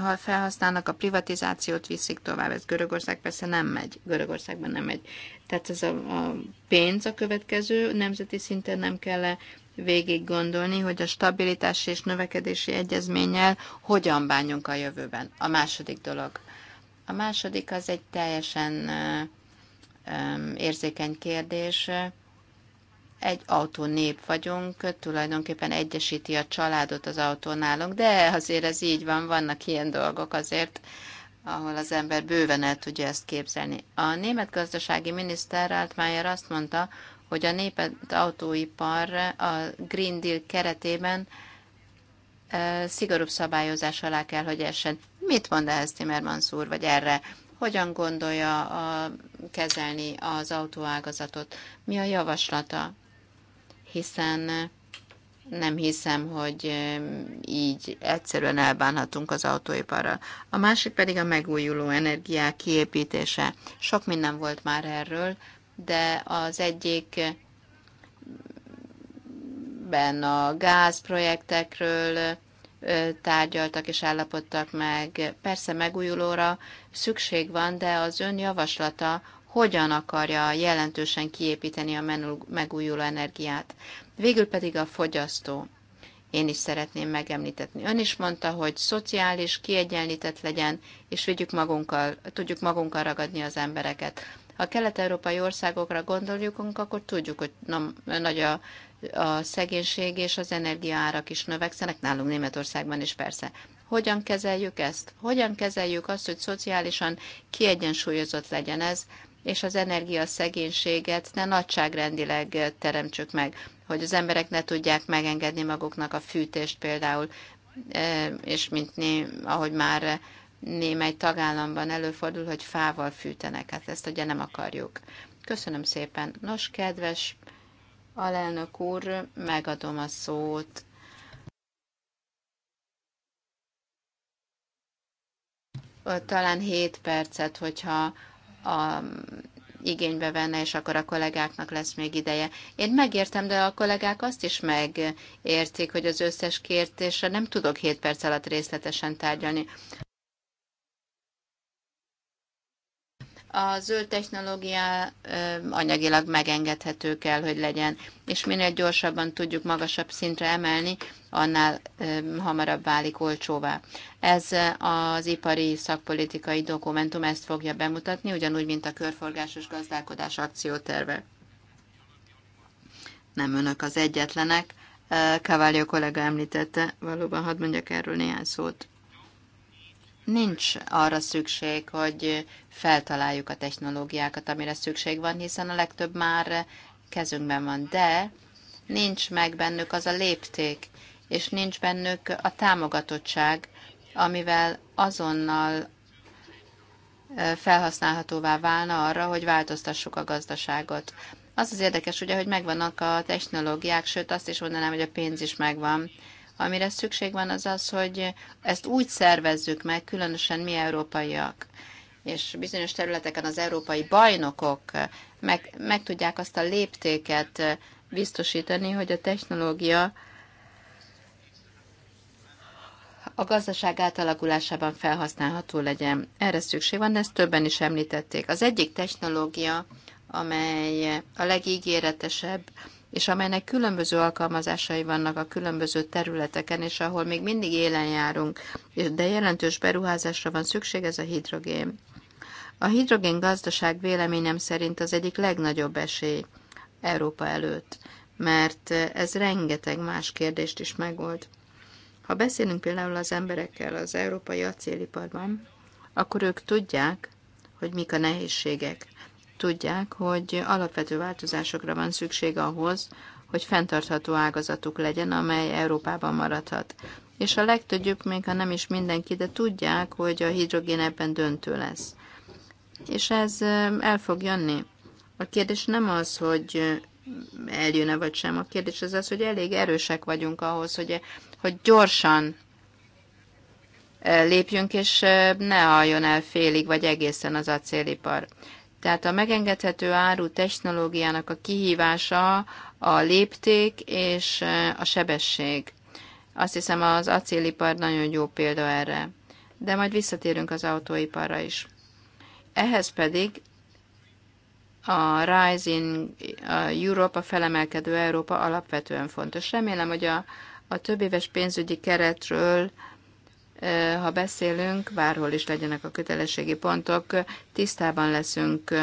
ha felhasználnak, a privatizációt viszik tovább. Ez Görögország persze nem megy. Görögországban nem megy. Tehát ez a, a pénz a következő, nemzeti szinten nem kell -e végig gondolni, hogy a stabilitási és növekedési egyezménnyel hogyan bánjunk a jövőben. A második dolog. A második az egy teljesen érzékeny kérdés. Egy autó nép vagyunk, tulajdonképpen egyesíti a családot az autó nálunk, de azért ez így van, vannak ilyen dolgok azért, ahol az ember bőven el tudja ezt képzelni. A német gazdasági miniszter Altmaier azt mondta, hogy a népet autóipar a Green Deal keretében eh, szigorúbb szabályozás alá kell, hogy essen. Mit mond ehhez Timmermans úr, vagy erre hogyan gondolja a, kezelni az autóágazatot, mi a javaslata, hiszen nem hiszem, hogy így egyszerűen elbánhatunk az autóiparral. A másik pedig a megújuló energiák kiépítése. Sok minden volt már erről, de az egyik ben a gázprojektekről, tárgyaltak és állapodtak meg. Persze megújulóra szükség van, de az ön javaslata hogyan akarja jelentősen kiépíteni a megújuló energiát. Végül pedig a fogyasztó. Én is szeretném megemlítetni. Ön is mondta, hogy szociális, kiegyenlített legyen, és vigyük magunkkal, tudjuk magunkkal ragadni az embereket. Ha kelet-európai országokra gondoljuk, akkor tudjuk, hogy nagy a a szegénység és az energiaárak is növekszenek, nálunk Németországban is persze. Hogyan kezeljük ezt? Hogyan kezeljük azt, hogy szociálisan kiegyensúlyozott legyen ez, és az energiaszegénységet ne nagyságrendileg teremtsük meg, hogy az emberek ne tudják megengedni maguknak a fűtést például, e, és mint né, ahogy már némely tagállamban előfordul, hogy fával fűtenek. Hát ezt ugye nem akarjuk. Köszönöm szépen. Nos, kedves Alelnök úr, megadom a szót. Talán 7 percet, hogyha a, igénybe venne, és akkor a kollégáknak lesz még ideje. Én megértem, de a kollégák azt is megértik, hogy az összes kértésre nem tudok 7 perc alatt részletesen tárgyalni. a zöld technológia anyagilag megengedhető kell, hogy legyen, és minél gyorsabban tudjuk magasabb szintre emelni, annál hamarabb válik olcsóvá. Ez az ipari szakpolitikai dokumentum ezt fogja bemutatni, ugyanúgy, mint a körforgásos gazdálkodás akcióterve. Nem önök az egyetlenek. Kavályo kollega említette, valóban hadd mondjak erről néhány szót nincs arra szükség, hogy feltaláljuk a technológiákat, amire szükség van, hiszen a legtöbb már kezünkben van, de nincs meg bennük az a lépték, és nincs bennük a támogatottság, amivel azonnal felhasználhatóvá válna arra, hogy változtassuk a gazdaságot. Az az érdekes, ugye, hogy megvannak a technológiák, sőt azt is mondanám, hogy a pénz is megvan, Amire szükség van az az, hogy ezt úgy szervezzük meg, különösen mi európaiak, és bizonyos területeken az európai bajnokok meg, meg tudják azt a léptéket biztosítani, hogy a technológia a gazdaság átalakulásában felhasználható legyen. Erre szükség van, ezt többen is említették. Az egyik technológia, amely a legígéretesebb és amelynek különböző alkalmazásai vannak a különböző területeken, és ahol még mindig élen járunk, de jelentős beruházásra van szükség, ez a hidrogén. A hidrogén gazdaság véleményem szerint az egyik legnagyobb esély Európa előtt, mert ez rengeteg más kérdést is megold. Ha beszélünk például az emberekkel az európai acéliparban, akkor ők tudják, hogy mik a nehézségek tudják, hogy alapvető változásokra van szükség ahhoz, hogy fenntartható ágazatuk legyen, amely Európában maradhat. És a legtöbbjük, még ha nem is mindenki, de tudják, hogy a hidrogén ebben döntő lesz. És ez el fog jönni. A kérdés nem az, hogy eljön-e vagy sem. A kérdés az az, hogy elég erősek vagyunk ahhoz, hogy, hogy gyorsan lépjünk, és ne halljon el félig vagy egészen az acélipar. Tehát a megengedhető áru technológiának a kihívása a lépték és eh, a sebesség. Azt hiszem az acélipar nagyon jó példa erre. De majd visszatérünk az autóiparra is. Ehhez pedig a Rising Europe, a felemelkedő Európa alapvetően fontos. Remélem, hogy a, a több éves pénzügyi keretről ha beszélünk, bárhol is legyenek a kötelességi pontok, tisztában leszünk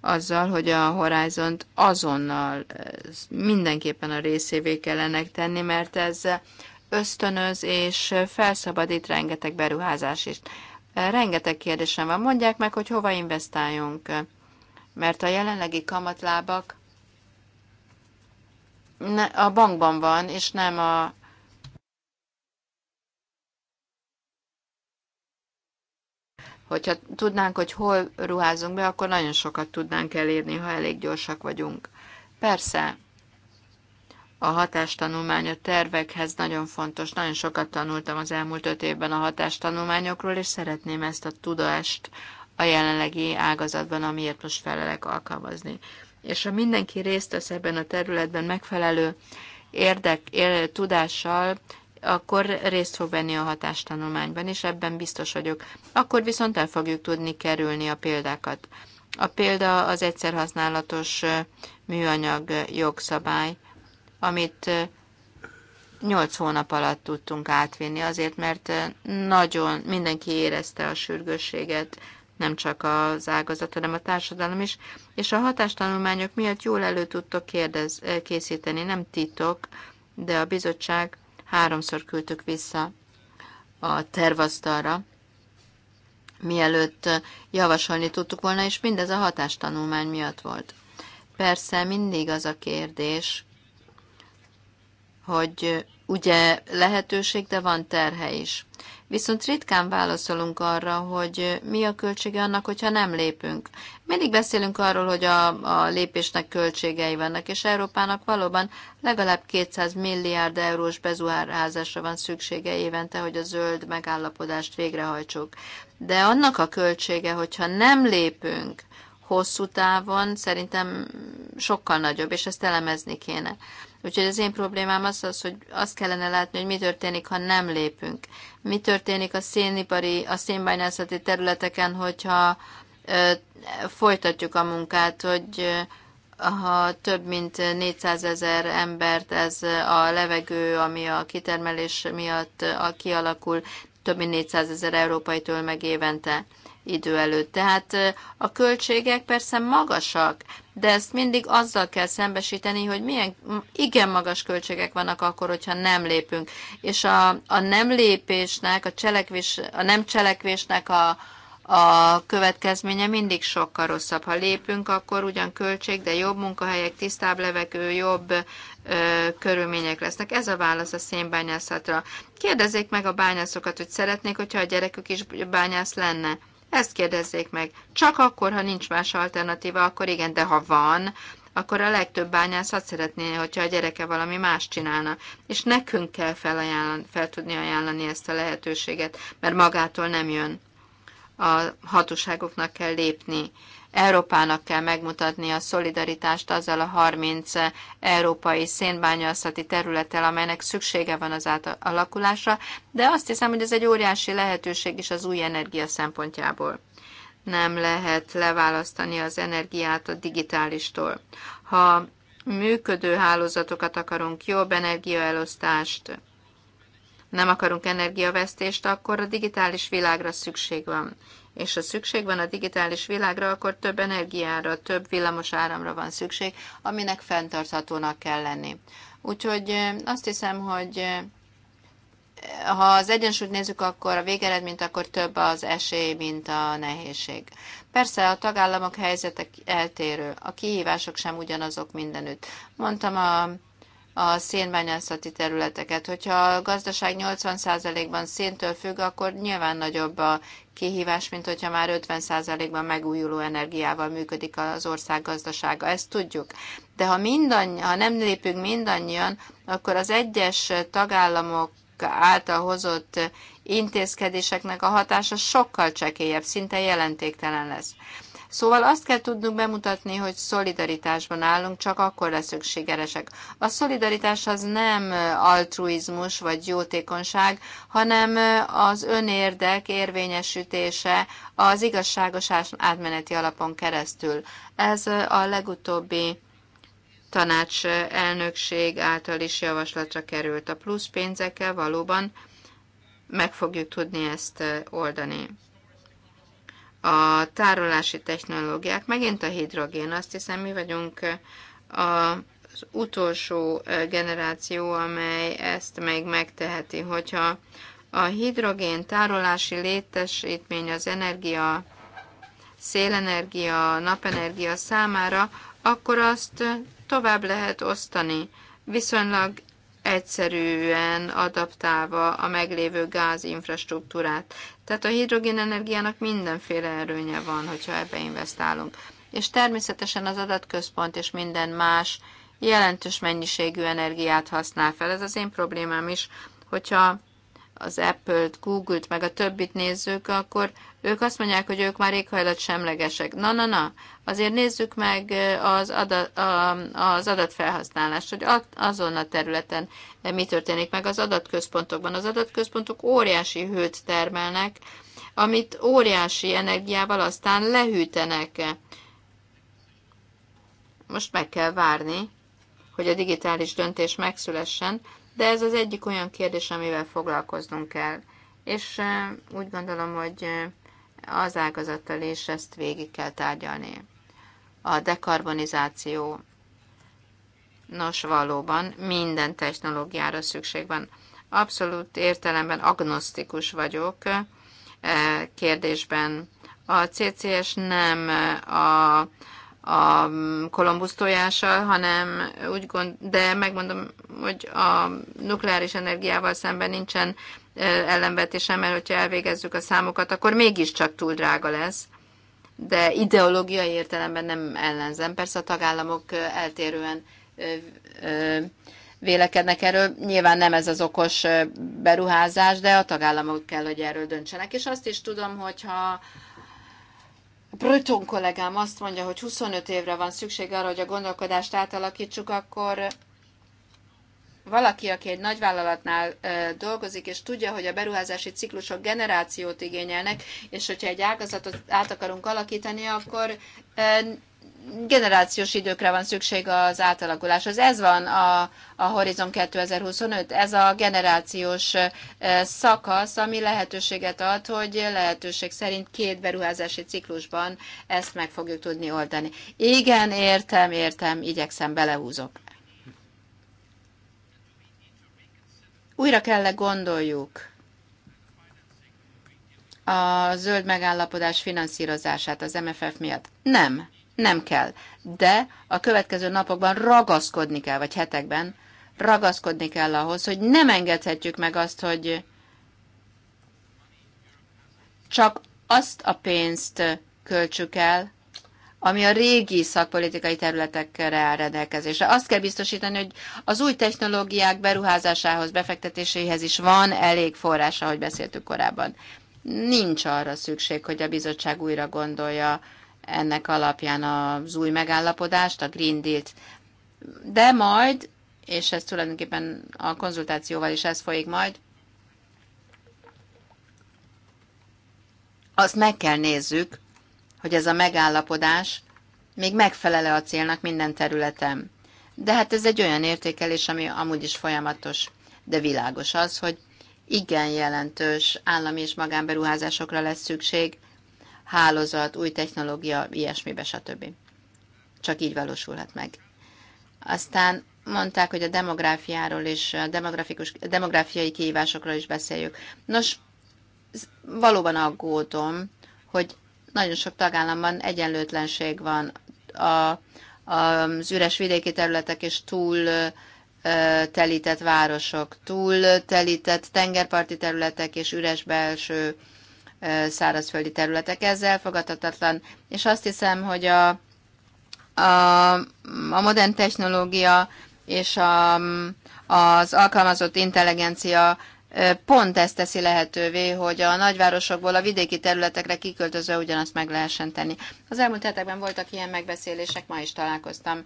azzal, hogy a Horizont azonnal mindenképpen a részévé kellene tenni, mert ez ösztönöz és felszabadít rengeteg beruházás is. Rengeteg kérdésem van. Mondják meg, hogy hova investáljunk, mert a jelenlegi kamatlábak a bankban van, és nem a Hogyha tudnánk, hogy hol ruházunk be, akkor nagyon sokat tudnánk elérni, ha elég gyorsak vagyunk. Persze, a hatástanulmány a tervekhez nagyon fontos. Nagyon sokat tanultam az elmúlt öt évben a hatástanulmányokról, és szeretném ezt a tudást a jelenlegi ágazatban, amiért most felelek alkalmazni. És ha mindenki részt vesz ebben a területben megfelelő érdek, él, tudással, akkor részt fog venni a hatástanulmányban, és ebben biztos vagyok. Akkor viszont el fogjuk tudni kerülni a példákat. A példa az egyszerhasználatos műanyag jogszabály, amit 8 hónap alatt tudtunk átvinni, azért mert nagyon mindenki érezte a sürgősséget, nem csak az ágazat, hanem a társadalom is, és a hatástanulmányok miatt jól elő tudtok kérdez, készíteni, nem titok, de a bizottság háromszor küldtük vissza a tervasztalra, mielőtt javasolni tudtuk volna, és mindez a hatástanulmány miatt volt. Persze mindig az a kérdés, hogy ugye lehetőség, de van terhe is viszont ritkán válaszolunk arra, hogy mi a költsége annak, hogyha nem lépünk. Mindig beszélünk arról, hogy a, a lépésnek költségei vannak, és Európának valóban legalább 200 milliárd eurós bezuhárházásra van szüksége évente, hogy a zöld megállapodást végrehajtsuk. De annak a költsége, hogyha nem lépünk, hosszú távon szerintem sokkal nagyobb, és ezt elemezni kéne. Úgyhogy az én problémám az az, hogy azt kellene látni, hogy mi történik, ha nem lépünk. Mi történik a szénipari, a szénbányászati területeken, hogyha ö, folytatjuk a munkát, hogy ö, ha több mint 400 ezer embert ez a levegő, ami a kitermelés miatt a kialakul, több mint 400 ezer től meg évente idő előtt. Tehát a költségek persze magasak, de ezt mindig azzal kell szembesíteni, hogy milyen igen magas költségek vannak akkor, hogyha nem lépünk. És a, a nem lépésnek, a, cselekvés, a nem cselekvésnek a, a következménye mindig sokkal rosszabb. Ha lépünk, akkor ugyan költség, de jobb munkahelyek, tisztább levegő, jobb ö, körülmények lesznek. Ez a válasz a szénbányászatra. Kérdezzék meg a bányászokat, hogy szeretnék, hogyha a gyerekük is bányász lenne. Ezt kérdezzék meg. Csak akkor, ha nincs más alternatíva, akkor igen, de ha van, akkor a legtöbb bányász azt szeretné, hogyha a gyereke valami más csinálna, és nekünk kell felajánlani, fel tudni ajánlani ezt a lehetőséget, mert magától nem jön. A hatóságoknak kell lépni, Európának kell megmutatni a szolidaritást azzal a 30 európai szénbányászati területtel, amelynek szüksége van az átalakulásra, de azt hiszem, hogy ez egy óriási lehetőség is az új energia szempontjából. Nem lehet leválasztani az energiát a digitálistól. Ha működő hálózatokat akarunk, jobb energiaelosztást, nem akarunk energiavesztést, akkor a digitális világra szükség van és ha szükség van a digitális világra, akkor több energiára, több villamos áramra van szükség, aminek fenntarthatónak kell lenni. Úgyhogy azt hiszem, hogy ha az egyensúlyt nézzük, akkor a végeredményt, akkor több az esély, mint a nehézség. Persze a tagállamok helyzetek eltérő, a kihívások sem ugyanazok mindenütt. Mondtam a, a szénbányászati területeket. Hogyha a gazdaság 80%-ban széntől függ, akkor nyilván nagyobb a kihívás, mint hogyha már 50%-ban megújuló energiával működik az ország gazdasága. Ezt tudjuk. De ha, mindannyi, ha nem lépünk mindannyian, akkor az egyes tagállamok által hozott intézkedéseknek a hatása sokkal csekélyebb, szinte jelentéktelen lesz. Szóval azt kell tudnunk bemutatni, hogy szolidaritásban állunk, csak akkor leszünk sikeresek. A szolidaritás az nem altruizmus vagy jótékonyság, hanem az önérdek érvényesítése az igazságos átmeneti alapon keresztül. Ez a legutóbbi tanács elnökség által is javaslatra került. A plusz pénzekkel valóban meg fogjuk tudni ezt oldani a tárolási technológiák, megint a hidrogén, azt hiszem mi vagyunk az utolsó generáció, amely ezt még megteheti, hogyha a hidrogén tárolási létesítmény az energia, szélenergia, napenergia számára, akkor azt tovább lehet osztani, viszonylag egyszerűen adaptálva a meglévő gázinfrastruktúrát. Tehát a hidrogénenergiának mindenféle erőnye van, hogyha ebbe investálunk. És természetesen az adatközpont és minden más jelentős mennyiségű energiát használ fel. Ez az én problémám is, hogyha az Apple-t, Google-t, meg a többit nézzük, akkor ők azt mondják, hogy ők már éghajlat semlegesek. Na, na, na, azért nézzük meg az, adat, az adatfelhasználást, hogy azon a területen mi történik meg az adatközpontokban. Az adatközpontok óriási hőt termelnek, amit óriási energiával aztán lehűtenek. Most meg kell várni, hogy a digitális döntés megszülessen, de ez az egyik olyan kérdés, amivel foglalkoznunk kell. És úgy gondolom, hogy az ágazattal is ezt végig kell tárgyalni. A dekarbonizáció. Nos, valóban minden technológiára szükség van. Abszolút értelemben agnosztikus vagyok kérdésben. A CCS nem a a Kolumbusz mm, tojással, hanem úgy gond, de megmondom, hogy a nukleáris energiával szemben nincsen ellenvetésem, mert hogyha elvégezzük a számokat, akkor mégiscsak túl drága lesz. De ideológiai értelemben nem ellenzem. Persze a tagállamok eltérően vélekednek erről. Nyilván nem ez az okos beruházás, de a tagállamok kell, hogy erről döntsenek. És azt is tudom, hogyha Bröton kollégám azt mondja, hogy 25 évre van szükség arra, hogy a gondolkodást átalakítsuk, akkor valaki, aki egy nagyvállalatnál dolgozik, és tudja, hogy a beruházási ciklusok generációt igényelnek, és hogyha egy ágazatot át akarunk alakítani, akkor generációs időkre van szükség az átalakuláshoz. Ez van a, a Horizon 2025, ez a generációs szakasz, ami lehetőséget ad, hogy lehetőség szerint két beruházási ciklusban ezt meg fogjuk tudni oldani. Igen, értem, értem, igyekszem, belehúzok. Újra kell -e gondoljuk a zöld megállapodás finanszírozását az MFF miatt? Nem nem kell. De a következő napokban ragaszkodni kell, vagy hetekben ragaszkodni kell ahhoz, hogy nem engedhetjük meg azt, hogy csak azt a pénzt költsük el, ami a régi szakpolitikai területekre áll rendelkezésre. Azt kell biztosítani, hogy az új technológiák beruházásához, befektetéséhez is van elég forrás, ahogy beszéltük korábban. Nincs arra szükség, hogy a bizottság újra gondolja ennek alapján az új megállapodást, a Green Deal-t. De majd, és ez tulajdonképpen a konzultációval is ez folyik majd, azt meg kell nézzük, hogy ez a megállapodás még megfelele a célnak minden területen. De hát ez egy olyan értékelés, ami amúgy is folyamatos, de világos az, hogy igen jelentős állami és magánberuházásokra lesz szükség hálózat, új technológia, ilyesmibe, stb. Csak így valósulhat meg. Aztán mondták, hogy a demográfiáról és a demografikus, demográfiai kihívásokról is beszéljük. Nos, valóban aggódom, hogy nagyon sok tagállamban egyenlőtlenség van. A, az üres vidéki területek és túl telített városok, túl telített tengerparti területek és üres belső szárazföldi területek. Ez elfogadhatatlan, és azt hiszem, hogy a, a, a modern technológia és a, az alkalmazott intelligencia pont ezt teszi lehetővé, hogy a nagyvárosokból a vidéki területekre kiköltözve ugyanazt meg lehessen tenni. Az elmúlt hetekben voltak ilyen megbeszélések, ma is találkoztam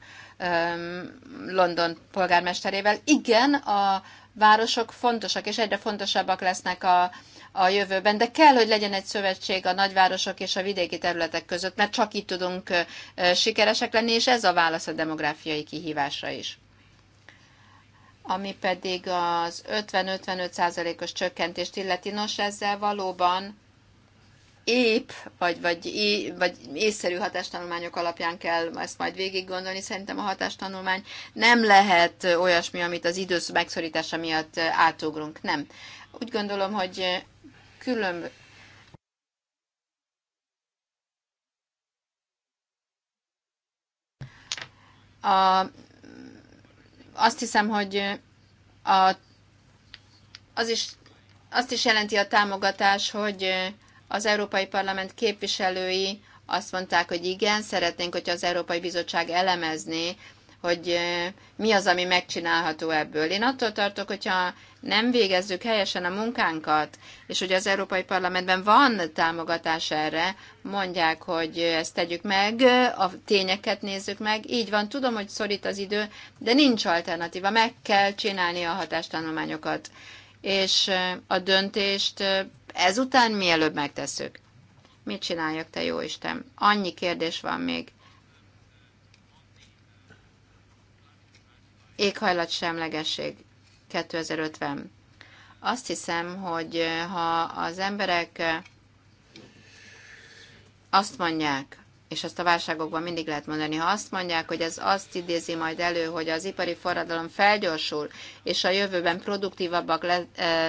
London polgármesterével. Igen, a városok fontosak, és egyre fontosabbak lesznek a, a jövőben, de kell, hogy legyen egy szövetség a nagyvárosok és a vidéki területek között, mert csak itt tudunk sikeresek lenni, és ez a válasz a demográfiai kihívásra is ami pedig az 50-55 százalékos csökkentést illeti. Nos, ezzel valóban épp, vagy, vagy, vagy észszerű hatástanulmányok alapján kell ezt majd végig gondolni. Szerintem a hatástanulmány nem lehet olyasmi, amit az idősz megszorítása miatt átugrunk. Nem. Úgy gondolom, hogy különböző a, azt hiszem, hogy a, az is, azt is jelenti a támogatás, hogy az Európai Parlament képviselői azt mondták, hogy igen, szeretnénk, hogy az Európai Bizottság elemezné, hogy mi az, ami megcsinálható ebből. Én attól tartok, hogyha nem végezzük helyesen a munkánkat, és hogy az Európai Parlamentben van támogatás erre, mondják, hogy ezt tegyük meg, a tényeket nézzük meg. Így van, tudom, hogy szorít az idő, de nincs alternatíva, meg kell csinálni a hatástanulmányokat. És eh, a döntést eh, ezután mielőbb megtesszük. Mit csináljak, te jó Isten? Annyi kérdés van még. Éghajlat semlegesség 2050. Azt hiszem, hogy eh, ha az emberek eh, azt mondják, és azt a válságokban mindig lehet mondani, ha azt mondják, hogy ez azt idézi majd elő, hogy az ipari forradalom felgyorsul, és a jövőben produktívabbak eh,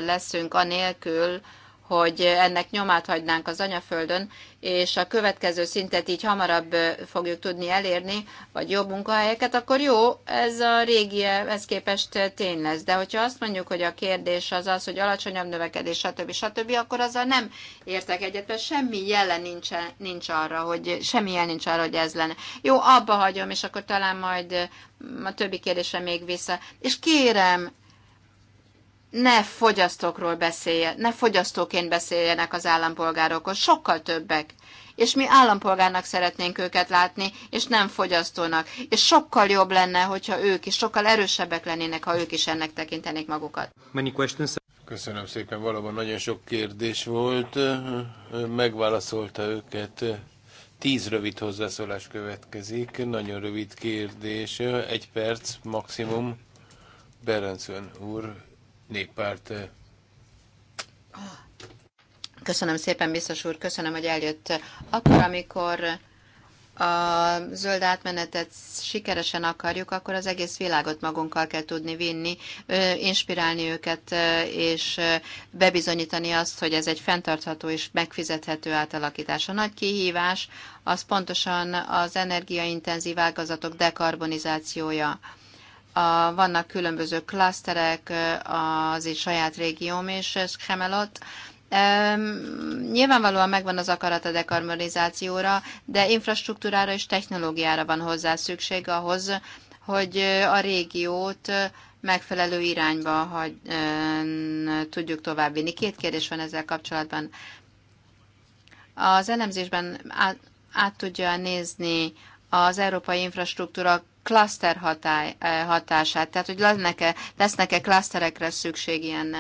leszünk anélkül, hogy ennek nyomát hagynánk az anyaföldön, és a következő szintet így hamarabb fogjuk tudni elérni, vagy jobb munkahelyeket, akkor jó, ez a régi, ez képest tény lesz. De hogyha azt mondjuk, hogy a kérdés az az, hogy alacsonyabb növekedés, stb. stb., akkor azzal nem értek egyet, mert semmi jelen nincs, nincs arra, hogy semmi jel nincs arra, hogy ez lenne. Jó, abba hagyom, és akkor talán majd a többi kérdésre még vissza. És kérem, ne fogyasztókról beszéljen, ne fogyasztóként beszéljenek az állampolgárokhoz, sokkal többek. És mi állampolgárnak szeretnénk őket látni, és nem fogyasztónak. És sokkal jobb lenne, hogyha ők is, sokkal erősebbek lennének, ha ők is ennek tekintenék magukat.
Köszönöm szépen, valóban nagyon sok kérdés volt. Megválaszolta őket. Tíz rövid hozzászólás következik. Nagyon rövid kérdés, egy perc maximum. Berencön úr, néppárt.
Köszönöm szépen, biztos úr, köszönöm, hogy eljött. Akkor, amikor a zöld átmenetet sikeresen akarjuk, akkor az egész világot magunkkal kell tudni vinni, inspirálni őket, és bebizonyítani azt, hogy ez egy fenntartható és megfizethető átalakítás. A nagy kihívás az pontosan az energiaintenzív ágazatok dekarbonizációja a, vannak különböző klaszterek, az egy saját régióm és Schemelot. Nyilvánvalóan megvan az akarat a dekarbonizációra, de infrastruktúrára és technológiára van hozzá szükség ahhoz, hogy a régiót megfelelő irányba hogy, tudjuk továbbvinni. Két kérdés van ezzel kapcsolatban. Az elemzésben át, át tudja nézni az európai infrastruktúra klaszter eh, hatását, tehát hogy lesznek-e, lesznek-e klaszterekre szükség ilyen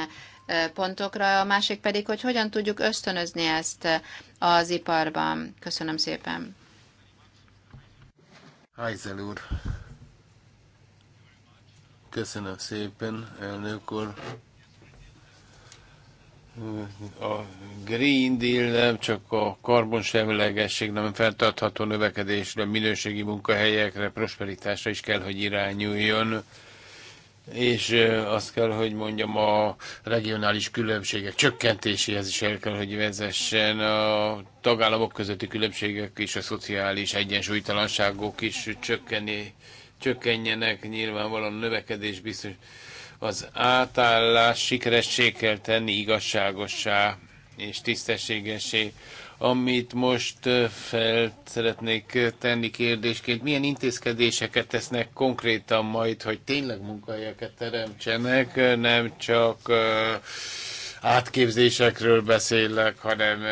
eh, pontokra, a másik pedig, hogy hogyan tudjuk ösztönözni ezt eh, az iparban. Köszönöm szépen.
Heisel úr. Köszönöm szépen, elnök úr a Green Deal nem csak a karbonsemlegesség, nem feltartható növekedésre, minőségi munkahelyekre, prosperitásra is kell, hogy irányuljon. És azt kell, hogy mondjam, a regionális különbségek csökkentéséhez is el kell, hogy vezessen. A tagállamok közötti különbségek és a szociális egyensúlytalanságok is csökkenni, csökkenjenek, nyilvánvalóan növekedés biztos az átállás sikeressé kell tenni igazságossá és tisztességesé. Amit most fel szeretnék tenni kérdésként, milyen intézkedéseket tesznek konkrétan majd, hogy tényleg munkahelyeket teremtsenek, nem csak uh, átképzésekről beszélek, hanem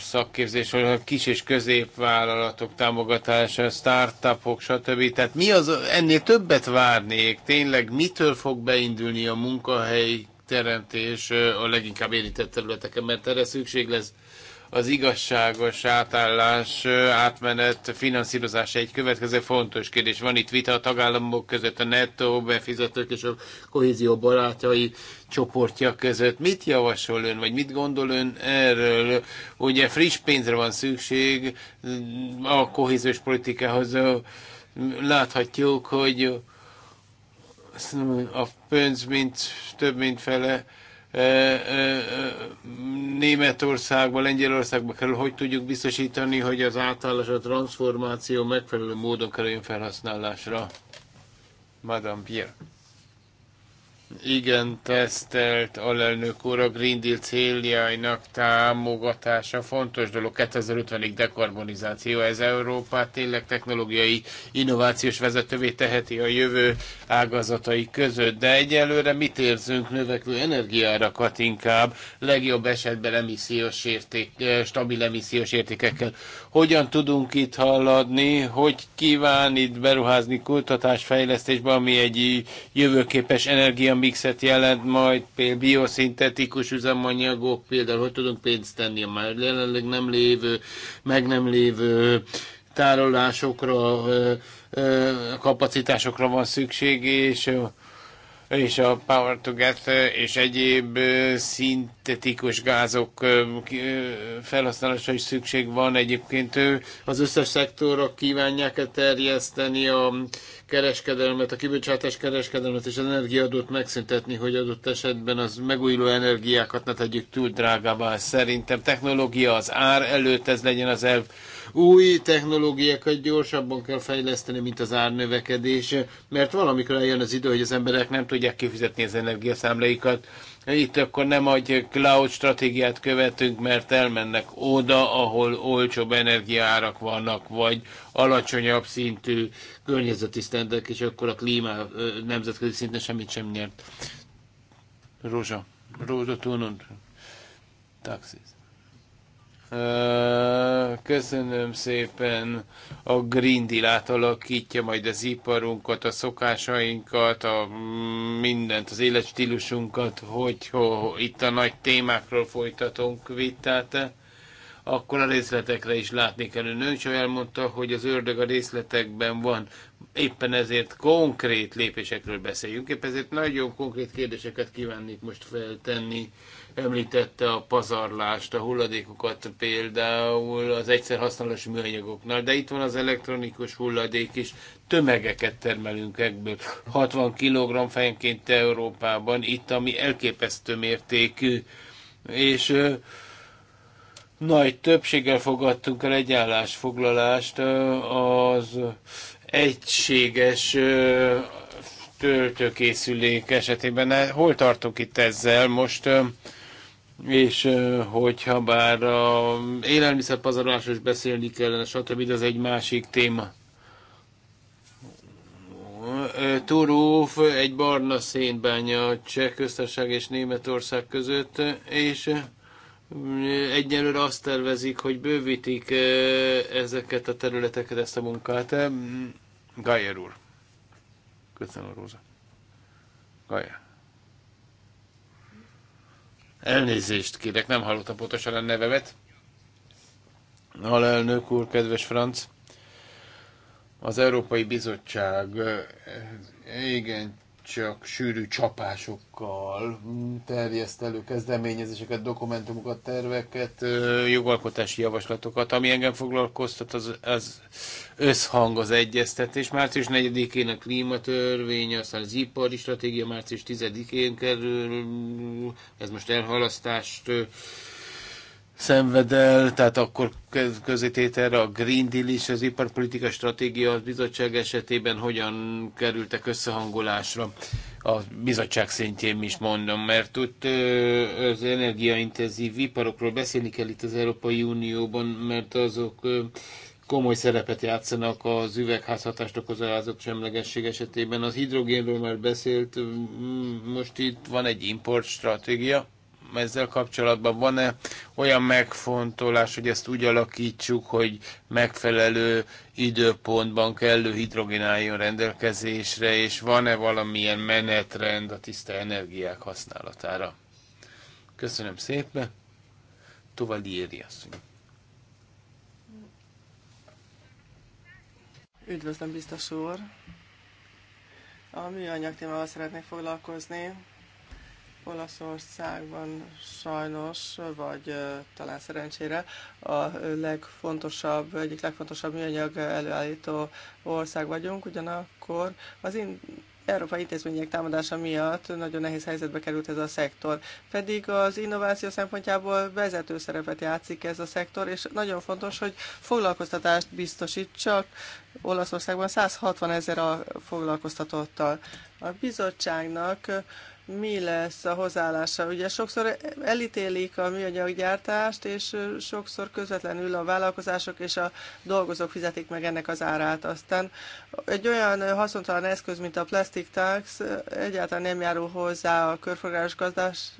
szakképzés, hanem kis és középvállalatok támogatása, startupok, stb. Tehát mi az, ennél többet várnék, tényleg mitől fog beindulni a munkahely teremtés a leginkább érintett területeken, mert erre szükség lesz az igazságos átállás, átmenet, finanszírozása egy következő fontos kérdés. Van itt vita a tagállamok között, a nettó befizetők és a kohézió barátai csoportja között. Mit javasol ön, vagy mit gondol ön erről? Ugye friss pénzre van szükség a kohéziós politikához. Láthatjuk, hogy a pénz mint, több mint fele Németországba, Lengyelországba kerül, hogy tudjuk biztosítani, hogy az átállás, a transformáció megfelelő módon kerüljön felhasználásra. Madame Pierre. Igen, tesztelt alelnök úr, a Green Deal céljainak támogatása fontos dolog. 2050-ig dekarbonizáció, ez Európát tényleg technológiai innovációs vezetővé teheti a jövő ágazatai között. De egyelőre mit érzünk? Növekvő energiárakat inkább, legjobb esetben emissziós érték, stabil emissziós értékekkel. Hogyan tudunk itt haladni, hogy kíván itt beruházni kutatásfejlesztésbe, ami egy jövőképes energia mixet jelent majd, például bioszintetikus üzemanyagok, például hogy tudunk pénzt tenni a már jelenleg nem lévő, meg nem lévő tárolásokra, kapacitásokra van szükség, és és a Power to Get és egyéb szintetikus gázok felhasználása is szükség van. Egyébként az összes szektorok kívánják -e terjeszteni a kereskedelmet, a kibocsátás kereskedelmet és az energiadót megszüntetni, hogy adott esetben az megújuló energiákat ne tegyük túl drágábbá. Szerintem technológia az ár előtt, ez legyen az elv új technológiákat gyorsabban kell fejleszteni, mint az árnövekedés, mert valamikor eljön az idő, hogy az emberek nem tudják kifizetni az energiaszámláikat. Itt akkor nem egy cloud stratégiát követünk, mert elmennek oda, ahol olcsóbb energiaárak vannak, vagy alacsonyabb szintű környezeti sztendek, és akkor a klíma nemzetközi szinten semmit sem nyert. Rózsa. Rózsa Tunund. Taxis. Köszönöm szépen. A Green Deal átalakítja majd az iparunkat, a szokásainkat, a mm, mindent, az életstílusunkat, hogy ho, itt a nagy témákról folytatunk vitát, akkor a részletekre is látni kell. Ön is elmondta, hogy az ördög a részletekben van. Éppen ezért konkrét lépésekről beszéljünk, épp ezért nagyon konkrét kérdéseket kívánnék most feltenni említette a pazarlást, a hulladékokat például az egyszer használatos műanyagoknál, de itt van az elektronikus hulladék is, tömegeket termelünk ebből. 60 kg fejenként Európában, itt ami elképesztő mértékű, és ö, nagy többséggel fogadtunk el egy állásfoglalást az egységes töltőkészülék esetében. Hol tartok itt ezzel? Most és hogyha bár a élelmiszerpazarlásról is beszélni kellene, stb. de ez egy másik téma. Turóf egy barna szénbánya a Cseh köztársaság és Németország között, és egyelőre azt tervezik, hogy bővítik ezeket a területeket, ezt a munkát. Gajer úr. Köszönöm, Róza. Gajer. Elnézést kérek, nem hallottam pontosan a nevemet. Alelnök úr, kedves Franc! Az Európai Bizottság igen csak sűrű csapásokkal terjeszt elő kezdeményezéseket, dokumentumokat, terveket, jogalkotási javaslatokat. Ami engem foglalkoztat, az, az összhang, az egyeztetés. Március 4-én a klímatörvény, aztán az ipari stratégia március 10-én kerül, ez most elhalasztást szenvedel, tehát akkor közététerre a Green Deal és az iparpolitika stratégia a bizottság esetében hogyan kerültek összehangolásra a bizottság szintjén is mondom, mert ott az energiaintenzív iparokról beszélni kell itt az Európai Unióban, mert azok komoly szerepet játszanak az üvegházhatást okozó semlegesség esetében. Az hidrogénről már beszélt, most itt van egy import stratégia, ezzel kapcsolatban van-e olyan megfontolás, hogy ezt úgy alakítsuk, hogy megfelelő időpontban kellő hidrogén álljon rendelkezésre, és van-e valamilyen menetrend a tiszta energiák használatára? Köszönöm szépen. Tovalieri asszony.
Üdvözlöm, biztos úr! A műanyag témával szeretnék foglalkozni. Olaszországban sajnos, vagy talán szerencsére a legfontosabb, egyik legfontosabb műanyag előállító ország vagyunk, ugyanakkor az in- Európai intézmények támadása miatt nagyon nehéz helyzetbe került ez a szektor. Pedig az innováció szempontjából vezető szerepet játszik ez a szektor, és nagyon fontos, hogy foglalkoztatást biztosítsak Olaszországban 160 ezer a foglalkoztatottal. A bizottságnak mi lesz a hozzáállása. Ugye sokszor elítélik a műanyaggyártást, és sokszor közvetlenül a vállalkozások és a dolgozók fizetik meg ennek az árát. Aztán egy olyan haszontalan eszköz, mint a plastic tax egyáltalán nem járul hozzá a körforgásos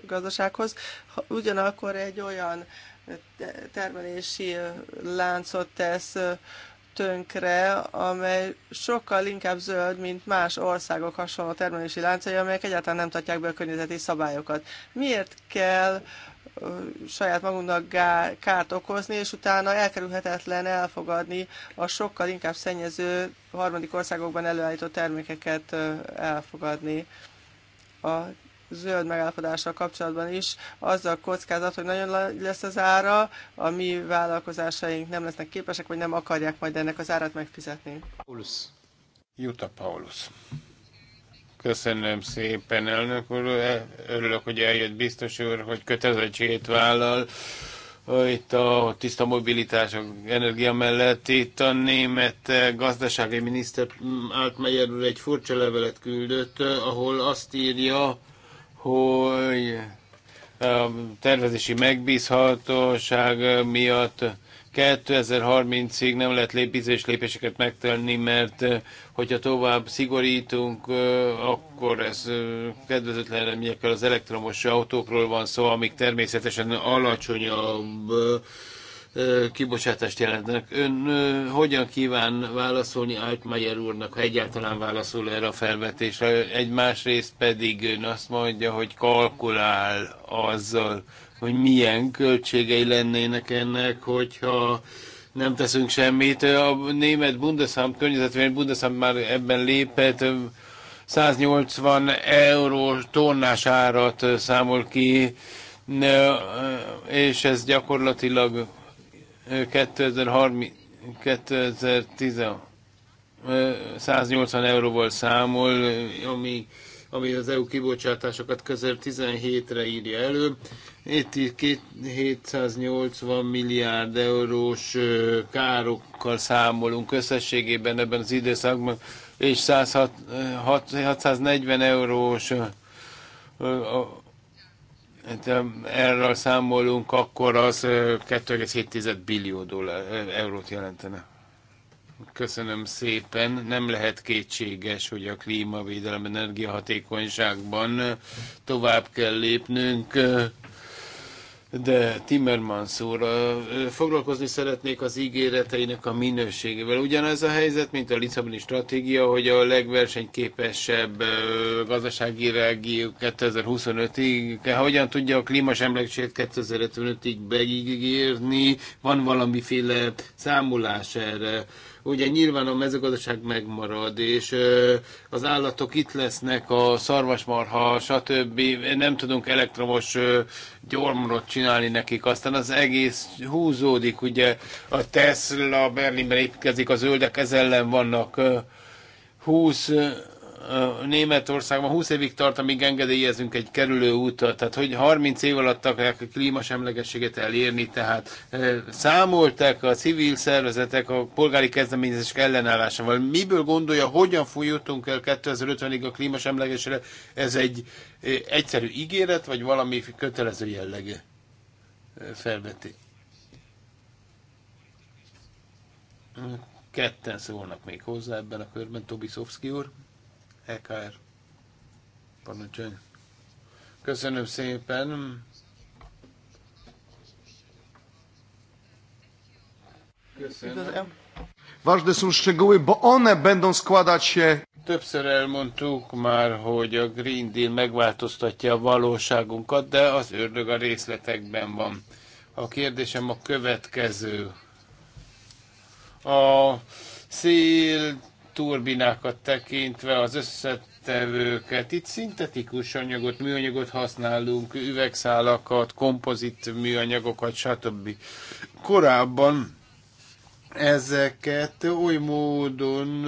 gazdasághoz, ugyanakkor egy olyan termelési láncot tesz tönkre, amely sokkal inkább zöld, mint más országok hasonló termelési láncai, amelyek egyáltalán nem tartják be a környezeti szabályokat. Miért kell saját magunknak kárt okozni, és utána elkerülhetetlen elfogadni a sokkal inkább szennyező harmadik országokban előállított termékeket elfogadni. A zöld megállapodással kapcsolatban is az a kockázat, hogy nagyon lesz az ára, a mi vállalkozásaink nem lesznek képesek, vagy nem akarják majd ennek az árat megfizetni.
Paulus. Juta Paulus. Köszönöm szépen, elnök úr. Örülök, hogy eljött biztos úr, hogy kötelezettségét vállal itt a tiszta mobilitás, a energia mellett. Itt a német gazdasági miniszter Altmeyer egy furcsa levelet küldött, ahol azt írja, hogy a um, tervezési megbízhatóság miatt 2030-ig nem lehet lépés lépéseket megtenni, mert uh, hogyha tovább szigorítunk, uh, akkor ez uh, kedvezőtlen reményekkel az elektromos autókról van szó, amik természetesen alacsonyabb kibocsátást jelentnek. Ön hogyan kíván válaszolni Altmaier úrnak, ha egyáltalán válaszol erre a felvetésre? Egy másrészt pedig ön azt mondja, hogy kalkulál azzal, hogy milyen költségei lennének ennek, hogyha nem teszünk semmit. A német Bundesamt, környezetvédelmi Bundesamt már ebben lépett, 180 euró tonnás árat számol ki, és ez gyakorlatilag 2030, 2010, 180 euróval számol, ami, ami az EU kibocsátásokat közel 17-re írja elő. Itt 780 milliárd eurós károkkal számolunk összességében ebben az időszakban, és 106, 640 eurós Hát, erről számolunk, akkor az 2,7 billió dollár, eurót jelentene. Köszönöm szépen. Nem lehet kétséges, hogy a klímavédelem energiahatékonyságban tovább kell lépnünk de Timmermans úr, foglalkozni szeretnék az ígéreteinek a minőségével. Ugyanez a helyzet, mint a Lisszaboni stratégia, hogy a legversenyképesebb gazdasági regió 2025-ig, hogyan tudja a klímasemlegességet 2025 ig beígérni, van valamiféle számolás erre Ugye nyilván a mezőgazdaság megmarad, és az állatok itt lesznek, a szarvasmarha, stb. Nem tudunk elektromos gyomrot csinálni nekik. Aztán az egész húzódik, ugye a Tesla Berlinben építkezik, a zöldek ez ellen vannak 20 Németországban 20 évig tart, amíg engedélyezünk egy kerülő útat, tehát hogy 30 év alatt akarják a klímasemlegességet elérni, tehát számoltak a civil szervezetek a polgári kezdeményezések ellenállásával. Miből gondolja, hogyan jutunk el 2050-ig a klímasemlegesre? Ez egy egyszerű ígéret, vagy valami kötelező jellegű felveti? Ketten szólnak még hozzá ebben a körben, Szovszki úr. EKR. Parancsoljon. Köszönöm szépen.
Köszönöm.
Ważne są szczegóły, bo one będą składać się. Többször elmondtuk már, hogy a Green Deal megváltoztatja a valóságunkat, de az ördög a részletekben van. A kérdésem a következő. A szél turbinákat tekintve, az összetevőket, itt szintetikus anyagot, műanyagot használunk, üvegszálakat, kompozit műanyagokat, stb. Korábban ezeket oly módon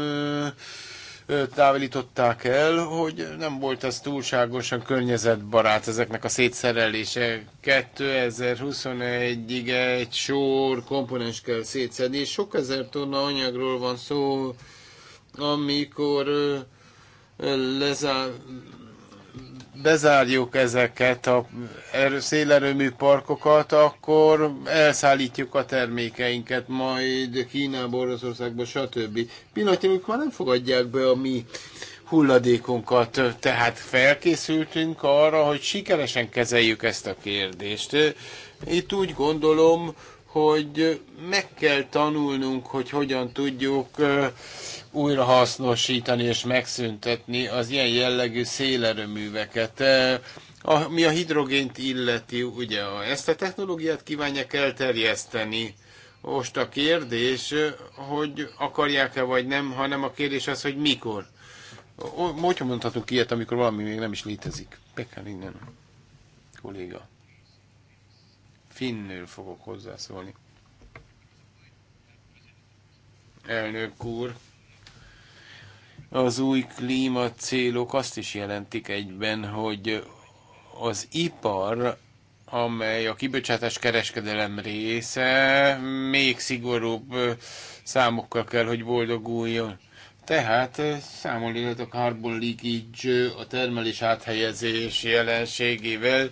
távolították el, hogy nem volt ez túlságosan környezetbarát ezeknek a szétszerelése. 2021-ig egy sor komponens kell szétszedni, és sok ezer tonna anyagról van szó, amikor lezár, bezárjuk ezeket a szélerőmű parkokat, akkor elszállítjuk a termékeinket, majd Kínába, Oroszországba, stb. Pillanatnyilag már nem fogadják be a mi hulladékunkat, tehát felkészültünk arra, hogy sikeresen kezeljük ezt a kérdést. Itt úgy gondolom, hogy meg kell tanulnunk, hogy hogyan tudjuk újrahasznosítani és megszüntetni az ilyen jellegű szélerőműveket. E, a, mi a hidrogént illeti, ugye ezt a technológiát kívánják elterjeszteni. Most a kérdés, hogy akarják-e vagy nem, hanem a kérdés az, hogy mikor. Hogy mondhatunk ilyet, amikor valami még nem is létezik? Pekán innen, kolléga. Finnől fogok hozzászólni. Elnök úr, az új klímacélok azt is jelentik egyben, hogy az ipar, amely a kibocsátás kereskedelem része, még szigorúbb számokkal kell, hogy boldoguljon. Tehát számolni a carbon leakage, a termelés áthelyezés jelenségével,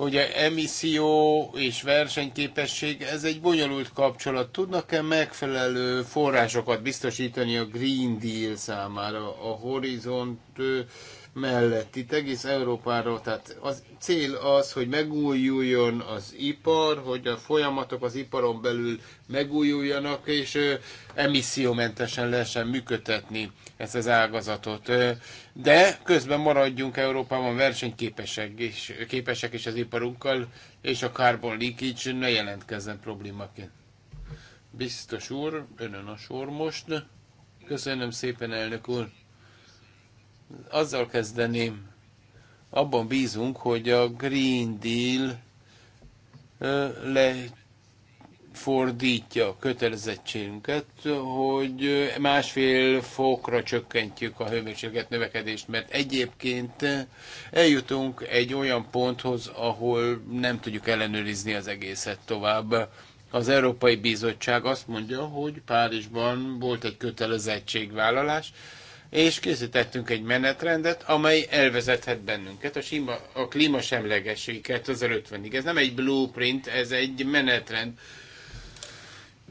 a emisszió és versenyképesség, ez egy bonyolult kapcsolat. Tudnak-e megfelelő forrásokat biztosítani a Green Deal számára, a Horizont mellett itt egész Európáról. Tehát az cél az, hogy megújuljon az ipar, hogy a folyamatok az iparon belül megújuljanak, és emissziómentesen lehessen működtetni ezt az ágazatot. De közben maradjunk Európában versenyképesek, és képesek is az iparunkkal, és a carbon leakage ne jelentkezzen problémaként. Biztos úr, önön a sor most. Köszönöm szépen, elnök úr azzal kezdeném, abban bízunk, hogy a Green Deal lefordítja a kötelezettségünket, hogy másfél fokra csökkentjük a hőmérséklet növekedést, mert egyébként eljutunk egy olyan ponthoz, ahol nem tudjuk ellenőrizni az egészet tovább. Az Európai Bizottság azt mondja, hogy Párizsban volt egy kötelezettségvállalás, és készítettünk egy menetrendet, amely elvezethet bennünket a, sima, a klímasemlegesség 2050-ig. Ez nem egy blueprint, ez egy menetrend.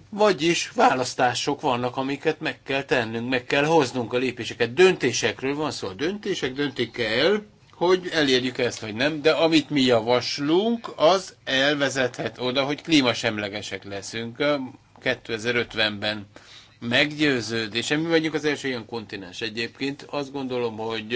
Vagyis választások vannak, amiket meg kell tennünk, meg kell hoznunk a lépéseket. Döntésekről van szó. A döntések döntik el, hogy elérjük ezt, vagy nem, de amit mi javaslunk, az elvezethet oda, hogy klímasemlegesek leszünk 2050-ben meggyőződés, Mi vagyunk az első ilyen kontinens egyébként. Azt gondolom, hogy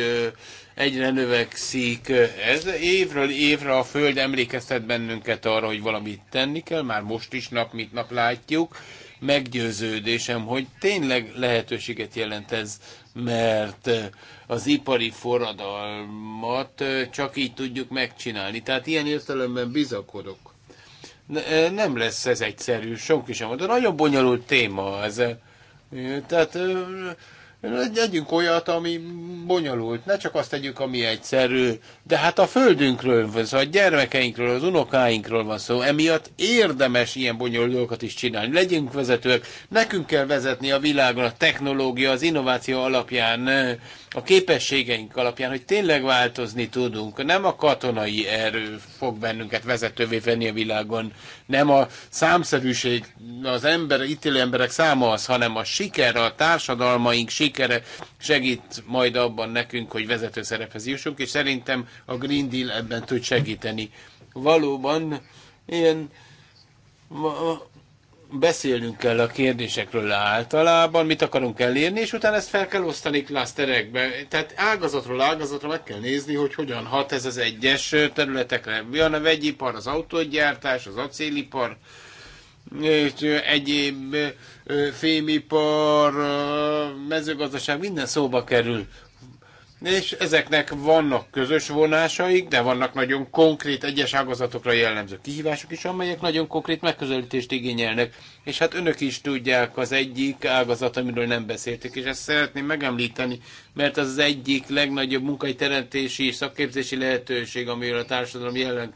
egyre növekszik ez. Évről évre a Föld emlékeztet bennünket arra, hogy valamit tenni kell. Már most is nap, mint nap látjuk. Meggyőződésem, hogy tényleg lehetőséget jelent ez, mert az ipari forradalmat csak így tudjuk megcsinálni. Tehát ilyen értelemben bizakodok nem lesz ez egyszerű, sok is de nagyon bonyolult téma ez. Tehát Legyünk olyat, ami bonyolult, ne csak azt tegyük, ami egyszerű. De hát a földünkről, az a gyermekeinkről, az unokáinkról van szó, emiatt érdemes ilyen bonyolult dolgokat is csinálni. Legyünk vezetőek, nekünk kell vezetni a világon a technológia, az innováció alapján, a képességeink alapján, hogy tényleg változni tudunk. Nem a katonai erő fog bennünket vezetővé venni a világon, nem a számszerűség, az ember, itt élő emberek száma az, hanem a siker, a társadalmaink siker, sikere segít majd abban nekünk, hogy vezető szerephez jussunk, és szerintem a Green Deal ebben tud segíteni. Valóban ilyen beszélnünk kell a kérdésekről általában, mit akarunk elérni, és utána ezt fel kell osztani klaszterekbe. Tehát ágazatról ágazatra meg kell nézni, hogy hogyan hat ez az egyes területekre. Mi a vegyipar, az autógyártás, az acélipar, és egyéb fémipar, mezőgazdaság, minden szóba kerül. És ezeknek vannak közös vonásaik, de vannak nagyon konkrét egyes ágazatokra jellemző kihívások is, amelyek nagyon konkrét megközelítést igényelnek. És hát önök is tudják az egyik ágazat, amiről nem beszéltek, és ezt szeretném megemlíteni, mert az az egyik legnagyobb munkai teremtési és szakképzési lehetőség, amivel a társadalom jelen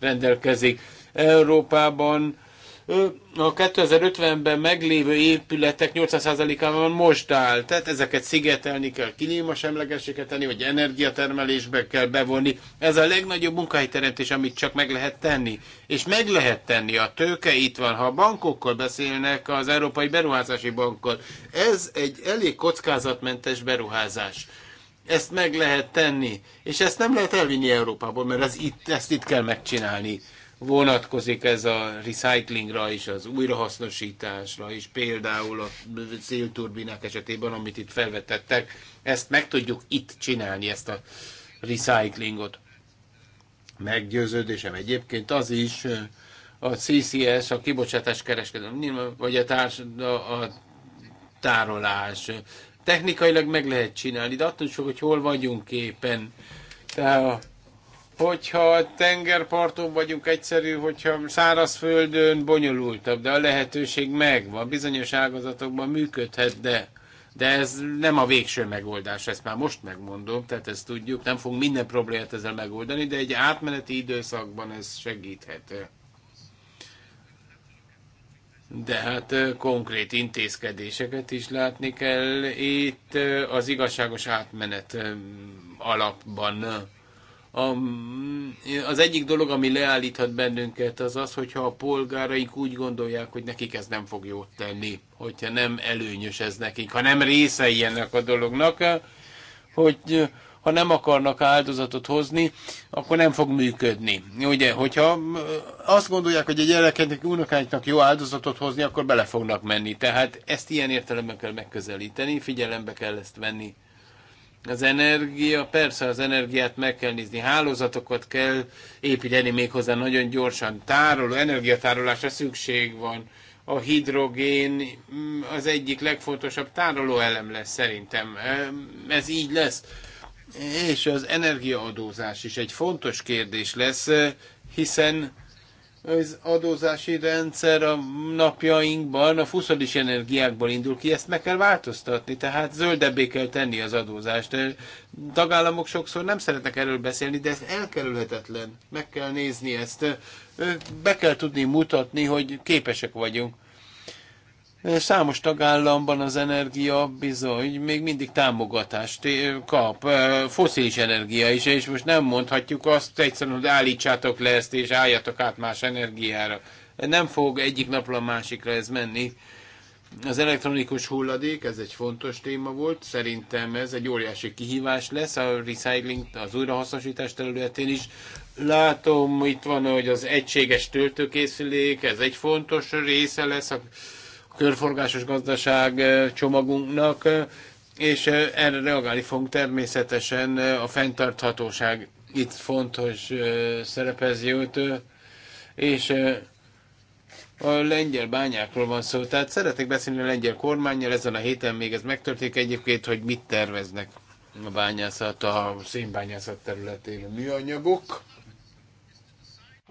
rendelkezik. Európában a 2050-ben meglévő épületek 80%-ában most áll. Tehát ezeket szigetelni kell, klímasemlegességet tenni, vagy energiatermelésbe kell bevonni. Ez a legnagyobb munkahelyteremtés, amit csak meg lehet tenni. És meg lehet tenni. A tőke itt van. Ha a bankokkal beszélnek, az Európai Beruházási Bankkal, ez egy elég kockázatmentes beruházás ezt meg lehet tenni, és ezt nem lehet elvinni Európából, mert ez itt, ezt itt kell megcsinálni vonatkozik ez a recyclingra is, az újrahasznosításra is, például a szélturbinák esetében, amit itt felvetettek, ezt meg tudjuk itt csinálni, ezt a recyclingot. Meggyőződésem egyébként az is, a CCS, a kibocsátás kereskedelem, vagy a, társ, a, a tárolás. Technikailag meg lehet csinálni, de attól is, hogy hol vagyunk képen. Tehát hogyha tengerparton vagyunk, egyszerű, hogyha szárazföldön bonyolultabb, de a lehetőség megvan, bizonyos ágazatokban működhet, de, de ez nem a végső megoldás, ezt már most megmondom, tehát ezt tudjuk, nem fogunk minden problémát ezzel megoldani, de egy átmeneti időszakban ez segíthet. De hát konkrét intézkedéseket is látni kell itt az igazságos átmenet alapban a, az egyik dolog, ami leállíthat bennünket, az az, hogyha a polgáraink úgy gondolják, hogy nekik ez nem fog jót tenni, hogyha nem előnyös ez nekik, ha nem részei ennek a dolognak, hogy ha nem akarnak áldozatot hozni, akkor nem fog működni. Ugye, hogyha azt gondolják, hogy a gyerekeknek, unokáiknak jó áldozatot hozni, akkor bele fognak menni. Tehát ezt ilyen értelemben kell megközelíteni, figyelembe kell ezt venni az energia, persze az energiát meg kell nézni, hálózatokat kell építeni méghozzá nagyon gyorsan. Tároló, energiatárolásra szükség van. A hidrogén mm, az egyik legfontosabb tároló elem lesz szerintem. Ez így lesz. És az energiaadózás is egy fontos kérdés lesz, hiszen az adózási rendszer a napjainkban a fuszolis energiákból indul ki, ezt meg kell változtatni, tehát zöldebbé kell tenni az adózást. Tagállamok sokszor nem szeretnek erről beszélni, de ez elkerülhetetlen. Meg kell nézni ezt. Be kell tudni mutatni, hogy képesek vagyunk. Számos tagállamban az energia bizony még mindig támogatást kap, foszilis energia is, és most nem mondhatjuk azt egyszerűen, hogy állítsátok le ezt, és álljatok át más energiára. Nem fog egyik napra a másikra ez menni. Az elektronikus hulladék, ez egy fontos téma volt, szerintem ez egy óriási kihívás lesz a recycling, az újrahasznosítás területén is. Látom, itt van, hogy az egységes töltőkészülék, ez egy fontos része lesz a körforgásos gazdaság eh, csomagunknak, eh, és eh, erre reagálni fogunk természetesen a fenntarthatóság itt fontos szerepez jött, és a lengyel bányákról van szó. Tehát szeretnék beszélni a lengyel kormányjal, ezen a héten még ez megtörténik egyébként, hogy mit terveznek a bányászat, a szénbányászat területén a műanyagok.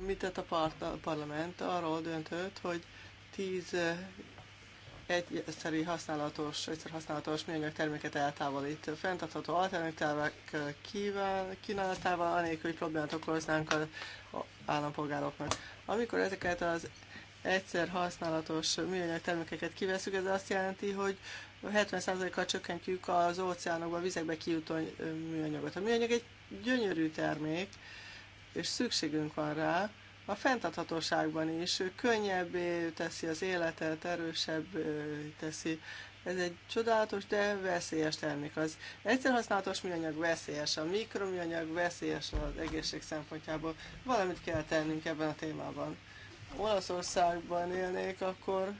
Mit tett a, part, a parlament? Arról döntött, hogy 10 egyszeri használatos, egyszer használatos műanyag terméket eltávolít. Fenntartható alternatívák kínálatával, anélkül, hogy problémát okoznánk az állampolgároknak. Amikor ezeket az egyszer használatos műanyag termékeket kiveszünk, ez azt jelenti, hogy 70%-kal csökkentjük az óceánokba, vizekbe kijutó műanyagot. A műanyag egy gyönyörű termék, és szükségünk van rá, a fenntarthatóságban is könnyebbé teszi az életet, erősebb teszi. Ez egy csodálatos, de veszélyes termék. Az egyszer használatos műanyag veszélyes, a mikroműanyag veszélyes az egészség szempontjából. Valamit kell tennünk ebben a témában. Olaszországban élnék, akkor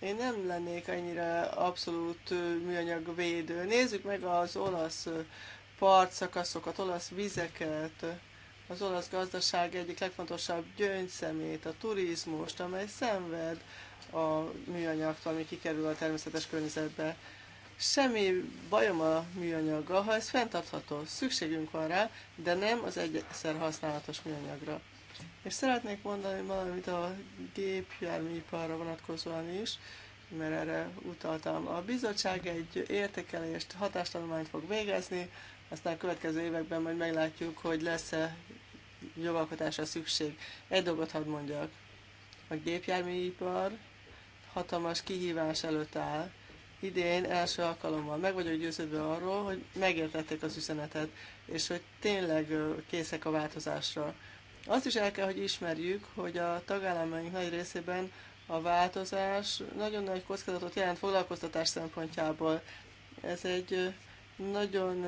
én nem lennék annyira abszolút műanyag védő. Nézzük meg az olasz partszakaszokat, olasz vizeket az olasz gazdaság egyik legfontosabb gyöngyszemét, a turizmust, amely szenved a műanyagtól, ami kikerül a természetes környezetbe. Semmi bajom a műanyaga, ha ez fenntartható. Szükségünk van rá, de nem az egyszer használatos műanyagra. És szeretnék mondani valamit a gépjárműiparra vonatkozóan is, mert erre utaltam. A bizottság egy értékelést, hatástanulmányt fog végezni, aztán a következő években majd meglátjuk, hogy lesz-e jogalkotásra szükség. Egy dolgot hadd mondjak. A gépjárműipar hatalmas kihívás előtt áll. Idén első alkalommal meg vagyok győződve arról, hogy megértették az üzenetet, és hogy tényleg készek a változásra. Azt is el kell, hogy ismerjük, hogy a tagállamaink nagy részében a változás nagyon nagy kockázatot jelent foglalkoztatás szempontjából. Ez egy nagyon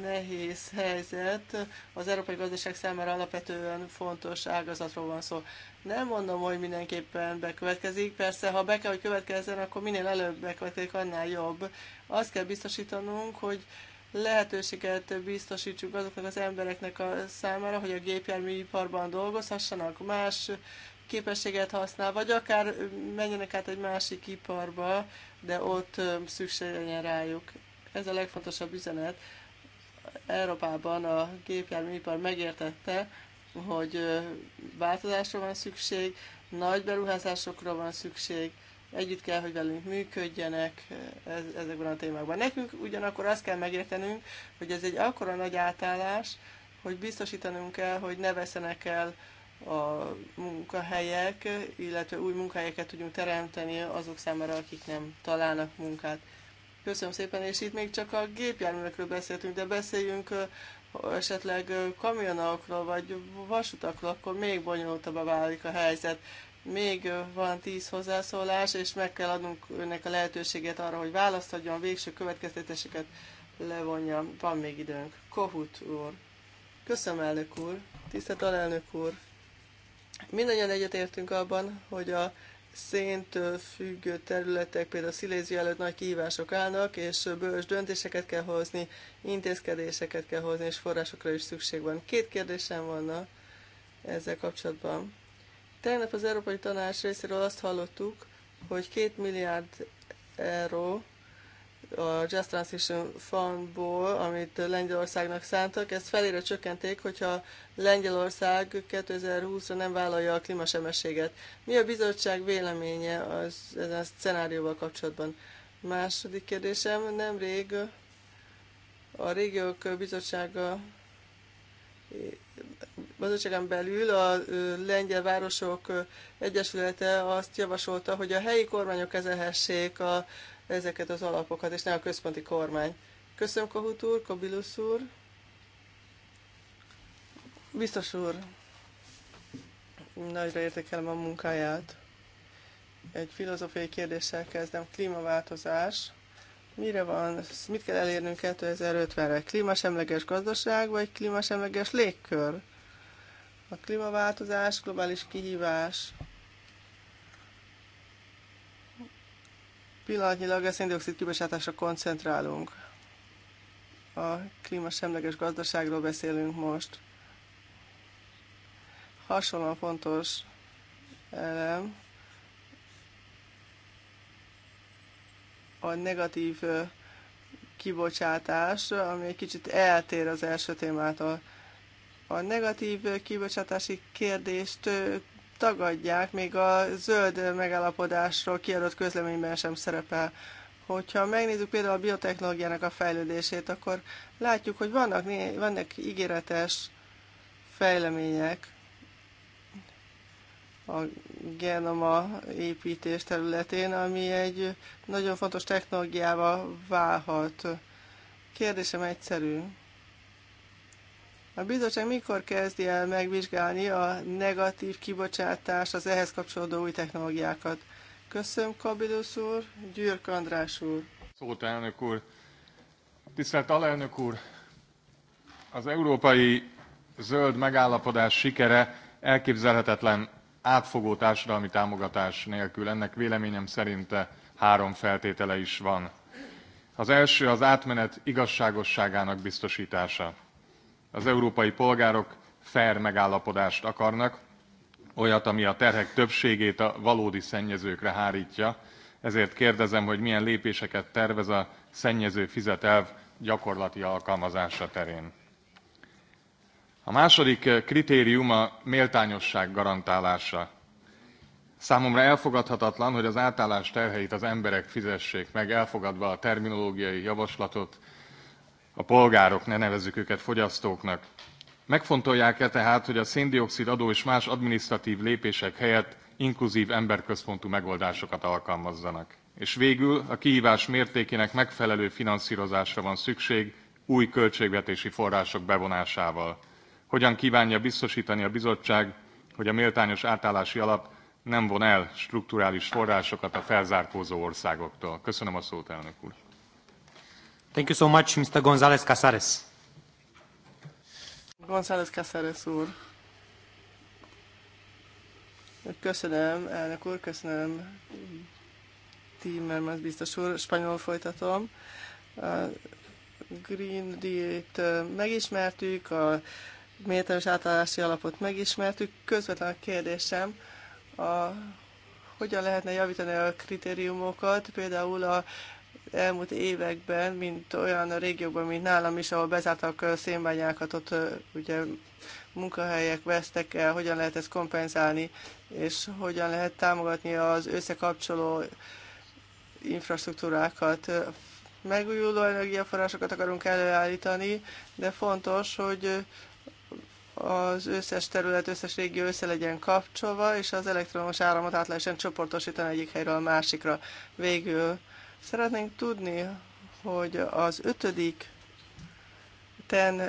nehéz helyzet. Az európai gazdaság számára alapvetően fontos ágazatról van szó. Nem mondom, hogy mindenképpen bekövetkezik. Persze, ha be kell, hogy következzen, akkor minél előbb bekövetkezik, annál jobb. Azt kell biztosítanunk, hogy lehetőséget biztosítsuk azoknak az embereknek a számára, hogy a gépjárműiparban dolgozhassanak, más képességet használ, vagy akár menjenek át egy másik iparba, de ott szükség legyen rájuk. Ez a legfontosabb üzenet. Európában a gépjárműipar megértette, hogy változásra van szükség, nagy beruházásokra van szükség, együtt kell, hogy velünk működjenek ezekben a témákban. Nekünk ugyanakkor azt kell megértenünk, hogy ez egy akkora nagy átállás, hogy biztosítanunk kell, hogy ne veszenek el a munkahelyek, illetve új munkahelyeket tudjunk teremteni azok számára, akik nem találnak munkát. Köszönöm szépen, és itt még csak a gépjárművekről beszéltünk, de beszéljünk esetleg kamionokról vagy vasutakról, akkor még bonyolultabbá válik a helyzet. Még van tíz hozzászólás, és meg kell adnunk önnek a lehetőséget arra, hogy választ a végső következtetéseket levonja. Van még időnk. Kohut úr. Köszönöm, elnök úr. Tisztelt alelnök úr. Mindannyian egyetértünk abban, hogy a széntől függő területek, például a Szilézia előtt nagy kihívások állnak, és bős döntéseket kell hozni, intézkedéseket kell hozni, és forrásokra is szükség van. Két kérdésem vanna ezzel kapcsolatban. Tegnap az Európai Tanács részéről azt hallottuk, hogy két milliárd euró a Just Transition Fundból, amit Lengyelországnak szántak, ezt felére csökkenték, hogyha Lengyelország 2020-ra nem vállalja a klímasemességet. Mi a bizottság véleménye az, ezen a szenárióval kapcsolatban? Második kérdésem, nemrég a régiók bizottsága bizottságon belül a lengyel városok egyesülete azt javasolta, hogy a helyi kormányok kezelhessék a ezeket az alapokat, és nem a központi kormány. Köszönöm, Kohut úr, Kobilusz úr. Biztos úr, nagyra értékelem a munkáját. Egy filozófiai kérdéssel kezdem. Klímaváltozás. Mire van, mit kell elérnünk 2050-re? Klímasemleges gazdaság, vagy klímasemleges légkör? A klímaváltozás globális kihívás. Pillanatnyilag a széndiokszid kibocsátásra koncentrálunk. A klímasemleges gazdaságról beszélünk most. Hasonlóan fontos elem a negatív kibocsátás, ami egy kicsit eltér az első témától. A negatív kibocsátási kérdést tagadják, még a zöld megállapodásról kiadott közleményben sem szerepel. Hogyha megnézzük például a biotechnológiának a fejlődését, akkor látjuk, hogy vannak, vannak ígéretes fejlemények a genoma építés területén, ami egy nagyon fontos technológiával válhat. Kérdésem egyszerű a bizottság mikor kezdi el megvizsgálni a negatív kibocsátás, az ehhez kapcsolódó új technológiákat? Köszönöm, Kabidusz úr, Gyürk András úr. Szóta elnök úr. Tisztelt alelnök úr, az európai
zöld megállapodás sikere elképzelhetetlen átfogó társadalmi támogatás nélkül. Ennek véleményem szerint három feltétele is van. Az első az átmenet igazságosságának biztosítása az európai polgárok fair megállapodást akarnak, olyat, ami a terhek többségét a valódi szennyezőkre hárítja. Ezért kérdezem, hogy milyen lépéseket tervez a szennyező fizetelv gyakorlati alkalmazása terén. A második kritérium a méltányosság garantálása. Számomra elfogadhatatlan, hogy az átállás terheit az emberek fizessék meg, elfogadva a terminológiai javaslatot, a polgárok, ne nevezzük őket fogyasztóknak. Megfontolják-e tehát, hogy a széndiokszid adó és más adminisztratív lépések helyett inkluzív emberközpontú megoldásokat alkalmazzanak? És végül a kihívás mértékének megfelelő finanszírozásra van szükség új költségvetési források bevonásával. Hogyan kívánja biztosítani a bizottság, hogy a méltányos átállási alap nem von el strukturális forrásokat a felzárkózó országoktól? Köszönöm a szót, elnök úr. Thank you so much, Mr. González Casares.
González Casares úr. Köszönöm, elnök úr, köszönöm, Timmermans biztos úr, spanyol folytatom. A Green Deal-t megismertük, a méteres átállási alapot megismertük. Közvetlen a kérdésem, a, hogyan lehetne javítani a kritériumokat, például a elmúlt években, mint olyan régióban, mint nálam is, ahol bezártak szénbányákat, ott ugye munkahelyek vesztek el, hogyan lehet ezt kompenzálni, és hogyan lehet támogatni az összekapcsoló infrastruktúrákat. Megújuló energiaforrásokat akarunk előállítani, de fontos, hogy az összes terület, összes régió össze legyen kapcsolva, és az elektromos áramot át lehessen csoportosítani egyik helyről a másikra. Végül Szeretnénk tudni, hogy az ötödik ten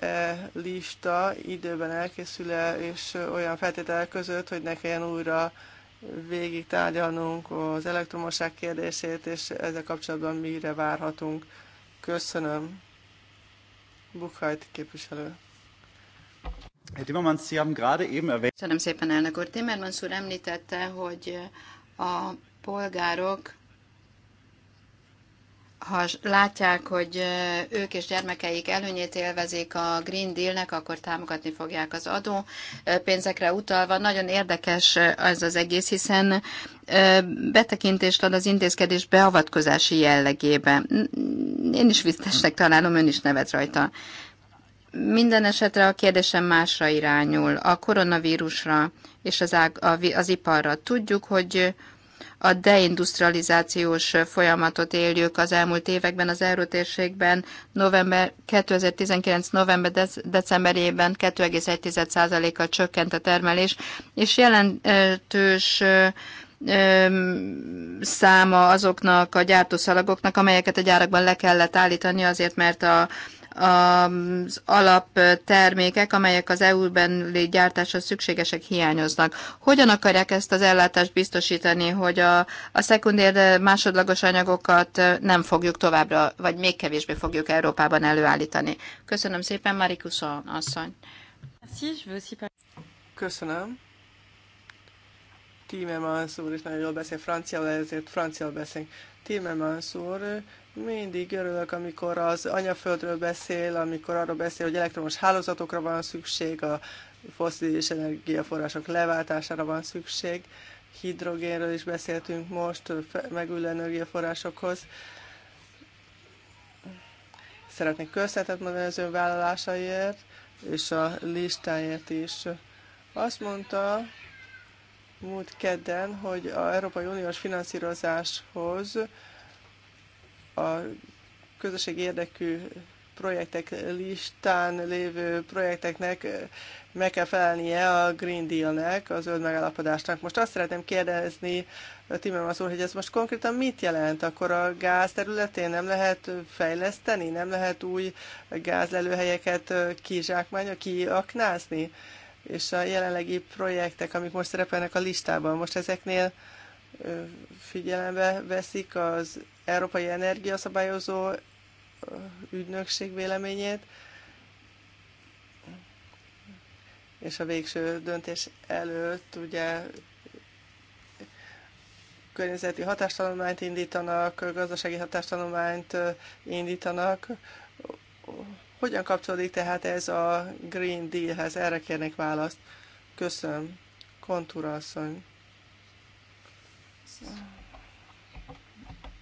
-e lista időben elkészül-e, és olyan feltételek között, hogy ne kelljen újra végig tárgyalnunk az elektromosság kérdését, és ezzel kapcsolatban mire várhatunk. Köszönöm. Bukhajt képviselő.
Köszönöm szépen, elnök úr.
Timmermans úr
említette, hogy a polgárok ha látják, hogy ők és gyermekeik előnyét élvezik a Green Dealnek, akkor támogatni fogják az adó pénzekre utalva. Nagyon érdekes ez az egész, hiszen betekintést ad az intézkedés beavatkozási jellegébe. Én is visztesnek találom, ön is nevet rajta. Minden esetre a kérdésem másra irányul, a koronavírusra és az, ág, a, az iparra. Tudjuk, hogy a deindustrializációs folyamatot éljük az elmúlt években az eurótérségben. November 2019. november decemberében 2,1%-kal csökkent a termelés, és jelentős száma azoknak a gyártószalagoknak, amelyeket a gyárakban le kellett állítani azért, mert a, az alaptermékek, amelyek az EU-ben gyártáshoz szükségesek hiányoznak. Hogyan akarják ezt az ellátást biztosítani, hogy a, a szekundér másodlagos anyagokat nem fogjuk továbbra, vagy még kevésbé fogjuk Európában előállítani? Köszönöm szépen, Marikus
asszony. Köszönöm. Timmermans úr is nagyon jól beszél franciául, ezért franciául beszélünk. Timmermans úr mindig örülök, amikor az anyaföldről beszél, amikor arról beszél, hogy elektromos hálózatokra van szükség, a foszilis energiaforrások leváltására van szükség, hidrogénről is beszéltünk most, megülő energiaforrásokhoz. Szeretnék köszönetet mondani az ön vállalásáért, és a listáért is. Azt mondta múlt kedden, hogy a Európai Uniós finanszírozáshoz a közösségi érdekű projektek listán lévő projekteknek eh, meg kell felelnie a Green Deal-nek, a zöld megállapodásnak. Most azt szeretném kérdezni eh, Timmermans úr, hogy ez most konkrétan mit jelent? Akkor a gáz területén nem lehet fejleszteni, nem lehet új gázlelőhelyeket eh, kizsákmányra, kiaknázni? És a jelenlegi projektek, amik most szerepelnek a listában, most ezeknél figyelembe veszik az Európai Energiaszabályozó ügynökség véleményét, és a végső döntés előtt ugye környezeti hatástanulmányt indítanak, gazdasági hatástanulmányt indítanak. Hogyan kapcsolódik tehát ez a Green Dealhez? Erre kérnék választ. Köszönöm. Kontúra asszony.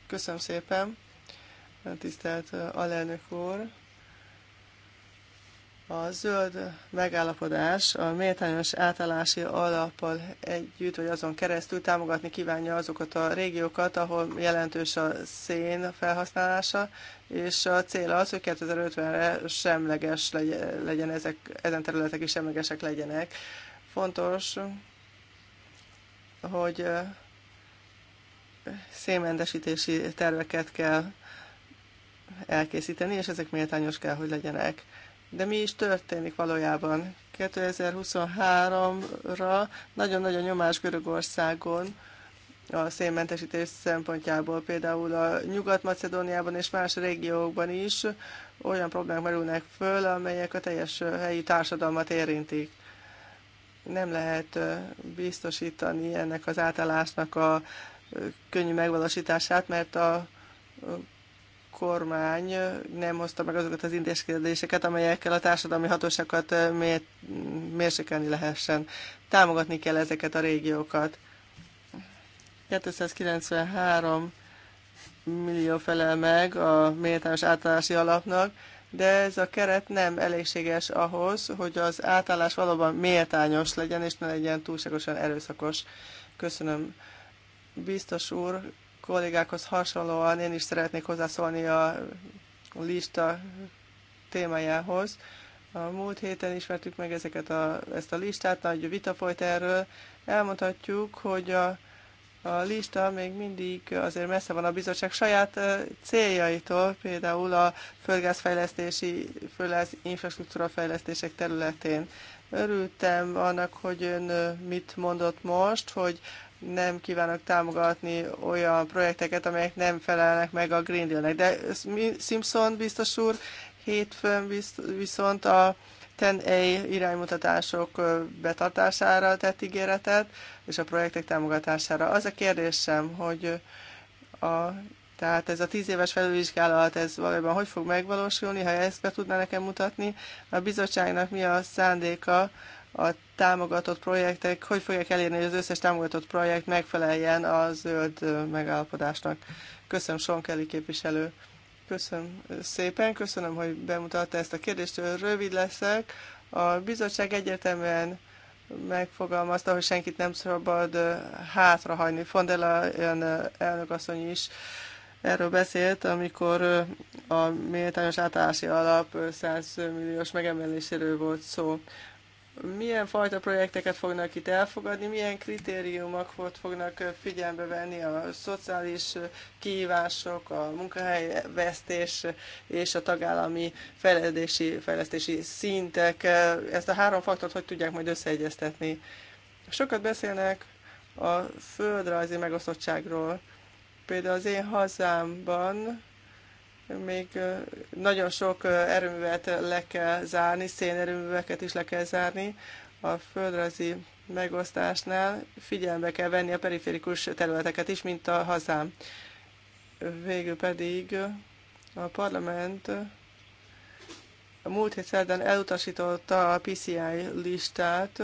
Köszönöm szépen, tisztelt alelnök úr. A zöld megállapodás a méltányos átállási alappal együtt, vagy azon keresztül támogatni kívánja azokat a régiókat, ahol jelentős a szén felhasználása, és a cél az, hogy 2050-re semleges legyen ezek, ezen területek is semlegesek legyenek. Fontos, hogy szémendesítési terveket kell elkészíteni, és ezek méltányos kell, hogy legyenek. De mi is történik valójában? 2023-ra nagyon-nagyon nyomás Görögországon a szénmentesítés szempontjából, például a Nyugat-Macedóniában és más régiókban is olyan problémák merülnek föl, amelyek a teljes helyi társadalmat érintik. Nem lehet biztosítani ennek az átállásnak a könnyű megvalósítását, mert a kormány nem hozta meg azokat az intézkedéseket, amelyekkel a társadalmi hatóságokat mérsékelni lehessen. Támogatni kell ezeket a régiókat. 293 millió felel meg a méltányos átállási alapnak, de ez a keret nem elégséges ahhoz, hogy az átállás valóban méltányos legyen, és ne legyen túlságosan erőszakos. Köszönöm. Biztos úr, kollégákhoz hasonlóan én is szeretnék hozzászólni a lista témájához. A múlt héten ismertük meg ezeket a, ezt a listát, nagy vita folyt erről. Elmondhatjuk, hogy a, a lista még mindig azért messze van a bizottság saját céljaitól, például a földgázfejlesztési, földgáz infrastruktúra fejlesztések területén. Örültem annak, hogy ön mit mondott most, hogy nem kívánok támogatni olyan projekteket, amelyek nem felelnek meg a Green Deal-nek. De Simpson biztos úr hétfőn viszont a TEN-A iránymutatások betartására tett ígéretet, és a projektek támogatására. Az a kérdésem, hogy a, tehát ez a tíz éves felülvizsgálat, ez valójában hogy fog megvalósulni, ha ezt be tudná nekem mutatni. A bizottságnak mi a szándéka a támogatott projektek, hogy fogják elérni, hogy az összes támogatott projekt megfeleljen a zöld megállapodásnak. Köszönöm, Sean Kelly képviselő. Köszönöm szépen, köszönöm, hogy bemutatta ezt a kérdést. Rövid leszek. A bizottság egyértelműen megfogalmazta, hogy senkit nem szabad hátrahagyni. Von der Leyen elnökasszony is erről beszélt, amikor a méltányos átállási alap 100 milliós megemeléséről volt szó milyen fajta projekteket fognak itt elfogadni, milyen kritériumokat fognak figyelembe venni a szociális kihívások, a munkahelyvesztés és a tagállami fejlesztési, fejlesztési szintek. Ezt a három faktort hogy tudják majd összeegyeztetni? Sokat beszélnek a földrajzi megosztottságról. Például az én hazámban még nagyon sok erőművet le kell zárni, szénerőműveket is le kell zárni. A földrajzi megosztásnál figyelembe kell venni a periférikus területeket is, mint a hazám. Végül pedig a parlament a múlt hét szerdán elutasította a PCI listát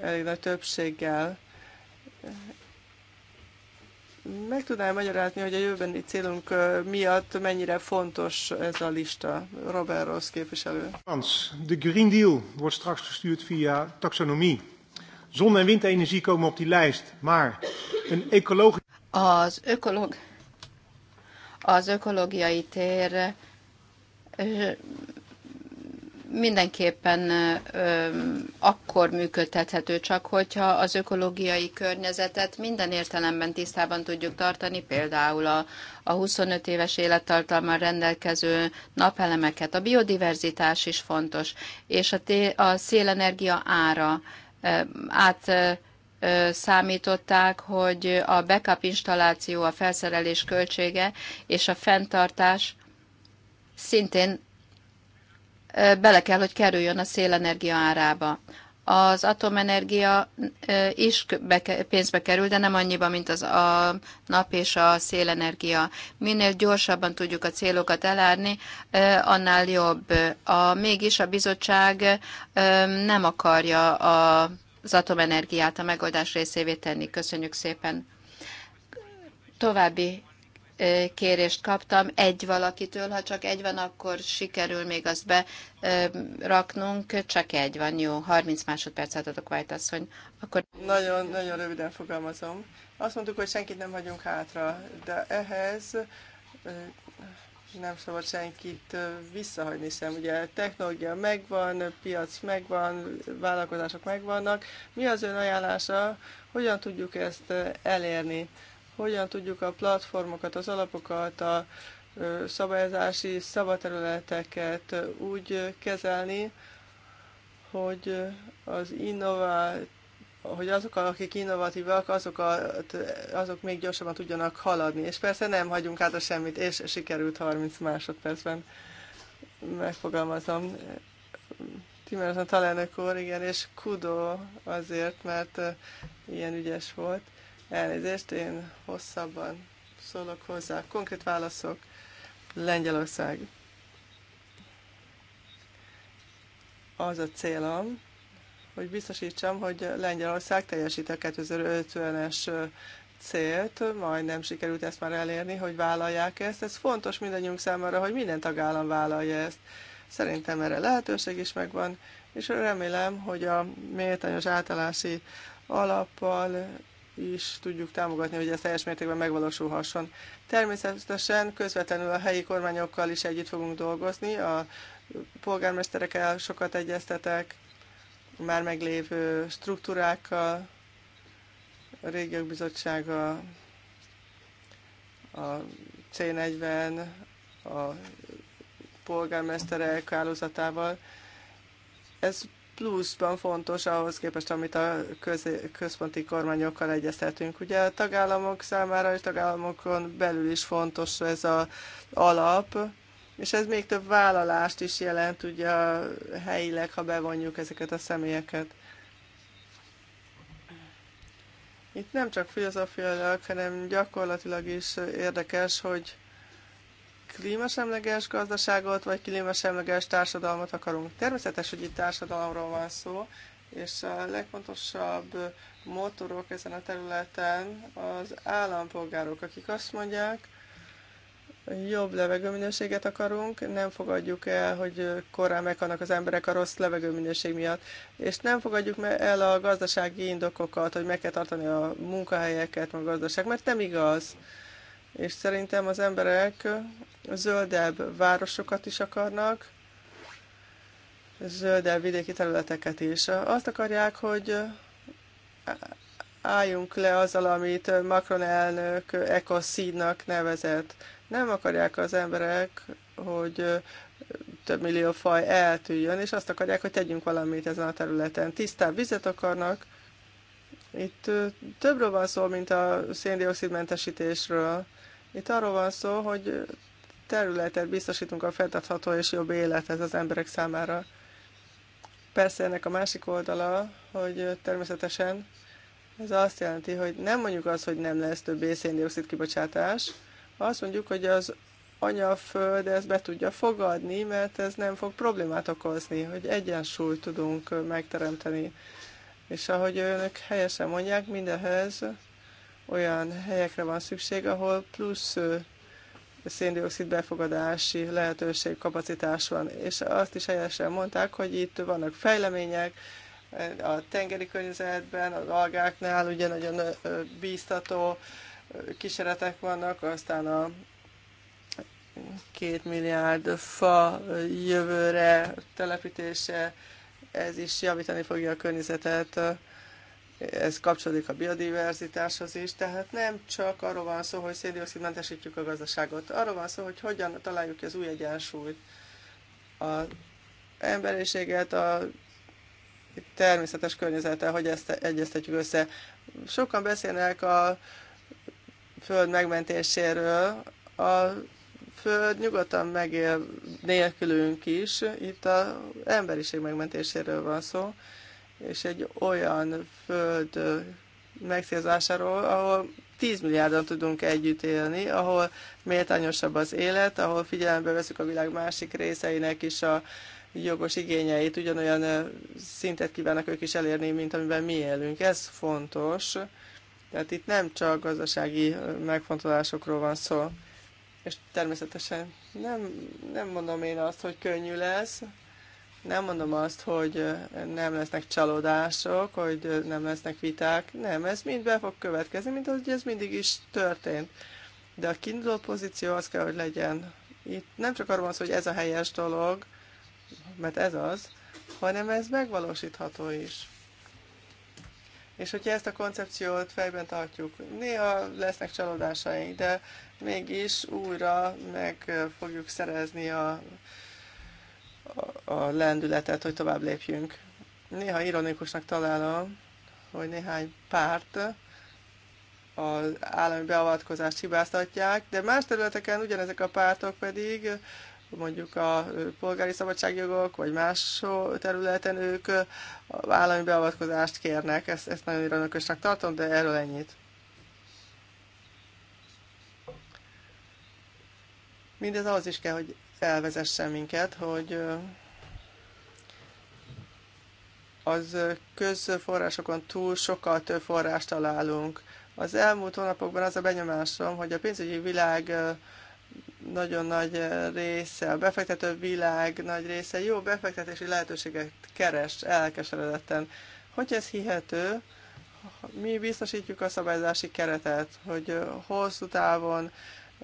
elég nagy többséggel. Meg tudnál magyarázni, hogy a jövőbeni célunk miatt mennyire fontos ez a lista, Robert Ross képviselő?
Hans, de Green Deal wordt straks gestuurd via taxonomie. Zon- en windenergie komen op die lijst,
maar een ecologisch... Az, ökolog... az ökológiai tér mindenképpen akkor működtethető csak, hogyha az ökológiai környezetet minden értelemben tisztában tudjuk tartani, például a, a 25 éves élettartalmal rendelkező napelemeket. A biodiverzitás is fontos, és a, té, a szélenergia ára át számították, hogy a backup installáció, a felszerelés költsége és a fenntartás szintén bele kell, hogy kerüljön a szélenergia árába. Az atomenergia is pénzbe kerül, de nem annyiba, mint az a nap és a szélenergia. Minél gyorsabban tudjuk a célokat elárni, annál jobb. A, mégis a bizottság nem akarja a az atomenergiát a megoldás részévé tenni. Köszönjük szépen. További kérést kaptam egy valakitől, ha csak egy van, akkor sikerül még azt beraknunk, csak egy van, jó, 30 másodpercet adok White asszony. Akkor...
Nagyon, nagyon röviden fogalmazom. Azt mondtuk, hogy senkit nem hagyunk hátra, de ehhez nem szabad senkit visszahagyni, hiszen ugye technológia megvan, piac megvan, vállalkozások megvannak. Mi az ön ajánlása, hogyan tudjuk ezt elérni? hogyan tudjuk a platformokat, az alapokat, a szabályozási szabaterületeket úgy kezelni, hogy az innovált hogy azok, akik innovatívak, azok, azok még gyorsabban tudjanak haladni. És persze nem hagyunk a semmit, és sikerült 30 másodpercben megfogalmazom. Timerson talán úr, igen, és Kudo azért, mert ilyen ügyes volt. Elnézést, én hosszabban szólok hozzá. Konkrét válaszok. Lengyelország. Az a célom, hogy biztosítsam, hogy Lengyelország teljesít a 2050-es célt, majdnem sikerült ezt már elérni, hogy vállalják ezt. Ez fontos mindannyiunk számára, hogy minden tagállam vállalja ezt. Szerintem erre lehetőség is megvan, és remélem, hogy a méltányos átállási alappal is tudjuk támogatni, hogy ez teljes mértékben megvalósulhasson. Természetesen közvetlenül a helyi kormányokkal is együtt fogunk dolgozni, a polgármesterekkel sokat egyeztetek, a már meglévő struktúrákkal, a régiók bizottsága, a C40, a polgármesterek hálózatával. Ez pluszban fontos ahhoz képest, amit a köz központi kormányokkal egyeztetünk. Ugye a tagállamok számára és tagállamokon belül is fontos ez az alap, és ez még több vállalást is jelent ugye helyileg, ha bevonjuk ezeket a személyeket. Itt nem csak filozófiailag, hanem gyakorlatilag is érdekes, hogy klímasemleges gazdaságot, vagy klímasemleges társadalmat akarunk. Természetes, hogy itt társadalomról van szó, és a legfontosabb motorok ezen a területen az állampolgárok, akik azt mondják, jobb levegőminőséget akarunk, nem fogadjuk el, hogy korán meghalnak az emberek a rossz levegőminőség miatt, és nem fogadjuk el a gazdasági indokokat, hogy meg kell tartani a munkahelyeket, a gazdaság, mert nem igaz és szerintem az emberek zöldebb városokat is akarnak, zöldebb vidéki területeket is. Azt akarják, hogy álljunk le azzal, amit Macron elnök ekoszídnak nevezett. Nem akarják az emberek, hogy több millió faj eltűjön, és azt akarják, hogy tegyünk valamit ezen a területen. Tisztább vizet akarnak. Itt többről van szó, mint a széndiokszidmentesítésről. Itt arról van szó, hogy területet biztosítunk a fenntartható és jobb élethez az emberek számára. Persze ennek a másik oldala, hogy természetesen ez azt jelenti, hogy nem mondjuk azt, hogy nem lesz több széndiokszid kibocsátás, azt mondjuk, hogy az anyaföld ezt be tudja fogadni, mert ez nem fog problémát okozni, hogy egyensúlyt tudunk megteremteni. És ahogy önök helyesen mondják, mindenhez olyan helyekre van szükség, ahol plusz széndiokszid befogadási lehetőség, kapacitás van. És azt is helyesen mondták, hogy itt vannak fejlemények, a tengeri környezetben, az algáknál ugye nagyon bíztató kísérletek vannak, aztán a két milliárd fa jövőre telepítése, ez is javítani fogja a környezetet ez kapcsolódik a biodiverzitáshoz is, tehát nem csak arról van szó, hogy széndiokszidmentesítjük a gazdaságot, arról van szó, hogy hogyan találjuk ki az új egyensúlyt az emberiséget a természetes környezettel, hogy ezt egyeztetjük össze. Sokan beszélnek a föld megmentéséről, a föld nyugodtan megél nélkülünk is, itt az emberiség megmentéséről van szó, és egy olyan föld megszélzásáról, ahol 10 milliárdan tudunk együtt élni, ahol méltányosabb az élet, ahol figyelembe veszük a világ másik részeinek is a jogos igényeit, ugyanolyan szintet kívánnak ők is elérni, mint amiben mi élünk. Ez fontos. Tehát itt nem csak gazdasági megfontolásokról van szó. És természetesen nem, nem mondom én azt, hogy könnyű lesz, nem mondom azt, hogy eh, nem lesznek csalódások, hogy eh, nem lesznek viták. Nem, ez mind be fog következni, mint ahogy ez mindig is történt. De a kiinduló pozíció az kell, hogy legyen. Itt nem csak arról van szó, hogy ez a helyes dolog, mert ez az, hanem ez megvalósítható is. És hogyha ezt a koncepciót fejben tartjuk, néha lesznek csalódásaink, de mégis újra meg eh, fogjuk szerezni a a lendületet, hogy tovább lépjünk. Néha ironikusnak találom, hogy néhány párt az állami beavatkozást hibáztatják, de más területeken ugyanezek a pártok pedig, mondjuk a polgári szabadságjogok, vagy más területen ők állami beavatkozást kérnek. Ezt, ezt nagyon ironikusnak tartom, de erről ennyit. Mindez ahhoz is kell, hogy felvezessen minket, hogy az közforrásokon túl sokkal több forrást találunk. Az elmúlt hónapokban az a benyomásom, hogy a pénzügyi világ nagyon nagy része, a befektető világ nagy része jó befektetési lehetőséget keres elkeseredetten. Hogy ez hihető? Mi biztosítjuk a szabályzási keretet, hogy hosszú távon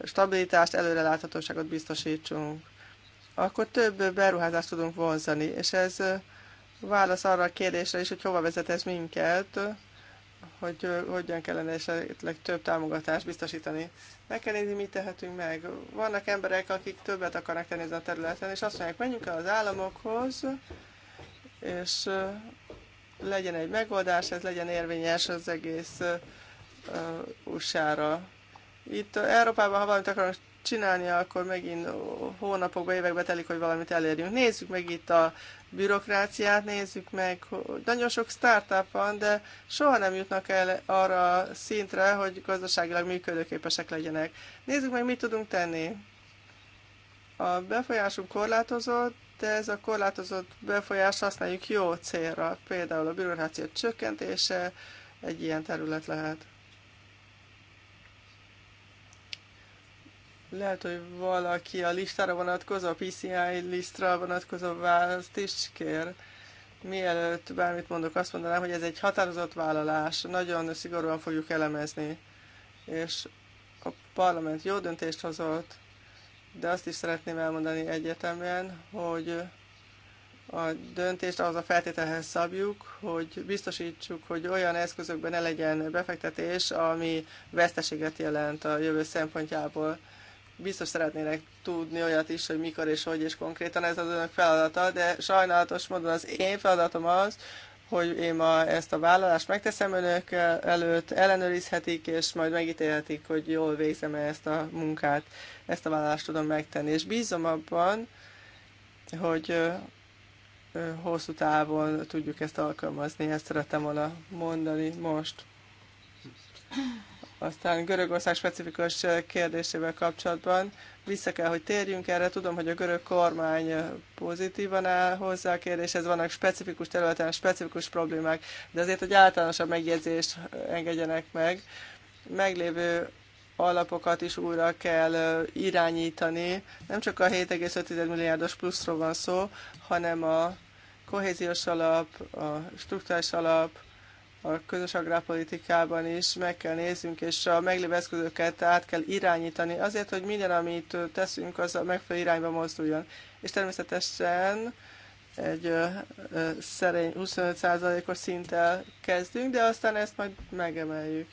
stabilitást, előreláthatóságot biztosítsunk. Akkor több beruházást tudunk vonzani, és ez válasz arra a kérdésre is, hogy hova vezet ez minket, hogy hogyan kellene esetleg több támogatást biztosítani. Meg kell nézni, mit tehetünk meg. Vannak emberek, akik többet akarnak tenni ezen a területen, és azt mondják, menjünk el az államokhoz, és legyen egy megoldás, ez legyen érvényes az egész uh, USA-ra. Itt Európában, ha valamit akarunk csinálni, akkor megint hónapokba, évekbe telik, hogy valamit elérjünk. Nézzük meg itt a bürokráciát, nézzük meg, hogy nagyon sok startup van, de soha nem jutnak el arra a szintre, hogy gazdaságilag működőképesek legyenek. Nézzük meg, mit tudunk tenni. A befolyásunk korlátozott, de ez a korlátozott befolyás használjuk jó célra, például a bürokrácia csökkentése egy ilyen terület lehet. Lehet, hogy valaki a listára vonatkozó, a PCI listra vonatkozó választást kér. Mielőtt bármit mondok, azt mondanám, hogy ez egy határozott vállalás, nagyon szigorúan fogjuk elemezni. És a parlament jó döntést hozott, de azt is szeretném elmondani egyetemen, hogy a döntést az a feltételhez szabjuk, hogy biztosítsuk, hogy olyan eszközökben ne legyen befektetés, ami veszteséget jelent a jövő szempontjából biztos szeretnének tudni olyat is, hogy mikor és hogy, és konkrétan ez az önök feladata, de sajnálatos módon az én feladatom az, hogy én ma ezt a vállalást megteszem önök előtt, ellenőrizhetik, és majd megítélhetik, hogy jól végzem -e ezt a munkát, ezt a vállalást tudom megtenni. És bízom abban, hogy hosszú távon tudjuk ezt alkalmazni, ezt szerettem volna mondani most. Aztán Görögország specifikus kérdésével kapcsolatban vissza kell, hogy térjünk erre. Tudom, hogy a görög kormány pozitívan áll hozzá a kérdéshez, vannak specifikus területen specifikus problémák, de azért hogy általánosabb megjegyzést engedjenek meg. Meglévő alapokat is újra kell irányítani. Nem csak a 7,5 milliárdos pluszról van szó, hanem a kohéziós alap, a struktúrás alap, a közös agrárpolitikában is meg kell néznünk, és a meglévő eszközöket át kell irányítani azért, hogy minden, amit teszünk, az a megfelelő irányba mozduljon. És természetesen egy szerény 25%-os szinttel kezdünk, de aztán ezt majd megemeljük.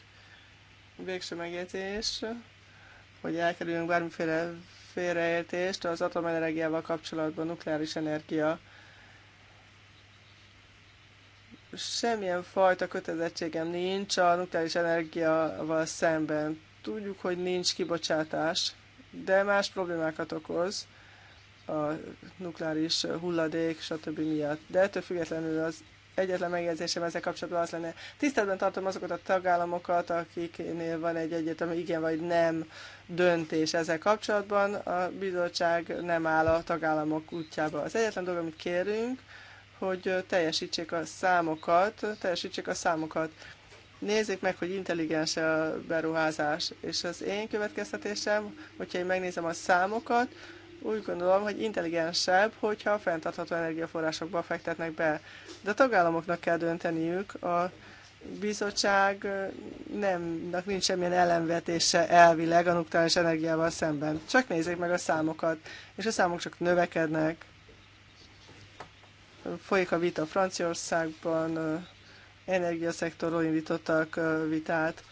Végső megjegyzés, hogy elkerüljünk bármiféle félreértést az atomenergiával kapcsolatban, nukleáris energia semmilyen fajta kötelezettségem nincs a nukleáris energiával szemben. Tudjuk, hogy nincs kibocsátás, de más problémákat okoz a nukleáris hulladék, stb. miatt. De ettől függetlenül az egyetlen megjegyzésem ezzel kapcsolatban az lenne, tiszteletben tartom azokat a tagállamokat, akiknél van egy egyetemi igen vagy nem döntés ezzel kapcsolatban. A bizottság nem áll a tagállamok útjába. Az egyetlen dolog, amit kérünk, hogy teljesítsék a számokat, teljesítsék a számokat. Nézzék meg, hogy intelligens a beruházás. És az én következtetésem, hogyha én megnézem a számokat, úgy gondolom, hogy intelligensebb, hogyha fenntartható energiaforrásokba fektetnek be. De a tagállamoknak kell dönteniük, a bizottság nem, nincs semmilyen ellenvetése elvileg a nukleáris energiával szemben. Csak nézzék meg a számokat, és a számok csak növekednek. Folyik a vita Franciaországban, energiaszektorról indítottak vitát.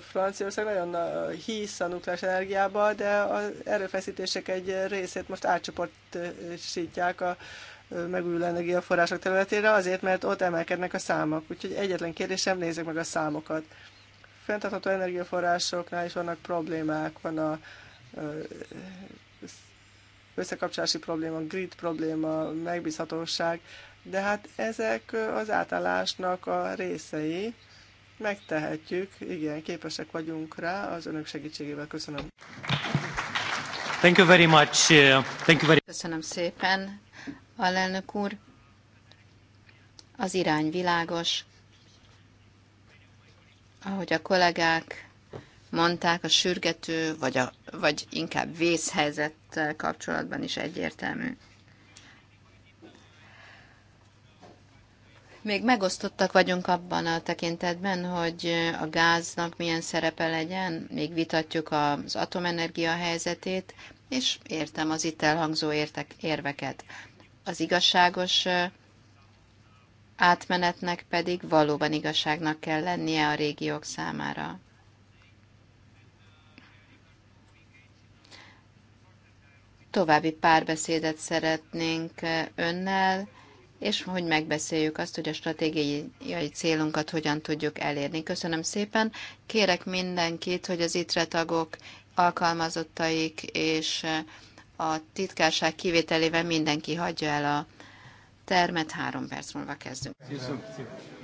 Franciaország nagyon hisz a nukleáris energiába, de az erőfeszítések egy részét most átcsoportosítják a megújuló energiaforrások területére, azért, mert ott emelkednek a számok. Úgyhogy egyetlen kérdésem, nézzük meg a számokat. Fentartható energiaforrásoknál is vannak problémák, van a összekapcsolási probléma, grid probléma, megbízhatóság, de hát ezek az átállásnak a részei, megtehetjük, igen, képesek vagyunk rá az önök segítségével. Köszönöm. Thank you very
much. Uh, thank you very...
Köszönöm
szépen, alelnök úr. Az irány világos. Ahogy a kollégák mondták, a sürgető, vagy, a, vagy inkább vészhelyzettel kapcsolatban is egyértelmű. Még megosztottak vagyunk abban a tekintetben, hogy a gáznak milyen szerepe legyen, még vitatjuk az atomenergia helyzetét, és értem az itt elhangzó értek, érveket. Az igazságos átmenetnek pedig valóban igazságnak kell lennie a régiók számára. további párbeszédet szeretnénk önnel, és hogy megbeszéljük azt, hogy a stratégiai célunkat hogyan tudjuk elérni. Köszönöm szépen. Kérek mindenkit, hogy az ITRE tagok, alkalmazottaik és a titkárság kivételével mindenki hagyja el a termet. Három perc múlva kezdünk. Köszönöm.